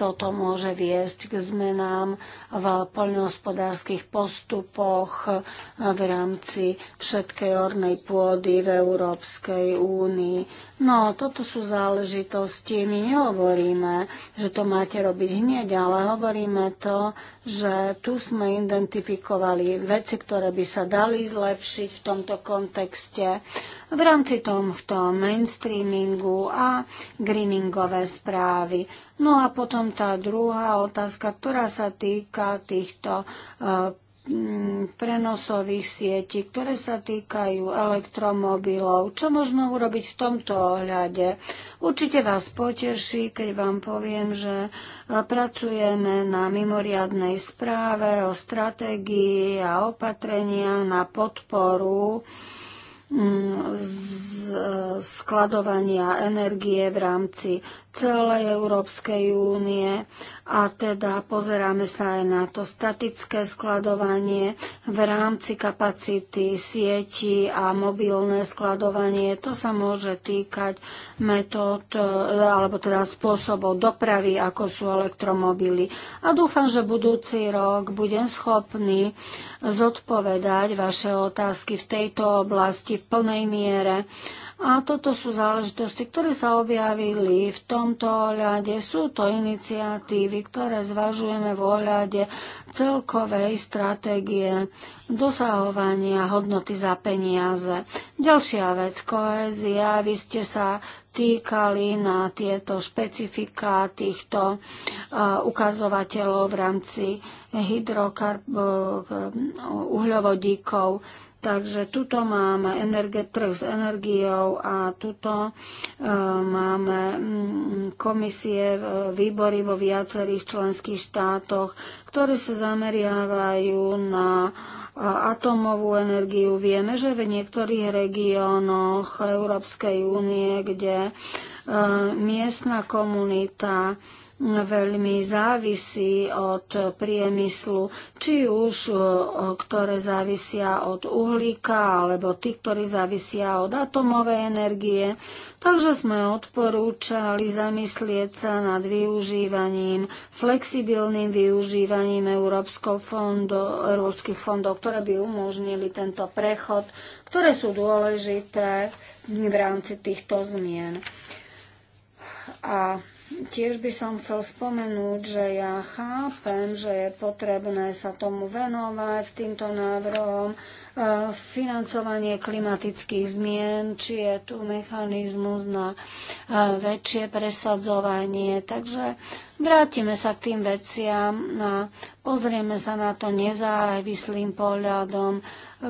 toto môže viesť k zmenám v poľnohospodárskych postupoch e, v rámci všetkej ornej pôdy v Európskej únii. No, toto sú záležitosti. My nehovoríme, že to máte robiť hneď, ale hovoríme to, že tu sme identifikovali veci, ktoré by sa dali zlepšiť v tomto kontexte v rámci tomto mainstreamingu a greeningové správy. No a potom tá druhá otázka, ktorá sa týka týchto eh, prenosových sietí, ktoré sa týkajú elektromobilov. Čo možno urobiť v tomto ohľade? Určite vás poteší, keď vám poviem, že eh, pracujeme na mimoriadnej správe o stratégii a opatrenia na podporu uh, Mm, e, skladovania energie v rámci celej Európskej únie a teda pozeráme sa aj na to statické skladovanie v rámci kapacity sieti a mobilné skladovanie. To sa môže týkať metód e, alebo teda spôsobov dopravy, ako sú elektromobily. A dúfam, že budúci rok budem schopný zodpovedať vaše otázky v tejto oblasti v plnej miere a toto sú záležitosti, ktoré sa objavili v tomto ohľade. Sú to iniciatívy, ktoré zvažujeme v ohľade celkovej stratégie dosahovania hodnoty za peniaze. Ďalšia vec, kohézia, vy ste sa týkali na tieto špecifika týchto uh, ukazovateľov v rámci hydrokar- e, e, uh, uhľovodíkov. Takže tuto máme energie, trh s energiou a tuto e, máme mm, komisie, e, výbory vo viacerých členských štátoch, ktoré sa zameriavajú na e, atomovú energiu. Vieme, že v niektorých regiónoch Európskej únie, kde miestna komunita veľmi závisí od priemyslu, či už e, ktoré závisia od uhlíka, alebo tí, ktorí závisia od atomovej energie. Takže sme odporúčali zamyslieť sa nad využívaním, flexibilným využívaním fondo, európskych fondov, ktoré by umožnili tento prechod, ktoré sú dôležité v rámci týchto zmien. A Tiež by som chcel spomenúť, že ja chápem, že je potrebné sa tomu venovať, týmto návrhom, e, financovanie klimatických zmien, či je tu mechanizmus na e, väčšie presadzovanie. Takže vrátime sa k tým veciam a pozrieme sa na to nezávislým pohľadom.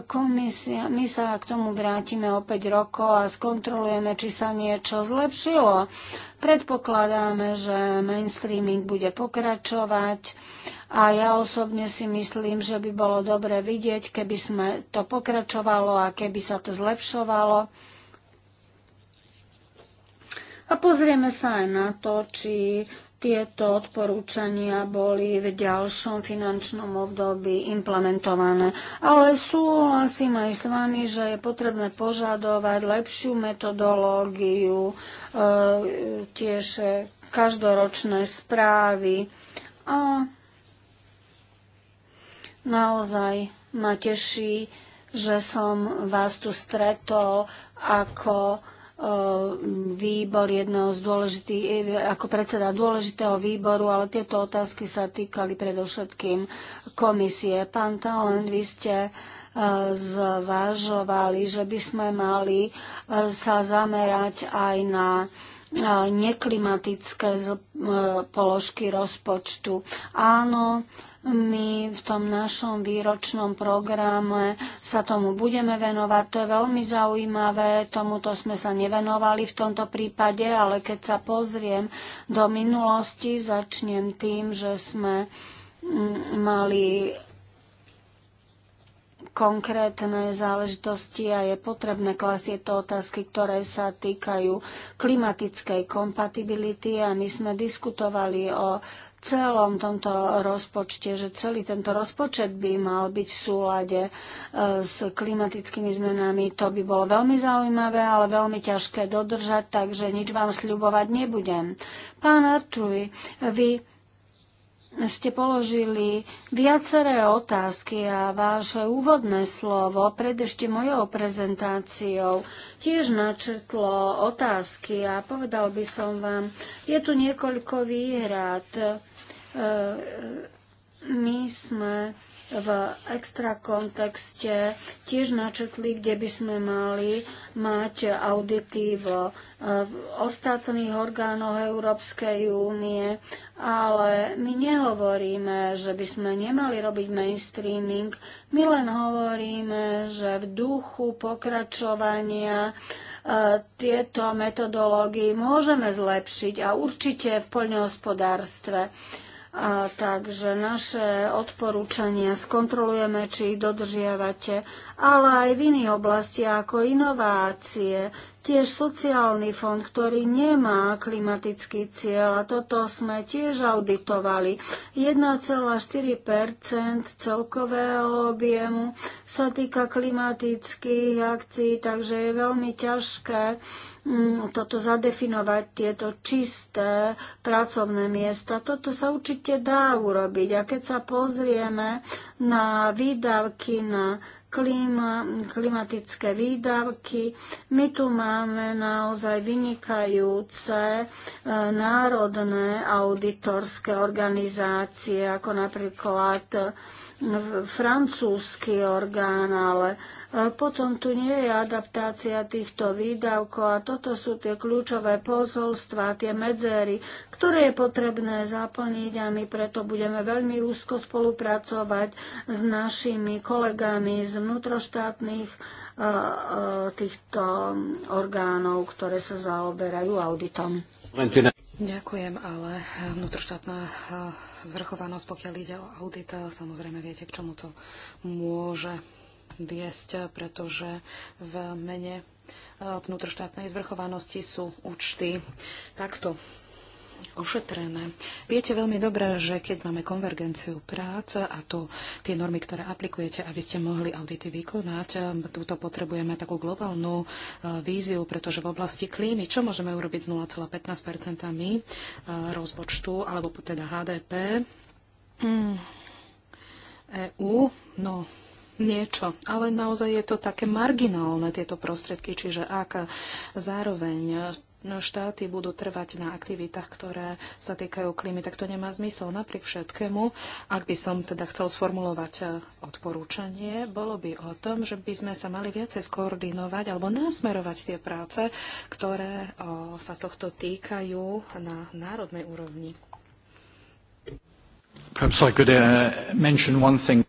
Komisia, my sa k tomu vrátime opäť rokov a skontrolujeme, či sa niečo zlepšilo Predpokladáme, že mainstreaming bude pokračovať a ja osobne si myslím, že by bolo dobre vidieť, keby sme to pokračovalo a keby sa to zlepšovalo. A pozrieme sa aj na to, či tieto odporúčania boli v ďalšom finančnom období implementované. Ale súhlasím aj s vami, že je potrebné požadovať lepšiu metodológiu, e, tiež každoročné správy a naozaj ma teší, že som vás tu stretol ako Ehm, výbor jedného z dôležitých, e, ako predseda dôležitého výboru, ale tieto otázky sa týkali predovšetkým komisie. Pán Talent, vy ste e, zvážovali, že by sme mali e, sa zamerať aj na neklimatické položky rozpočtu. Áno, my v tom našom výročnom programe sa tomu budeme venovať. To je veľmi zaujímavé. Tomuto sme sa nevenovali v tomto prípade, ale keď sa pozriem do minulosti, začnem tým, že sme mm, mali konkrétne záležitosti a je potrebné klasť tieto otázky, ktoré sa týkajú klimatickej kompatibility a my sme diskutovali o celom tomto rozpočte, že celý tento rozpočet by mal byť v súlade e, s klimatickými zmenami. To by bolo veľmi zaujímavé, ale veľmi ťažké dodržať, takže nič vám sľubovať nebudem. Pán Artuj, vy ste položili viaceré otázky a vaše úvodné slovo pred ešte mojou prezentáciou tiež načrtlo otázky a povedal by som vám, je tu niekoľko výhrad. E, my sme v extra kontexte tiež načetli, kde by sme mali mať audity v, e, v ostatných orgánoch Európskej únie, ale my nehovoríme, že by sme nemali robiť mainstreaming, my len hovoríme, že v duchu pokračovania e, tieto metodológie môžeme zlepšiť a určite v poľnohospodárstve. A, takže naše odporúčania skontrolujeme, či ich dodržiavate, ale aj v iných oblastiach ako inovácie, tiež sociálny fond, ktorý nemá klimatický cieľ a toto sme tiež auditovali. 1,4 celkového objemu sa týka klimatických akcií, takže je veľmi ťažké mm, toto zadefinovať, tieto čisté pracovné miesta. Toto sa určite dá urobiť. A keď sa pozrieme na výdavky na klima, klimatické výdavky. My tu máme naozaj vynikajúce e, národné auditorské organizácie, ako napríklad e, francúzsky orgán, ale E, potom tu nie je adaptácia týchto výdavkov a toto sú tie kľúčové pozolstva, tie medzery, ktoré je potrebné zaplniť a my preto budeme veľmi úzko spolupracovať s našimi kolegami z vnútroštátnych e, e, týchto orgánov, ktoré sa zaoberajú auditom. Ďakujem, ale vnútroštátna zvrchovanosť, pokiaľ ide o audit, samozrejme viete, k čomu to môže viesť, pretože v mene e, vnútroštátnej zvrchovanosti sú účty takto ošetrené. Viete veľmi dobre, že keď máme konvergenciu prác a to tie normy, ktoré aplikujete, aby ste mohli audity vykonať, e, túto potrebujeme takú globálnu e, víziu, pretože v oblasti klímy, čo môžeme urobiť s 0,15% rozpočtu alebo teda HDP? Hmm. EU, no niečo. Ale naozaj je to také marginálne tieto prostriedky, čiže ak zároveň štáty budú trvať na aktivitách, ktoré sa týkajú klímy, tak to nemá zmysel. Napriek všetkému, ak by som teda chcel sformulovať eh, odporúčanie, bolo by o tom, že by sme sa mali viacej skoordinovať alebo nasmerovať tie práce, ktoré o, sa tohto týkajú na národnej úrovni. Perhaps I could uh, mention one thing.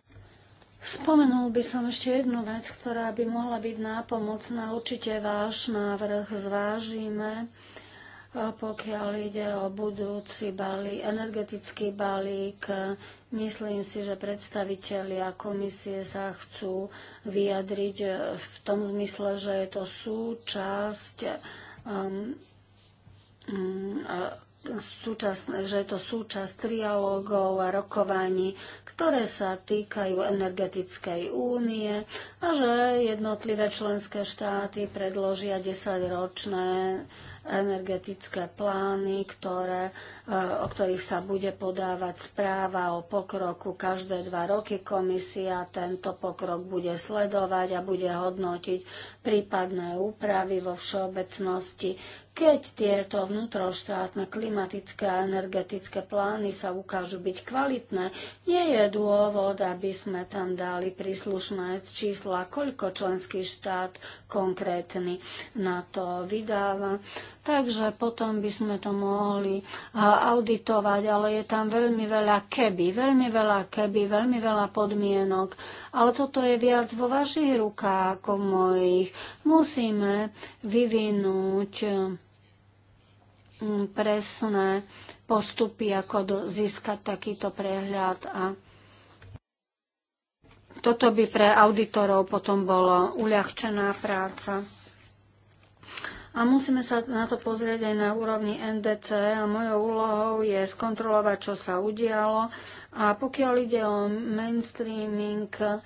Spomenul by som ešte jednu vec, ktorá by mohla byť nápomocná. Určite váš návrh zvážime, e, pokiaľ ide o budúci balí, energetický balík. Myslím si, že predstavitelia komisie sa chcú vyjadriť e, v tom zmysle, že je to súčasť um, um, súčasné, že je to súčasť trialógov a rokovaní, ktoré sa týkajú energetickej únie a že jednotlivé členské štáty predložia 10-ročné energetické plány, ktoré, e, o ktorých sa bude podávať správa o pokroku každé dva roky. Komisia tento pokrok bude sledovať a bude hodnotiť prípadné úpravy vo všeobecnosti. Keď tieto vnútroštátne klimatické a energetické plány sa ukážu byť kvalitné, nie je dôvod, aby sme tam dali príslušné čísla, koľko členský štát konkrétny na to vydáva takže potom by sme to mohli auditovať, ale je tam veľmi veľa keby, veľmi veľa keby, veľmi veľa podmienok. Ale toto je viac vo vašich rukách ako v mojich. Musíme vyvinúť mm, presné postupy, ako získať takýto prehľad a toto by pre auditorov potom bolo uľahčená práca. A musíme sa na to pozrieť aj na úrovni NDC a mojou úlohou je skontrolovať, čo sa udialo. A pokiaľ ide o mainstreaming, e,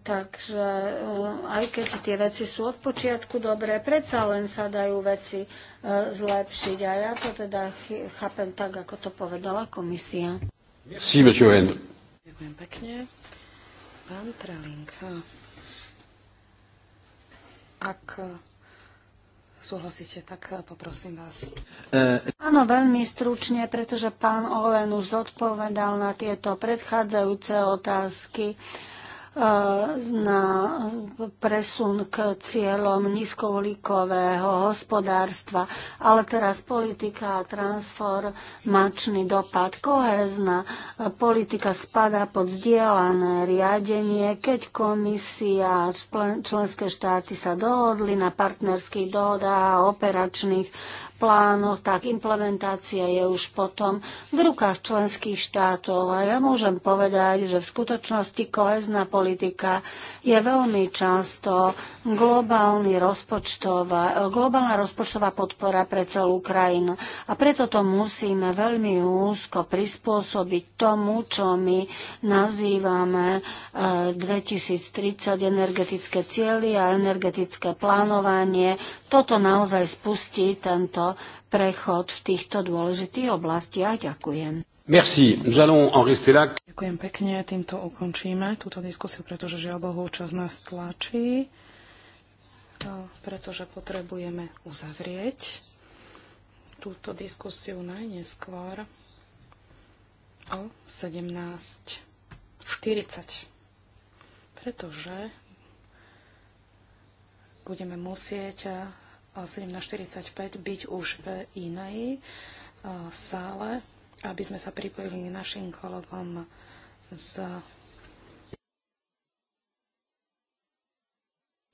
takže e, aj keď tie veci sú od počiatku dobré, predsa len sa dajú veci e, zlepšiť. A ja to teda chápem tak, ako to povedala komisia. Ďakujem pekne. Pán Trelinka, ak súhlasíte, tak eh, poprosím vás. Eh, Áno, veľmi stručne, pretože pán Olen už zodpovedal na tieto predchádzajúce otázky na presun k cieľom nízkouhlíkového hospodárstva, ale teraz politika a transformačný dopad kohezna. Politika spada pod zdieľané riadenie, keď komisia a členské štáty sa dohodli na partnerských dohodách a operačných plánoch, tak implementácia je už potom v rukách členských štátov. A ja môžem povedať, že v skutočnosti kohezná politika je veľmi často globálny rozpočtová, globálna rozpočtová podpora pre celú krajinu. A preto to musíme veľmi úzko prispôsobiť tomu, čo my nazývame 2030 eh, energetické cieľy a energetické plánovanie. Toto naozaj spustí tento prechod v týchto dôležitých oblastiach. Ďakujem. Merci. Nous allons en rester là. Ďakujem pekne, týmto ukončíme túto diskusiu, pretože žiaľ Bohu čas nás tlačí, e, pretože potrebujeme uzavrieť túto diskusiu najneskôr o 17.40, pretože budeme musieť 17.45 byť už v inej eh, sále, aby sme sa pripojili našim kolegom z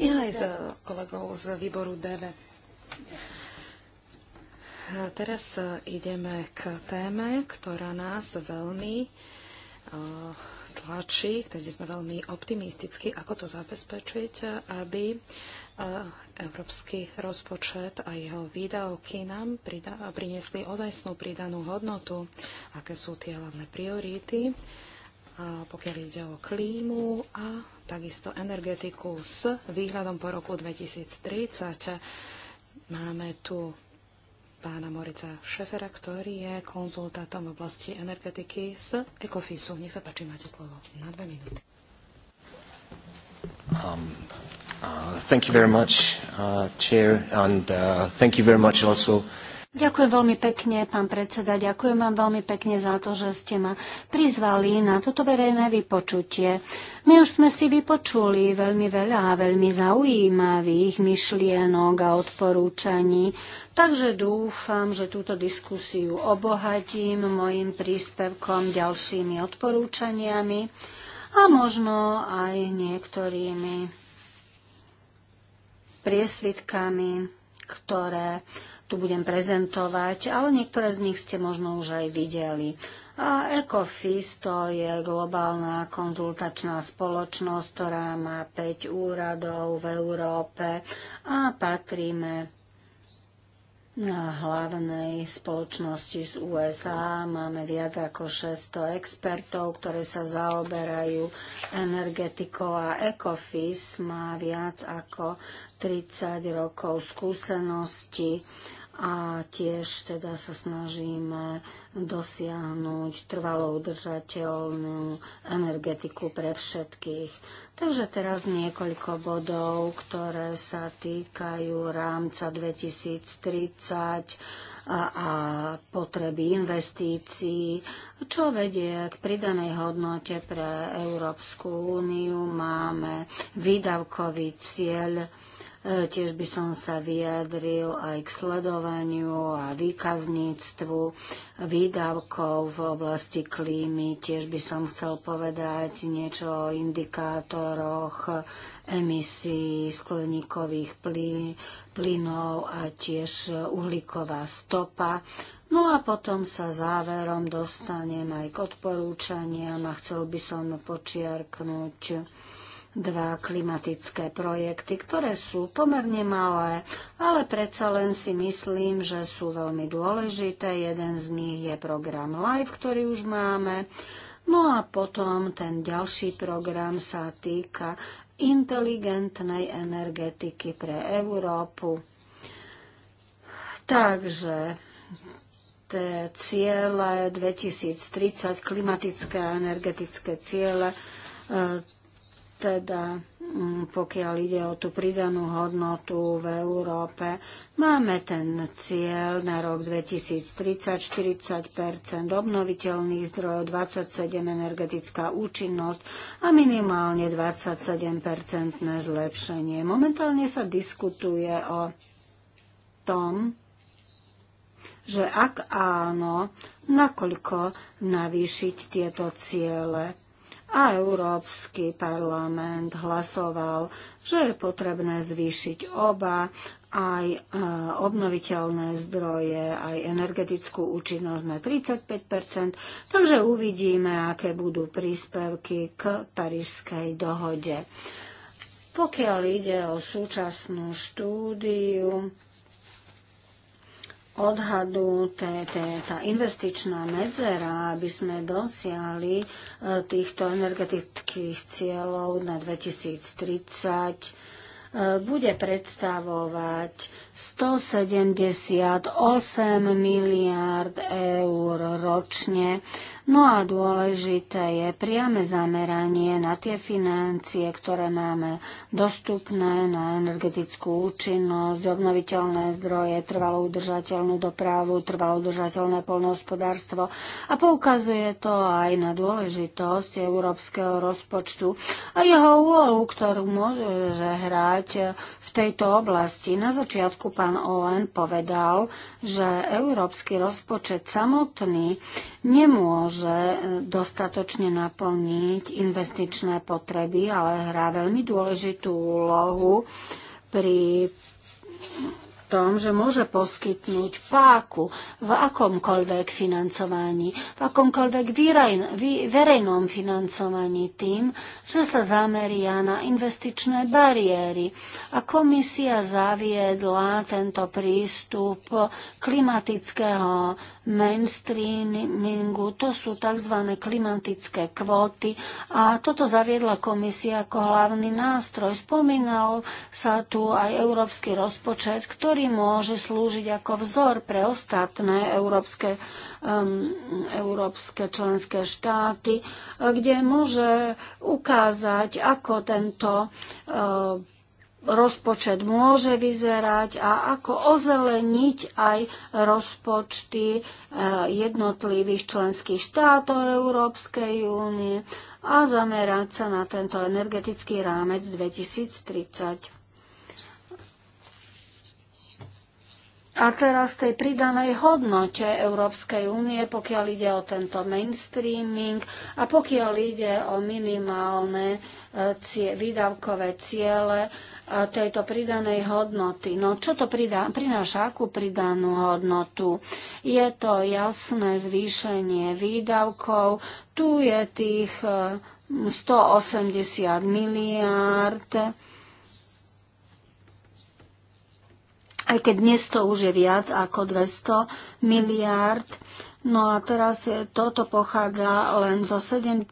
ja aj s kolegou z výboru DV. Eh, teraz eh, ideme k téme, ktorá nás veľmi tlačí, kde sme veľmi optimisticky, ako to zabezpečiť, aby Európsky rozpočet a jeho výdavky nám priniesli ozajstnú pridanú hodnotu, aké sú tie hlavné priority, a pokiaľ ide o klímu a takisto energetiku s výhľadom po roku 2030. Máme tu pána Morica Šefera, ktorý je konzultátom v oblasti energetiky z Ecofisu. Nech sa páči, máte slovo na dve minúty. Um, Uh, thank you very much, uh, Chair, and uh, thank you very much also Ďakujem veľmi pekne, pán predseda. Ďakujem vám veľmi pekne za to, že ste ma prizvali na toto verejné vypočutie. My už sme si vypočuli veľmi veľa a veľmi zaujímavých myšlienok a odporúčaní, takže dúfam, že túto diskusiu obohatím mojim príspevkom, ďalšími odporúčaniami a možno aj niektorými priesvitkami, ktoré tu budem prezentovať, ale niektoré z nich ste možno už aj videli. A ECOFIS to je globálna konzultačná spoločnosť, ktorá má 5 úradov v Európe a patríme na hlavnej spoločnosti z USA. Máme viac ako 600 expertov, ktoré sa zaoberajú energetikou a ECOFIS má viac ako 30 rokov skúsenosti a tiež teda sa snažíme dosiahnuť trvalo udržateľnú energetiku pre všetkých. Takže teraz niekoľko bodov, ktoré sa týkajú rámca 2030 a, a potreby investícií, čo vedie k pridanej hodnote pre Európsku úniu. Máme výdavkový cieľ E, tiež by som sa vyjadril aj k sledovaniu a výkazníctvu výdavkov v oblasti klímy. Tiež by som chcel povedať niečo o indikátoroch emisí skleníkových plynov a tiež uhlíková stopa No a potom sa záverom dostanem aj k odporúčaniam a chcel by som počiarknúť dva klimatické projekty, ktoré sú pomerne malé, ale predsa len si myslím, že sú veľmi dôležité. Jeden z nich je program LIVE, ktorý už máme. No a potom ten ďalší program sa týka inteligentnej energetiky pre Európu. Takže tie ciele 2030, klimatické a energetické ciele, e, teda mm, pokiaľ ide o tú pridanú hodnotu v Európe, máme ten cieľ na rok 2030 40 obnoviteľných zdrojov, 27 energetická účinnosť a minimálne 27 zlepšenie. Momentálne sa diskutuje o tom, že ak áno, nakoľko navýšiť tieto ciele a Európsky parlament hlasoval, že je potrebné zvýšiť oba aj e, obnoviteľné zdroje, aj energetickú účinnosť na 35 takže uvidíme, aké budú príspevky k Parížskej dohode. Pokiaľ ide o súčasnú štúdiu, odhadu té, té, tá investičná medzera, aby sme dosiahli e, týchto energetických cieľov na 2030, e, bude predstavovať 178 miliárd eur spoločne. No a dôležité je priame zameranie na tie financie, ktoré máme dostupné na energetickú účinnosť, obnoviteľné zdroje, trvalú udržateľnú dopravu, trvalo udržateľné polnohospodárstvo a poukazuje to aj na dôležitosť európskeho rozpočtu a jeho úlohu, ktorú môže hrať v tejto oblasti. Na začiatku pán Owen povedal, že európsky rozpočet samotný nemôže e, dostatočne naplniť investičné potreby, ale hrá veľmi dôležitú úlohu pri tom, že môže poskytnúť páku v akomkoľvek financovaní, v akomkoľvek verejnom financovaní tým, že sa zameria na investičné bariéry. A komisia zaviedla tento prístup klimatického mainstreamingu. To sú tzv. klimatické kvóty a toto zaviedla komisia ako hlavný nástroj. Spomínal sa tu aj európsky rozpočet, ktorý môže slúžiť ako vzor pre ostatné európske um, európske členské štáty, kde môže ukázať, ako tento uh, rozpočet môže vyzerať a ako ozeleniť aj rozpočty eh, jednotlivých členských štátov Európskej únie a zamerať sa na tento energetický rámec 2030. A teraz tej pridanej hodnote Európskej únie, pokiaľ ide o tento mainstreaming a pokiaľ ide o minimálne eh, výdavkové ciele, tejto pridanej hodnoty. No čo to pridá, prináša, akú pridanú hodnotu? Je to jasné zvýšenie výdavkov, tu je tých 180 e, miliárd, aj keď dnes to už je viac ako 200 miliárd. No a teraz toto pochádza len zo 7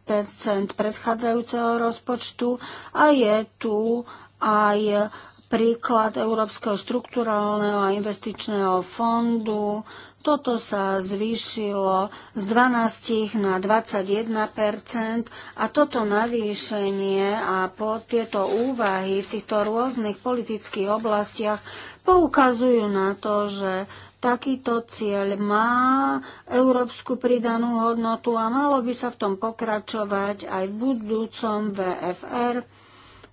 predchádzajúceho rozpočtu a je tu aj príklad Európskeho štrukturálneho a investičného fondu. Toto sa zvýšilo z 12 na 21 a toto navýšenie a po tieto úvahy v týchto rôznych politických oblastiach poukazujú na to, že takýto cieľ má európsku pridanú hodnotu a malo by sa v tom pokračovať aj v budúcom VFR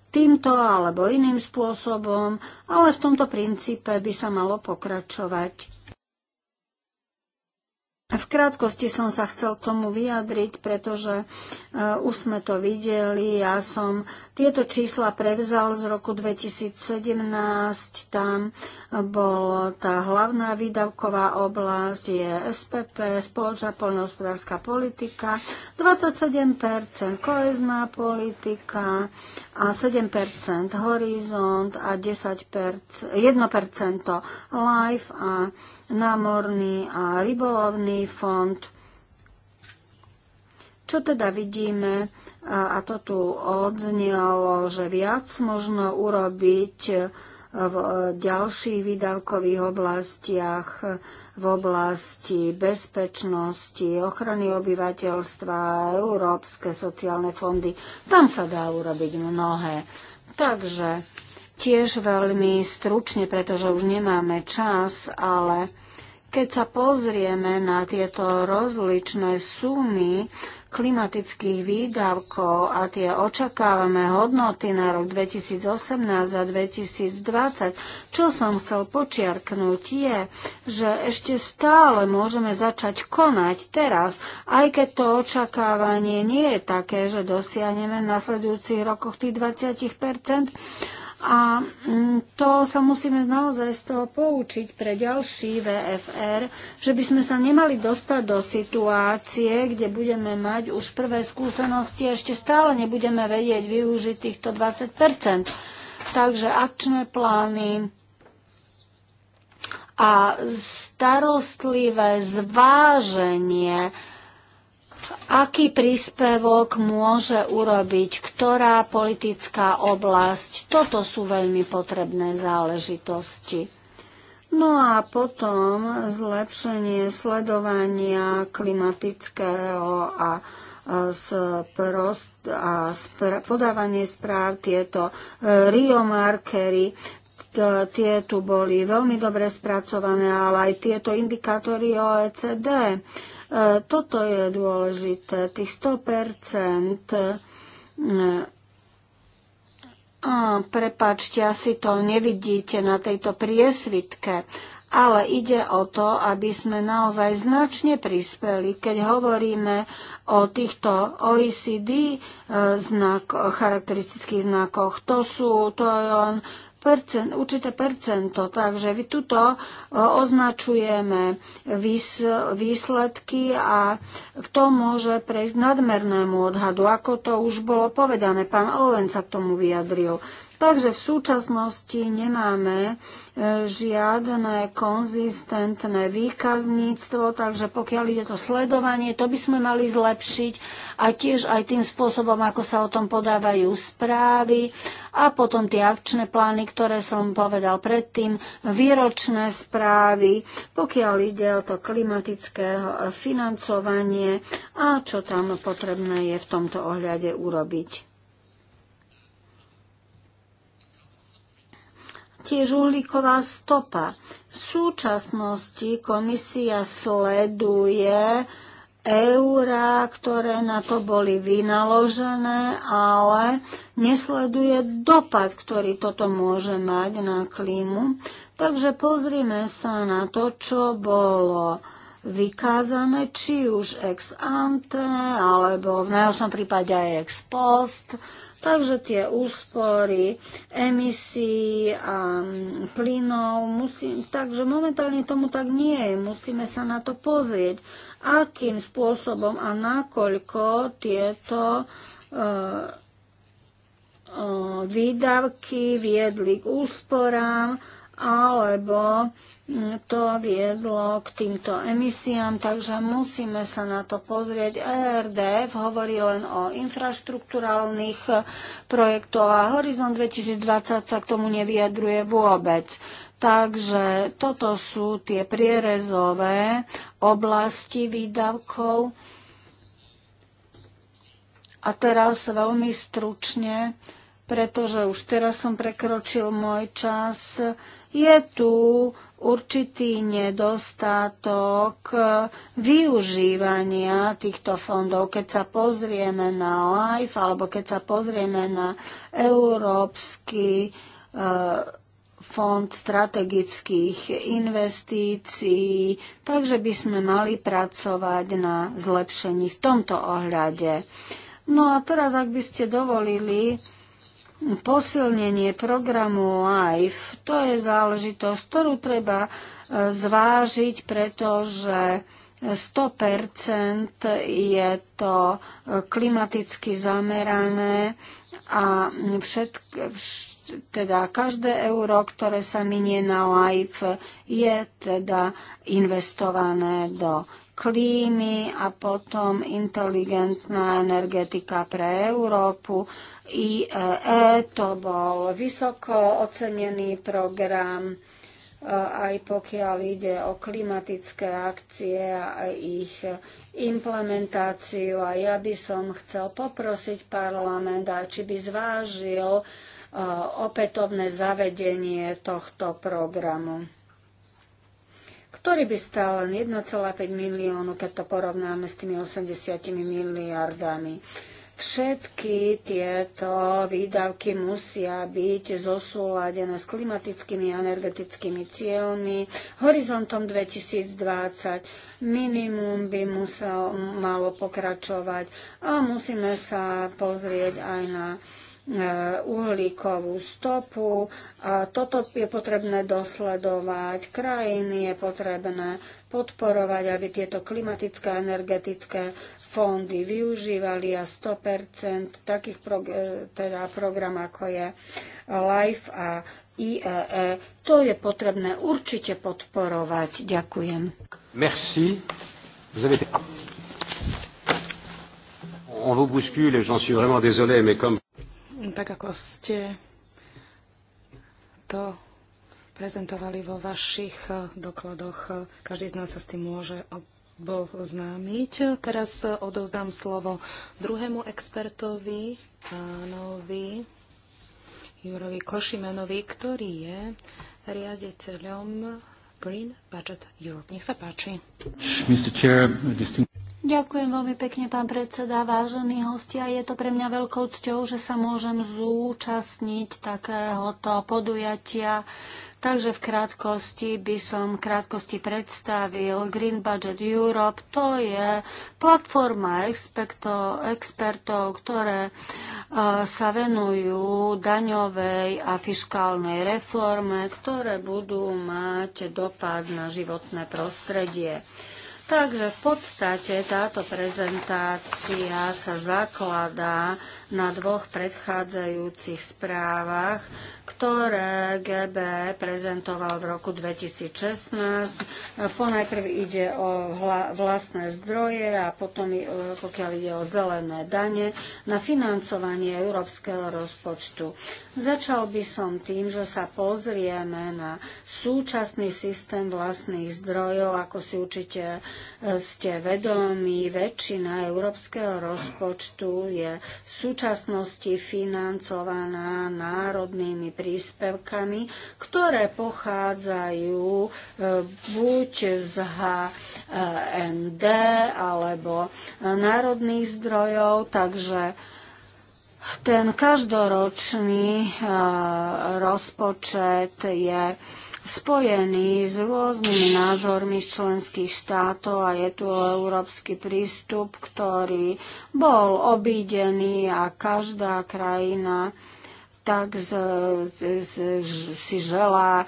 týmto alebo iným spôsobom, ale v tomto princípe by sa malo pokračovať. V krátkosti som sa chcel k tomu vyjadriť, pretože uh, už sme to videli. Ja som tieto čísla prevzal z roku 2017. Tam bol tá hlavná výdavková oblasť, je SPP, spoločná poľnohospodárska politika, 27%, koezná politika a 7% horizont a 10%, 1% life a námorný a rybolovný fond. Čo teda vidíme, a to tu odznelo, že viac možno urobiť v ďalších výdavkových oblastiach, v oblasti bezpečnosti, ochrany obyvateľstva, európske sociálne fondy. Tam sa dá urobiť mnohé. Takže Tiež veľmi stručne, pretože už nemáme čas, ale keď sa pozrieme na tieto rozličné sumy klimatických výdavkov a tie očakávame hodnoty na rok 2018 a 2020, čo som chcel počiarknúť je, že ešte stále môžeme začať konať teraz, aj keď to očakávanie nie je také, že dosiahneme v nasledujúcich rokoch tých 20 a mm, to sa musíme naozaj z toho poučiť pre ďalší VFR, že by sme sa nemali dostať do situácie, kde budeme mať už prvé skúsenosti a ešte stále nebudeme vedieť využiť týchto 20 Takže akčné plány a starostlivé zváženie aký príspevok môže urobiť ktorá politická oblasť. Toto sú veľmi potrebné záležitosti. No a potom zlepšenie sledovania klimatického a sprost, a spra, podávanie správ tieto e, riomarkery, tie tu boli veľmi dobre spracované, ale aj tieto indikátory OECD. E, toto je dôležité, tých 100 e, a, prepačte, asi to nevidíte na tejto priesvitke, ale ide o to, aby sme naozaj značne prispeli, keď hovoríme o týchto OECD eh, znak, charakteristických znakoch. To sú, to je len percent, určité percento. Takže vy tuto eh, označujeme výsledky a kto môže prejsť nadmernému odhadu, ako to už bolo povedané. Pán Oven sa k tomu vyjadril. Takže v súčasnosti nemáme e, žiadne konzistentné výkazníctvo, takže pokiaľ ide to sledovanie, to by sme mali zlepšiť a tiež aj tým spôsobom, ako sa o tom podávajú správy a potom tie akčné plány, ktoré som povedal predtým, výročné správy, pokiaľ ide o to klimatické financovanie a čo tam potrebné je v tomto ohľade urobiť. tiež uhlíková stopa. V súčasnosti komisia sleduje eurá, ktoré na to boli vynaložené, ale nesleduje dopad, ktorý toto môže mať na klímu. Takže pozrime sa na to, čo bolo vykázané, či už ex ante, alebo v najhoršom prípade aj ex post, Takže tie úspory emisí a mm, plynov, musím, takže momentálne tomu tak nie je. Musíme sa na to pozrieť, akým spôsobom a nakoľko tieto e, e výdavky viedli k úsporám alebo to viedlo k týmto emisiám, takže musíme sa na to pozrieť. ERDF hovorí len o infraštruktúrálnych projektoch a Horizon 2020 sa k tomu nevyjadruje vôbec. Takže toto sú tie prierezové oblasti výdavkov. A teraz veľmi stručne, pretože už teraz som prekročil môj čas, je tu určitý nedostatok e, využívania týchto fondov. Keď sa pozrieme na LIFE alebo keď sa pozrieme na Európsky e, fond strategických investícií, takže by sme mali pracovať na zlepšení v tomto ohľade. No a teraz, ak by ste dovolili, posilnenie programu LIFE, to je záležitosť, ktorú treba e, zvážiť, pretože 100% je to e, klimaticky zamerané a všetk, teda každé euro, ktoré sa minie na life, je teda investované do klímy a potom inteligentná energetika pre Európu. IEE to bol vysoko ocenený program, e, aj pokiaľ ide o klimatické akcie a ich implementáciu. A ja by som chcel poprosiť parlament, či by zvážil e, opätovné zavedenie tohto programu ktorý by stal len 1,5 miliónu, keď to porovnáme s tými 80 miliardami. Všetky tieto výdavky musia byť zosúladené s klimatickými a energetickými cieľmi, horizontom 2020, minimum by musel, malo pokračovať a musíme sa pozrieť aj na Eh, uhlíkovú stopu. A toto je potrebné dosledovať. Krajiny je potrebné podporovať, aby tieto klimatické a energetické fondy využívali a 100% takých prog- eh, teda program, ako je LIFE a IEE. E. To je potrebné určite podporovať. Ďakujem. Merci. Vous avez... On vous bouscule, j'en suis vraiment désolé, mais comme tak ako ste to prezentovali vo vašich eh, dokladoch. Eh, každý z nás sa s tým môže oboznámiť. Teraz eh, odovzdám slovo druhému expertovi, pánovi Jurovi Košimenovi, ktorý je riaditeľom Green Budget Europe. Nech sa páči. Mr. Chair, distinguished... Ďakujem veľmi pekne, pán predseda, vážení hostia. Je to pre mňa veľkou cťou, že sa môžem zúčastniť takéhoto podujatia. Takže v krátkosti by som krátkosti predstavil Green Budget Europe. To je platforma expertov, expertov ktoré e, sa venujú daňovej a fiskálnej reforme, ktoré budú mať dopad na životné prostredie. Takže v podstate táto prezentácia sa zakladá na dvoch predchádzajúcich správach, ktoré GB prezentoval v roku 2016. Ponajprv ide o vlastné zdroje a potom, e, pokiaľ ide o zelené dane, na financovanie európskeho rozpočtu. Začal by som tým, že sa pozrieme na súčasný systém vlastných zdrojov, ako si určite ste vedomi, väčšina európskeho rozpočtu je v súčasnosti financovaná národnými príspevkami, ktoré pochádzajú e, buď z HND e alebo e, národných zdrojov, takže ten každoročný rozpočet je spojený s rôznymi názormi z členských štátov a je tu európsky prístup, ktorý bol obídený a každá krajina tak z, z, si želá e,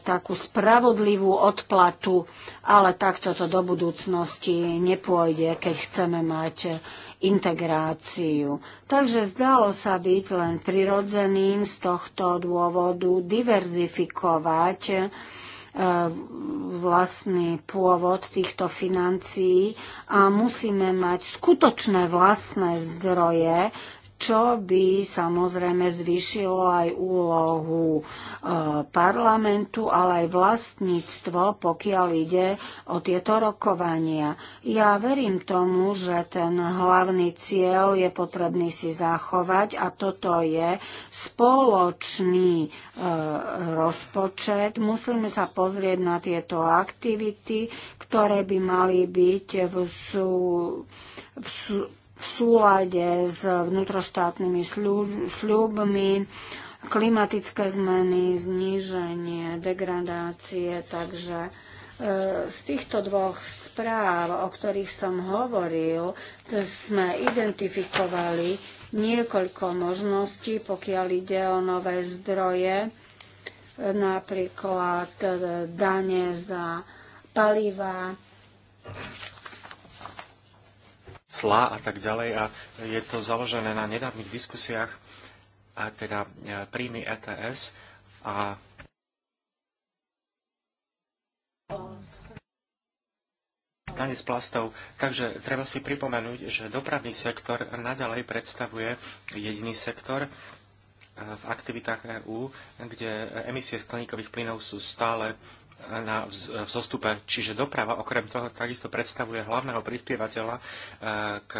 takú spravodlivú odplatu, ale takto to do budúcnosti nepôjde, keď chceme mať integráciu. Takže zdalo sa byť len prirodzeným z tohto dôvodu diverzifikovať e, vlastný pôvod týchto financií a musíme mať skutočné vlastné zdroje čo by samozrejme zvýšilo aj úlohu e, parlamentu, ale aj vlastníctvo, pokiaľ ide o tieto rokovania. Ja verím tomu, že ten hlavný cieľ je potrebný si zachovať a toto je spoločný e, rozpočet. Musíme sa pozrieť na tieto aktivity, ktoré by mali byť v, sú, v, v súlade s vnútroštátnymi sľubmi, klimatické zmeny, zníženie, degradácie, takže e, z týchto dvoch správ, o ktorých som hovoril, sme identifikovali niekoľko možností, pokiaľ ide o nové zdroje, napríklad e, dane za paliva, clá a tak ďalej a je to založené na nedávnych diskusiách a teda e, príjmy ETS a dane z plastov. Takže treba si pripomenúť, že dopravný sektor naďalej predstavuje jediný sektor e, v aktivitách EÚ, kde emisie skleníkových plynov sú stále na, vzostupe. zostupe. Čiže doprava okrem toho takisto predstavuje hlavného prispievateľa eh, k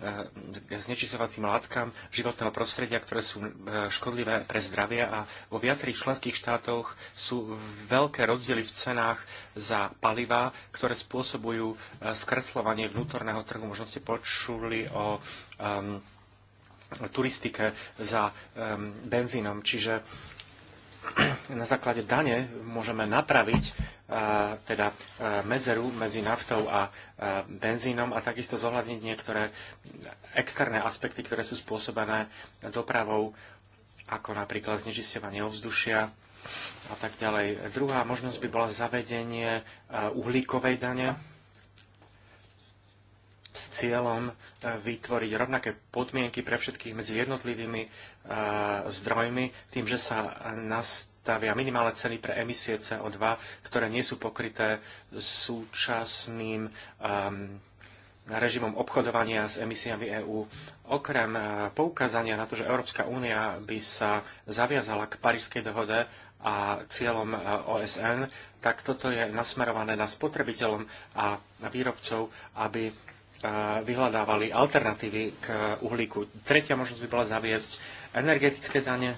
eh, znečisovacím látkam životného prostredia, ktoré sú eh, škodlivé pre zdravie a vo viacerých členských štátoch sú veľké rozdiely v cenách za paliva, ktoré spôsobujú skresľovanie vnútorného trhu. Možno ste počuli o um, turistike za um, benzínom. Čiže na základe dane môžeme napraviť teda medzeru medzi naftou a benzínom a takisto zohľadniť niektoré externé aspekty, ktoré sú spôsobené dopravou, ako napríklad znečisťovanie ovzdušia a tak ďalej. Druhá možnosť by bola zavedenie uhlíkovej dane s cieľom vytvoriť rovnaké podmienky pre všetkých medzi jednotlivými eh, zdrojmi, tým, že sa nastavia minimálne ceny pre emisie CO2, ktoré nie sú pokryté súčasným ehm, režimom obchodovania s emisiami EÚ. Okrem eh, poukázania na to, že Európska únia by sa zaviazala k Parískej dohode a cieľom eh, OSN, tak toto je nasmerované na spotrebiteľom a výrobcov, aby vyhľadávali alternatívy k uhlíku. Tretia možnosť by bola zaviesť energetické dane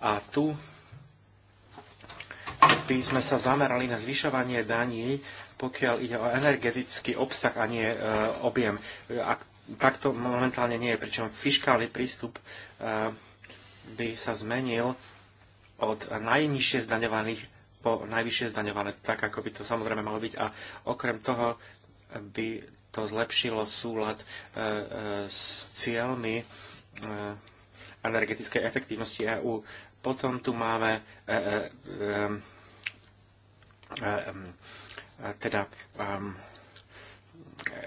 a tu by sme sa zamerali na zvyšovanie daní, pokiaľ ide o energetický obsah a nie e, objem. A takto momentálne nie je, pričom fiskálny prístup e, by sa zmenil od najnižšie zdaňovaných po najvyššie zdaňované, tak ako by to samozrejme malo byť. A okrem toho by to zlepšilo súlad e, e, s cieľmi e, energetickej efektívnosti EÚ. Potom tu máme teda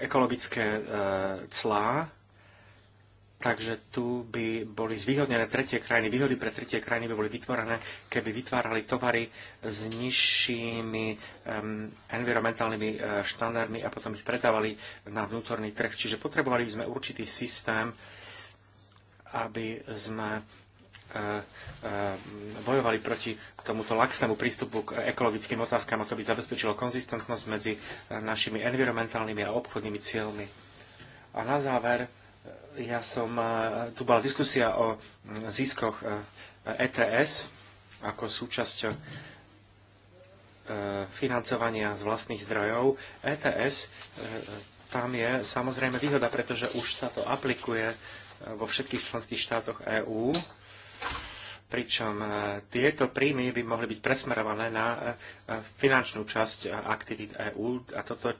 ekologické clá Takže tu by boli zvýhodnené tretie krajiny, výhody pre tretie krajiny by boli vytvorené, keby vytvárali tovary s nižšími um, environmentálnymi uh, štandardmi a potom ich predávali na vnútorný trh. Čiže potrebovali by sme určitý systém, aby sme e, e, bojovali proti tomuto laxnému prístupu k ekologickým otázkam a to by zabezpečilo konzistentnosť medzi našimi environmentálnymi a obchodnými cieľmi. A na záver, ja som, e, tu bola diskusia o ziskoch ETS e ako súčasť e, financovania z vlastných zdrojov. ETS, tam je samozrejme výhoda, pretože už sa to aplikuje vo všetkých členských štátoch EÚ, pričom tieto príjmy by mohli byť presmerované na finančnú časť aktivít EÚ a toto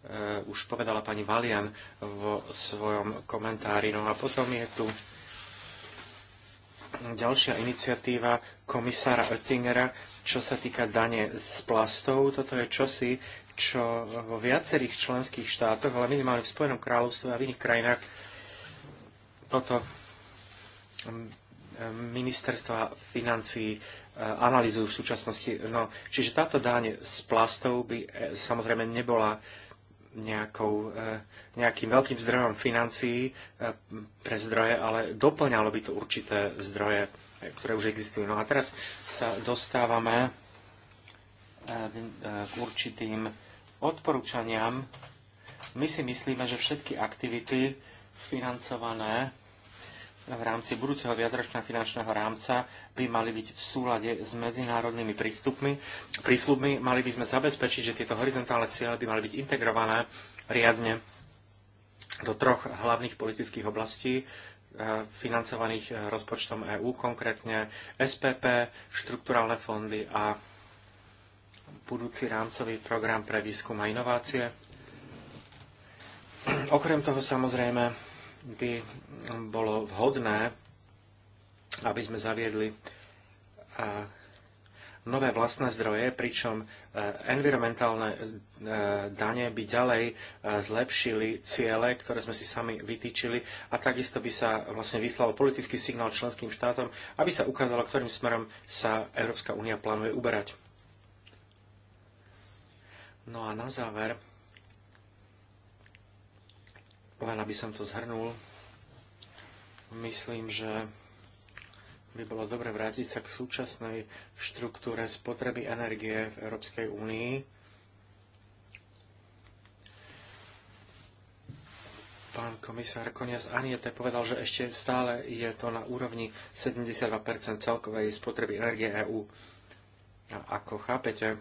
Eh, už povedala pani Valian vo svojom komentári. No a potom je tu ďalšia iniciatíva komisára Oettingera, čo sa týka dane z plastov. Toto je čosi, čo vo viacerých členských štátoch, ale minimálne v Spojenom kráľovstve a v iných krajinách toto mm, mm, ministerstva financí eh, analýzujú v súčasnosti. No, čiže táto dáň z plastov by eh, samozrejme nebola nejakou, eh, nejakým veľkým zdrojom financií eh, pre zdroje, ale doplňalo by to určité zdroje, eh, ktoré už existujú. No a teraz sa dostávame k určitým odporúčaniam. My si myslíme, že všetky aktivity financované v rámci budúceho viacročného finančného rámca by mali byť v súlade s medzinárodnými prístupmi, prísľubmi. Mali by sme zabezpečiť, že tieto horizontálne ciele by mali byť integrované riadne do troch hlavných politických oblastí e, financovaných e, rozpočtom EÚ, konkrétne SPP, štrukturálne fondy a budúci rámcový program pre výskum a inovácie. Okrem toho samozrejme by bolo vhodné, aby sme zaviedli nové vlastné zdroje, pričom e, environmentálne e, dane by ďalej e, zlepšili ciele, ktoré sme si sami vytýčili a takisto by sa vlastne vyslal politický signál členským štátom, aby sa ukázalo, ktorým smerom sa Európska únia plánuje uberať. No a na záver len aby som to zhrnul, myslím, že by bolo dobre vrátiť sa k súčasnej štruktúre spotreby energie v Európskej únii. Pán komisár Konias Aniete povedal, že ešte stále je to na úrovni 72 celkovej spotreby energie EÚ. A ako chápete,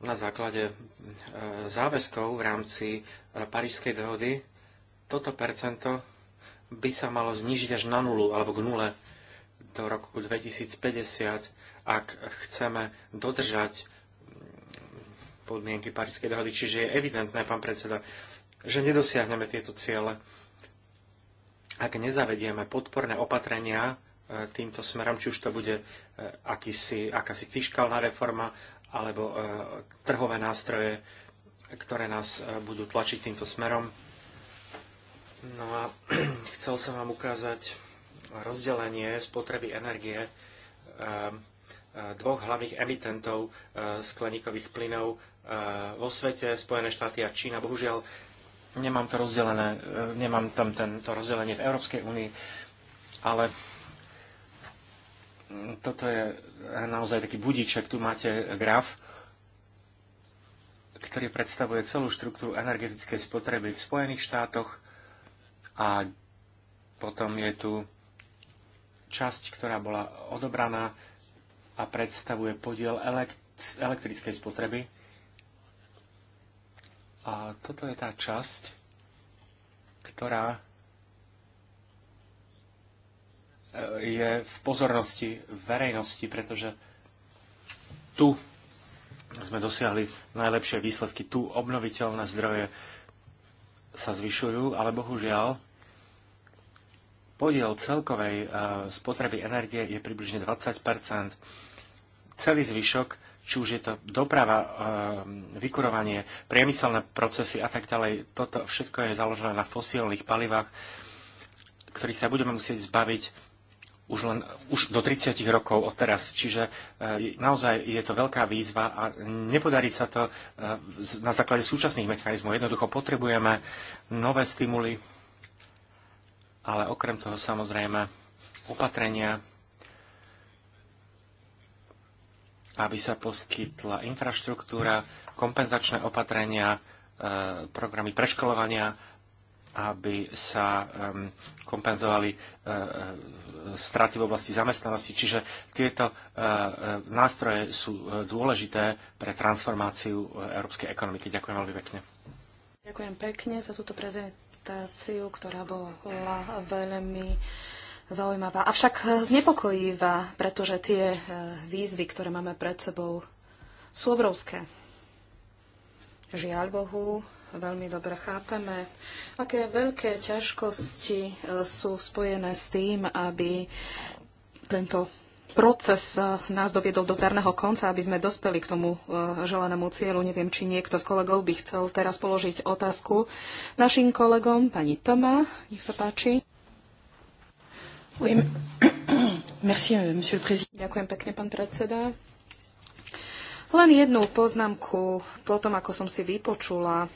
na základe e, záväzkov v rámci e, Parížskej dohody toto percento by sa malo znižiť až na nulu alebo k nule do roku 2050, ak chceme dodržať podmienky Parískej dohody. Čiže je evidentné, pán predseda, že nedosiahneme tieto ciele, ak nezavedieme podporné opatrenia e, týmto smerom, či už to bude e, akýsi, akási fiškálna reforma alebo e, trhové nástroje, ktoré nás budú tlačiť týmto smerom. No a chcel som vám ukázať rozdelenie spotreby energie ehm, e, dvoch hlavných emitentov e, skleníkových plynov e, vo svete, Spojené štáty a Čína. Bohužiaľ, nemám to rozdelené, nemám tam to rozdelenie v Európskej únii, ale toto je naozaj taký budíček. Tu máte graf, ktorý predstavuje celú štruktúru energetickej spotreby v Spojených štátoch, a potom je tu časť, ktorá bola odobraná a predstavuje podiel elektrickej spotreby. A toto je tá časť, ktorá e, je v pozornosti verejnosti, pretože tu sme dosiahli najlepšie výsledky. Tu obnoviteľné zdroje sa zvyšujú, ale bohužiaľ Podiel celkovej e, spotreby energie je približne 20 Celý zvyšok, či už je to doprava, e, vykurovanie, priemyselné procesy a tak ďalej, toto všetko je založené na fosílnych palivách, ktorých sa budeme musieť zbaviť už, len, už do 30 rokov od teraz. Čiže e, naozaj je to veľká výzva a nepodarí sa to na základe súčasných mechanizmov. Jednoducho potrebujeme nové stimuly, ale okrem toho samozrejme opatrenia, aby sa poskytla infraštruktúra, kompenzačné opatrenia, e, programy preškolovania, aby sa kompenzovali e, e, straty v oblasti zamestnanosti. Čiže tieto nástroje sú dôležité pre transformáciu európskej ekonomiky. Ďakujem veľmi pekne. Ďakujem pekne za túto prezentáciu, ktorá bola veľmi zaujímavá, avšak znepokojivá, pretože tie e, výzvy, ktoré máme pred sebou, sú obrovské. Žiaľ Bohu, veľmi dobre chápeme, aké veľké ťažkosti e, sú spojené s tým, aby tento proces eh, nás doviedol do zdarného konca, aby sme dospeli k tomu eh, želanému cieľu. Neviem, či niekto z kolegov by chcel teraz položiť otázku našim kolegom. Pani Toma, nech sa páči. Euh, Ďakujem pekne, pán predseda. Len jednu poznámku po tom, ako som si vypočula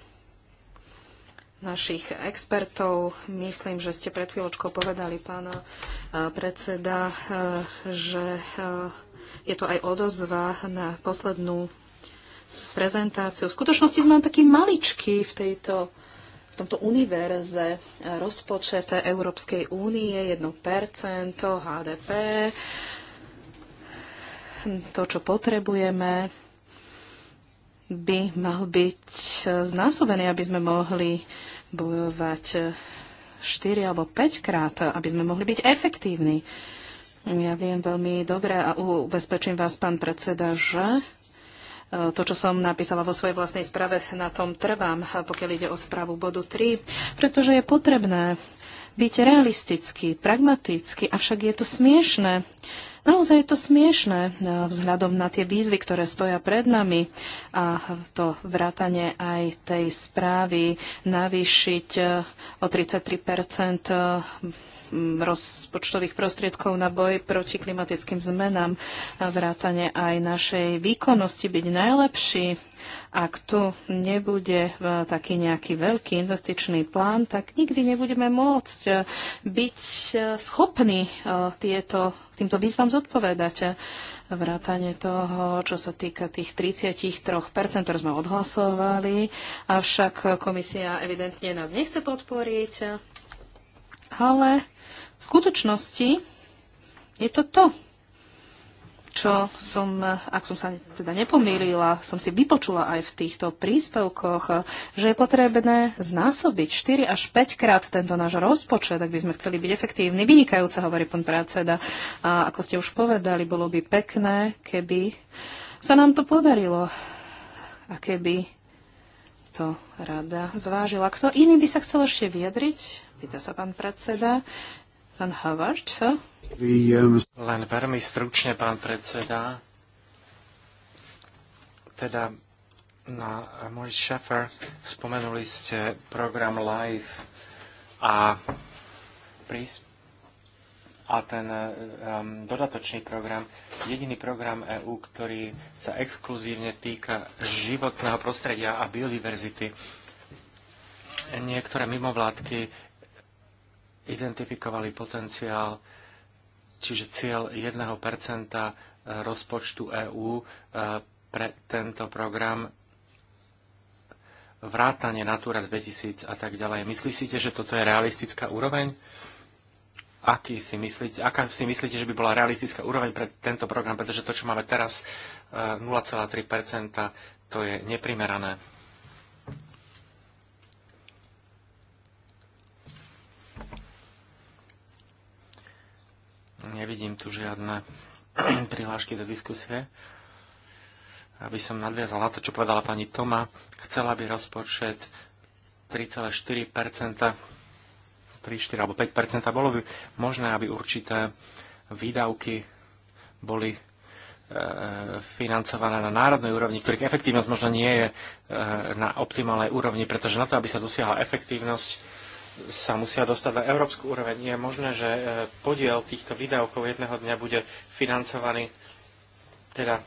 našich expertov. Myslím, že ste pred chvíľočkou povedali, pána e, predseda, e, že e, je to aj odozva na poslednú prezentáciu. V skutočnosti sme taký maličký v tejto v tomto univerze rozpočet Európskej únie 1%, HDP, to, čo potrebujeme by mal byť znásobený, aby sme mohli bojovať 4 alebo 5 krát, aby sme mohli byť efektívni. Ja viem veľmi dobre a ubezpečím vás, pán predseda, že e, to, čo som napísala vo svojej vlastnej sprave, na tom trvám, pokiaľ ide o správu bodu 3, pretože je potrebné byť realistický, pragmatický, avšak je to smiešné, Naozaj je to smiešné eh, vzhľadom na tie výzvy, ktoré stoja pred nami a to vrátanie aj tej správy navýšiť eh, o 33 Mm, rozpočtových prostriedkov na boj proti klimatickým zmenám a vrátane aj našej výkonnosti byť najlepší. Ak tu nebude e, taký nejaký veľký investičný plán, tak nikdy nebudeme môcť e, byť e, schopní tieto, týmto výzvam zodpovedať Vrátanie toho, čo sa týka tých 33%, ktoré sme odhlasovali. Avšak komisia evidentne nás nechce podporiť, ale v skutočnosti je to to, čo som, ak som sa teda nepomýlila, som si vypočula aj v týchto príspevkoch, že je potrebné znásobiť 4 až 5 krát tento náš rozpočet, ak by sme chceli byť efektívni. Vynikajúce, hovorí pán predseda. A ako ste už povedali, bolo by pekné, keby sa nám to podarilo a keby to rada zvážila. Kto iný by sa chcel ešte vyjadriť? Pýta sa pán predseda. Pán Havard. Len veľmi stručne, pán predseda. Teda na môj šafer spomenuli ste program Live a príspevok a ten um, dodatočný program, jediný program EÚ, ktorý sa exkluzívne týka životného prostredia a biodiverzity. Niektoré mimovládky identifikovali potenciál, čiže cieľ 1 eh, rozpočtu EÚ eh, pre tento program vrátanie Natura 2000 a tak ďalej. Myslíte, že toto je realistická úroveň? Aký si myslíte, aká si myslíte, že by bola realistická úroveň pre tento program? Pretože to, čo máme teraz, 0,3%, eh, to je neprimerané. Nevidím tu žiadne prihlášky do diskusie. Aby som nadviazala to, čo povedala pani Toma, chcela by rozpočet 3,4 3, 4 alebo 5 bolo by možné, aby určité výdavky boli e, financované na národnej úrovni, ktorých efektívnosť možno nie je e, na optimálnej úrovni, pretože na to, aby sa dosiahla efektívnosť, sa musia dostať na európsku úroveň. Je možné, že e, podiel týchto výdavkov jedného dňa bude financovaný, teda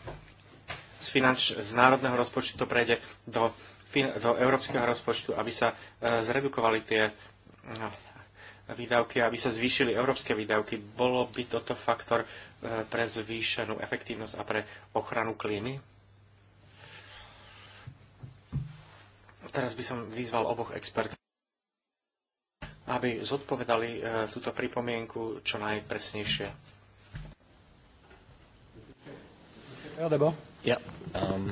z, finanč, z národného rozpočtu to prejde do, do európskeho rozpočtu, aby sa e, zredukovali tie no, výdavky, aby sa zvýšili európske výdavky. Bolo by toto faktor e, pre zvýšenú efektívnosť a pre ochranu klímy? Teraz by som vyzval oboch expertov aby zodpovedali e, túto pripomienku čo najpresnejšie. Um,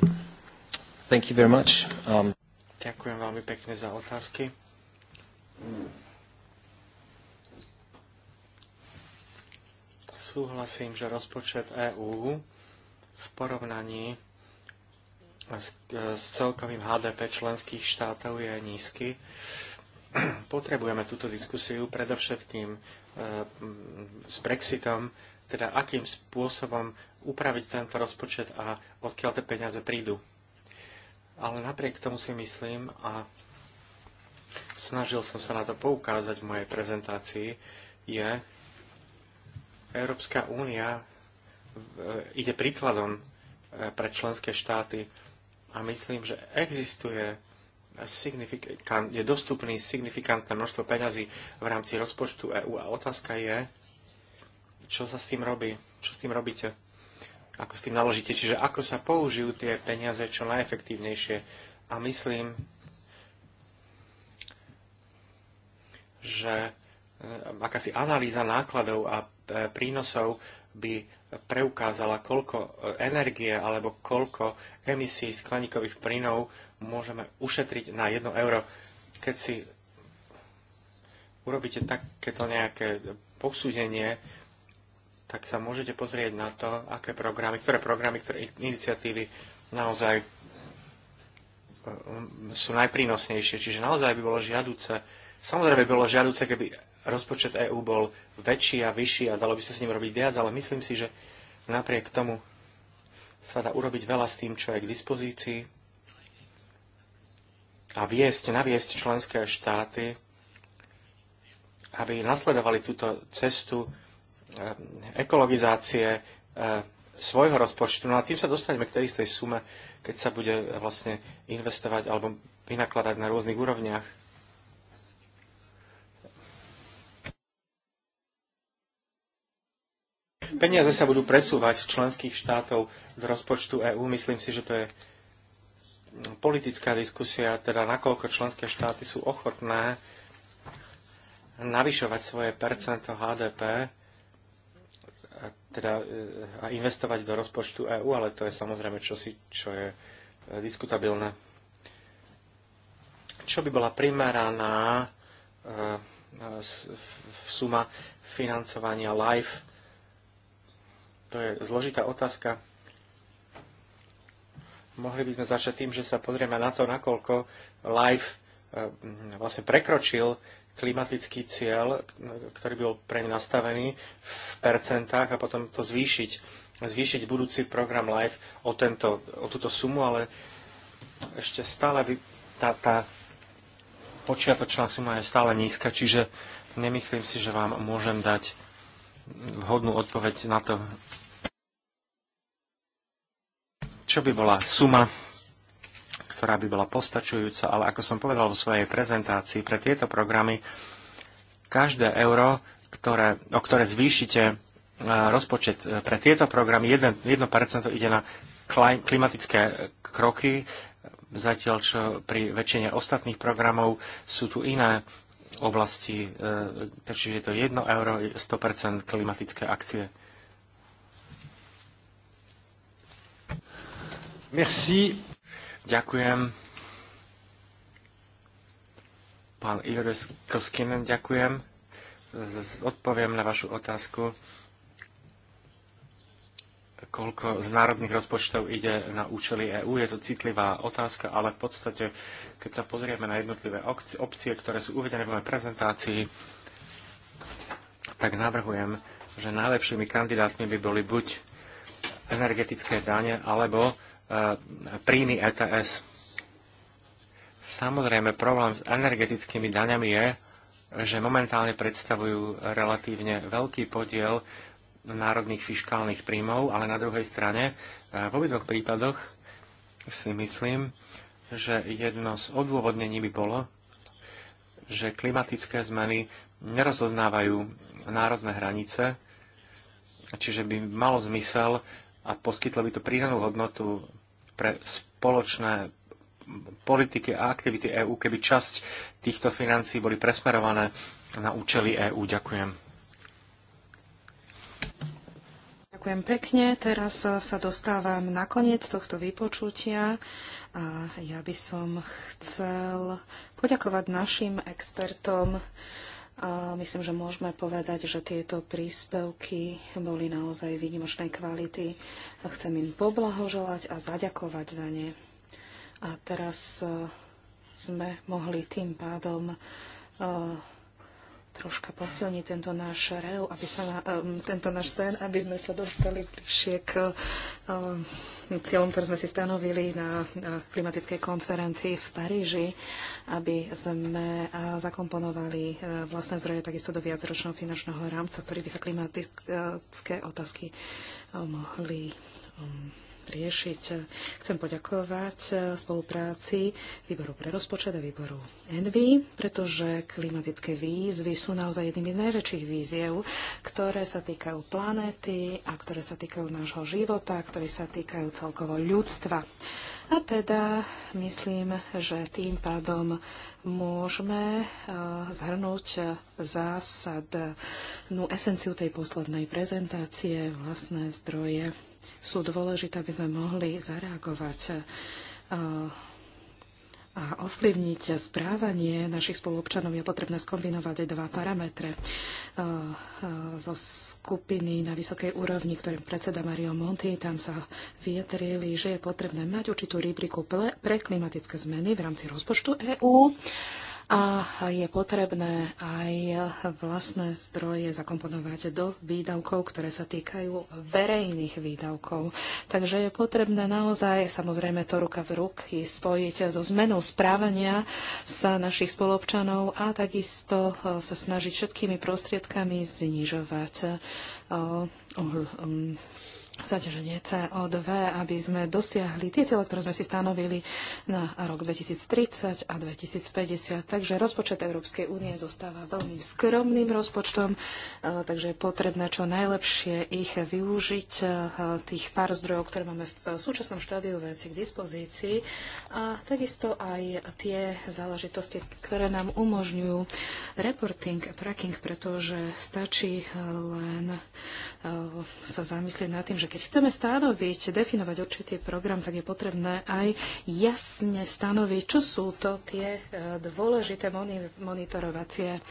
um, Ďakujem veľmi pekne za otázky. Súhlasím, že rozpočet EÚ v porovnaní s, e, s celkovým HDP členských štátov je nízky. Uh, potrebujeme túto diskusiu predovšetkým e, s Brexitom, teda akým spôsobom upraviť tento rozpočet a odkiaľ tie peniaze prídu. Ale napriek tomu si myslím a snažil som sa na to poukázať v mojej prezentácii, je Európska únia e, ide príkladom e, pre členské štáty a myslím, že existuje je dostupný signifikantné množstvo peňazí v rámci rozpočtu EÚ a otázka je, čo sa s tým robí, čo s tým robíte, ako s tým naložíte, čiže ako sa použijú tie peniaze čo najefektívnejšie. A myslím, že e, akási analýza nákladov a e, prínosov by preukázala, koľko e, energie alebo koľko emisí skleníkových plynov môžeme ušetriť na 1 euro. Keď si urobíte takéto nejaké posúdenie, tak sa môžete pozrieť na to, aké programy, ktoré programy, ktoré iniciatívy naozaj e, sú najprínosnejšie. Čiže naozaj by bolo žiaduce, samozrejme by bolo žiaduce, keby rozpočet EÚ bol väčší a vyšší a dalo by sa s ním robiť viac, ale myslím si, že napriek tomu sa dá urobiť veľa s tým, čo je k dispozícii a viesť, naviesť členské štáty, aby nasledovali túto cestu eh, ekologizácie eh, svojho rozpočtu. No a tým sa dostaneme k tej istej sume, keď sa bude eh, vlastne investovať alebo vynakladať na rôznych úrovniach. Peniaze sa budú presúvať z členských štátov z rozpočtu EÚ. Myslím si, že to je politická diskusia, teda nakoľko členské štáty sú ochotné navyšovať svoje percento HDP teda, e, a investovať do rozpočtu EÚ, ale to je samozrejme čosi, čo je e, diskutabilné. Čo by bola primeraná e, suma financovania LIFE to je zložitá otázka. Mohli by sme začať tým, že sa pozrieme na to, nakoľko Life eh, vlastne prekročil klimatický cieľ, ktorý bol ne nastavený v percentách a potom to zvýšiť. Zvýšiť budúci program LIFE o, tento, o túto sumu, ale ešte stále by, tá, tá počiatočná suma je stále nízka, čiže nemyslím si, že vám môžem dať vhodnú odpoveď na to, čo by bola suma, ktorá by bola postačujúca, ale ako som povedal vo svojej prezentácii, pre tieto programy každé euro, ktoré, o ktoré zvýšite e, rozpočet e, pre tieto programy, 1%, ide na klimatické kroky, zatiaľ čo pri väčšine ostatných programov sú tu iné oblasti, e, takže je to 1 euro, 100% klimatické akcie. Merci. Ďakujem. Pán Igor Koskinen, ďakujem. Odpoviem na vašu otázku koľko z národných rozpočtov ide na účely EÚ. Je to citlivá otázka, ale v podstate, keď sa pozrieme na jednotlivé opcie, ktoré sú uvedené v mojej prezentácii, tak navrhujem, že najlepšími kandidátmi by boli buď energetické dane, alebo E, príjmy ETS. Samozrejme, problém s energetickými daňami je, že momentálne predstavujú relatívne veľký podiel národných fiškálnych príjmov, ale na druhej strane e, v obidvoch prípadoch si myslím, že jedno z odôvodnení by bolo, že klimatické zmeny nerozoznávajú národné hranice, čiže by malo zmysel a poskytlo by to prídanú hodnotu pre spoločné politiky a aktivity EÚ, keby časť týchto financí boli presmerované na účely EÚ. Ďakujem. Ďakujem pekne. Teraz eh, sa dostávam na koniec tohto vypočutia a ja by som chcel poďakovať našim expertom, a myslím, že môžeme povedať, že tieto príspevky boli naozaj výnimočnej kvality. A chcem im poblahoželať a zaďakovať za ne. A teraz e, sme mohli tým pádom e, troška posilniť tento náš rev, aby sa na, um, tento náš sen, aby sme sa dostali bližšie k um, cieľom, ktoré sme si stanovili na, na klimatickej konferencii v Paríži, aby sme uh, zakomponovali uh, vlastné zdroje takisto do viacročného finančného rámca, z ktorých by sa klimatické e, otázky uh, mohli um, riešiť. Chcem poďakovať eh, spolupráci Výboru pre rozpočet a Výboru Envy, pretože klimatické výzvy sú naozaj jednými z najväčších víziev, ktoré sa týkajú planéty a ktoré sa týkajú nášho života, ktoré sa týkajú celkovo ľudstva. A teda myslím, že tým pádom môžeme e, zhrnúť zásadnú esenciu tej poslednej prezentácie. Vlastné zdroje sú dôležité, aby sme mohli zareagovať e, a ovplyvniť správanie našich spoluobčanov, je potrebné skombinovať dva parametre e, e, zo skupiny na vysokej úrovni, ktorým predseda Mario Monti. Tam sa vyjadrili, že je potrebné mať určitú rubriku pre klimatické zmeny v rámci rozpočtu EÚ a je potrebné aj vlastné zdroje zakomponovať do výdavkov, ktoré sa týkajú verejných výdavkov. Takže je potrebné naozaj, samozrejme to ruka v ruky, spojiť so zmenou správania sa našich spolobčanov a takisto e, sa snažiť všetkými prostriedkami znižovať e, zaťaženie CO2, aby sme dosiahli tie cieľe, ktoré sme si stanovili na rok 2030 a 2050. Takže rozpočet Európskej únie zostáva veľmi skromným rozpočtom, e, takže je potrebné čo najlepšie ich využiť, e, tých pár zdrojov, ktoré máme v súčasnom štádiu veci k dispozícii a takisto aj tie záležitosti, ktoré nám umožňujú reporting a tracking, pretože stačí len e, sa zamyslieť nad tým, Takže keď chceme stanoviť, definovať určitý program, tak je potrebné aj jasne stanoviť, čo sú to tie e, dôležité monitorovacie e,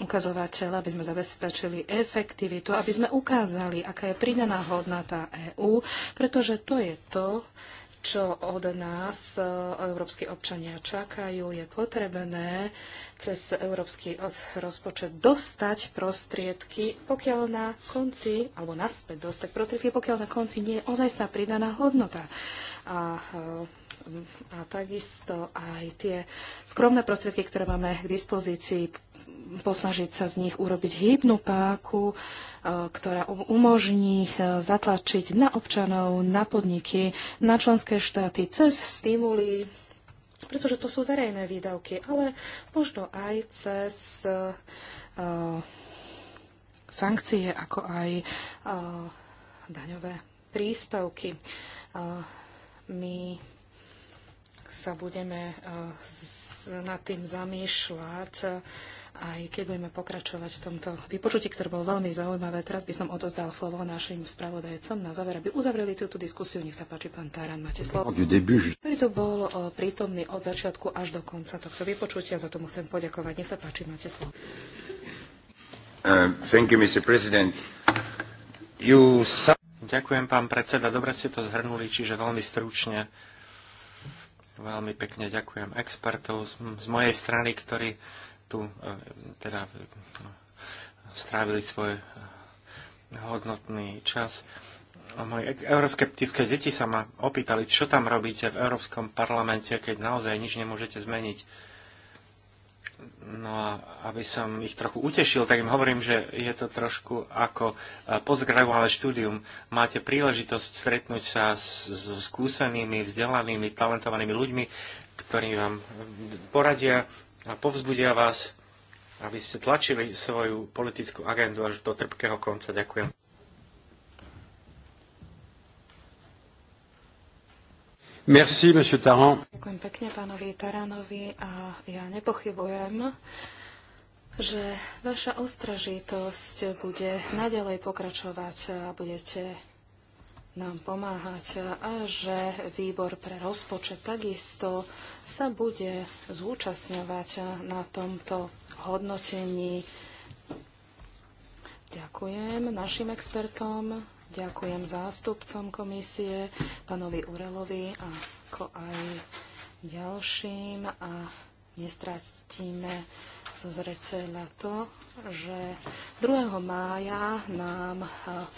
ukazovateľ, aby sme zabezpečili efektivitu, aby sme ukázali, aká je pridaná hodnota EÚ, pretože to je to, čo od nás e, európsky občania čakajú, je potrebné cez európsky rozpočet dostať prostriedky, pokiaľ na konci, alebo naspäť dostať prostriedky, pokiaľ na konci nie je ozajstná pridaná hodnota. A e, a takisto aj tie skromné prostriedky, ktoré máme k dispozícii, posnažiť sa z nich urobiť hybnú páku, e, ktorá umožní e, zatlačiť na občanov, na podniky, na členské štáty cez stimuly, pretože to sú verejné výdavky, ale možno aj cez e, sankcie, ako aj daňové príspevky. My sa budeme nad tým zamýšľať aj keď budeme pokračovať v tomto vypočutí, ktoré bolo veľmi zaujímavé. Teraz by som odozdal slovo našim spravodajcom na záver, aby uzavreli túto diskusiu. Nech sa páči, pán Táran, máte slovo. Ktorý to bol prítomný od začiatku až do konca tohto vypočutia, za to musím poďakovať. Nech sa páči, máte slovo. Uh, ďakujem, pán predseda. Dobre ste to zhrnuli, čiže veľmi stručne. Veľmi pekne ďakujem expertov z mojej strany, ktorí tu e, teda e, strávili svoj e, hodnotný čas. Moje euroskeptické deti sa ma opýtali, čo tam robíte v Európskom parlamente, keď naozaj nič nemôžete zmeniť. No a aby som ich trochu utešil, tak im hovorím, že je to trošku ako postgraduálne štúdium. Máte príležitosť stretnúť sa s, s skúsenými, vzdelanými, talentovanými ľuďmi, ktorí vám poradia, a povzbudia vás, aby ste tlačili svoju politickú agendu až do trpkého konca. Ďakujem. Merci, monsieur Taran. Ďakujem pekne pánovi Taranovi a ja nepochybujem, že vaša ostražitosť bude naďalej pokračovať a budete nám pomáhať a že výbor pre rozpočet takisto sa bude zúčastňovať na tomto hodnotení. Ďakujem našim expertom, ďakujem zástupcom komisie, pánovi Urelovi a ako aj ďalším a nestratíme zo zreteľa to, že 2. mája nám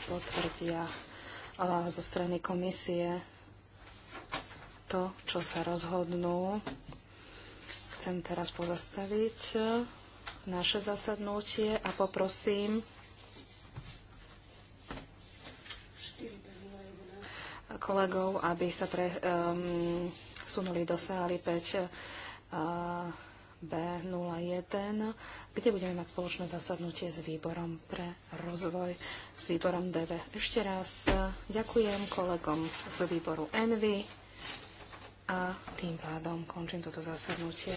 potvrdia zo strany komisie to, čo sa rozhodnú. Chcem teraz pozastaviť naše zasadnutie a poprosím kolegov, aby sa pre, um, sunuli do sály 5 uh, B01, kde budeme mať spoločné zasadnutie s výborom pre rozvoj, s výborom DV. Ešte raz ďakujem kolegom z výboru Envy a tým pádom končím toto zasadnutie.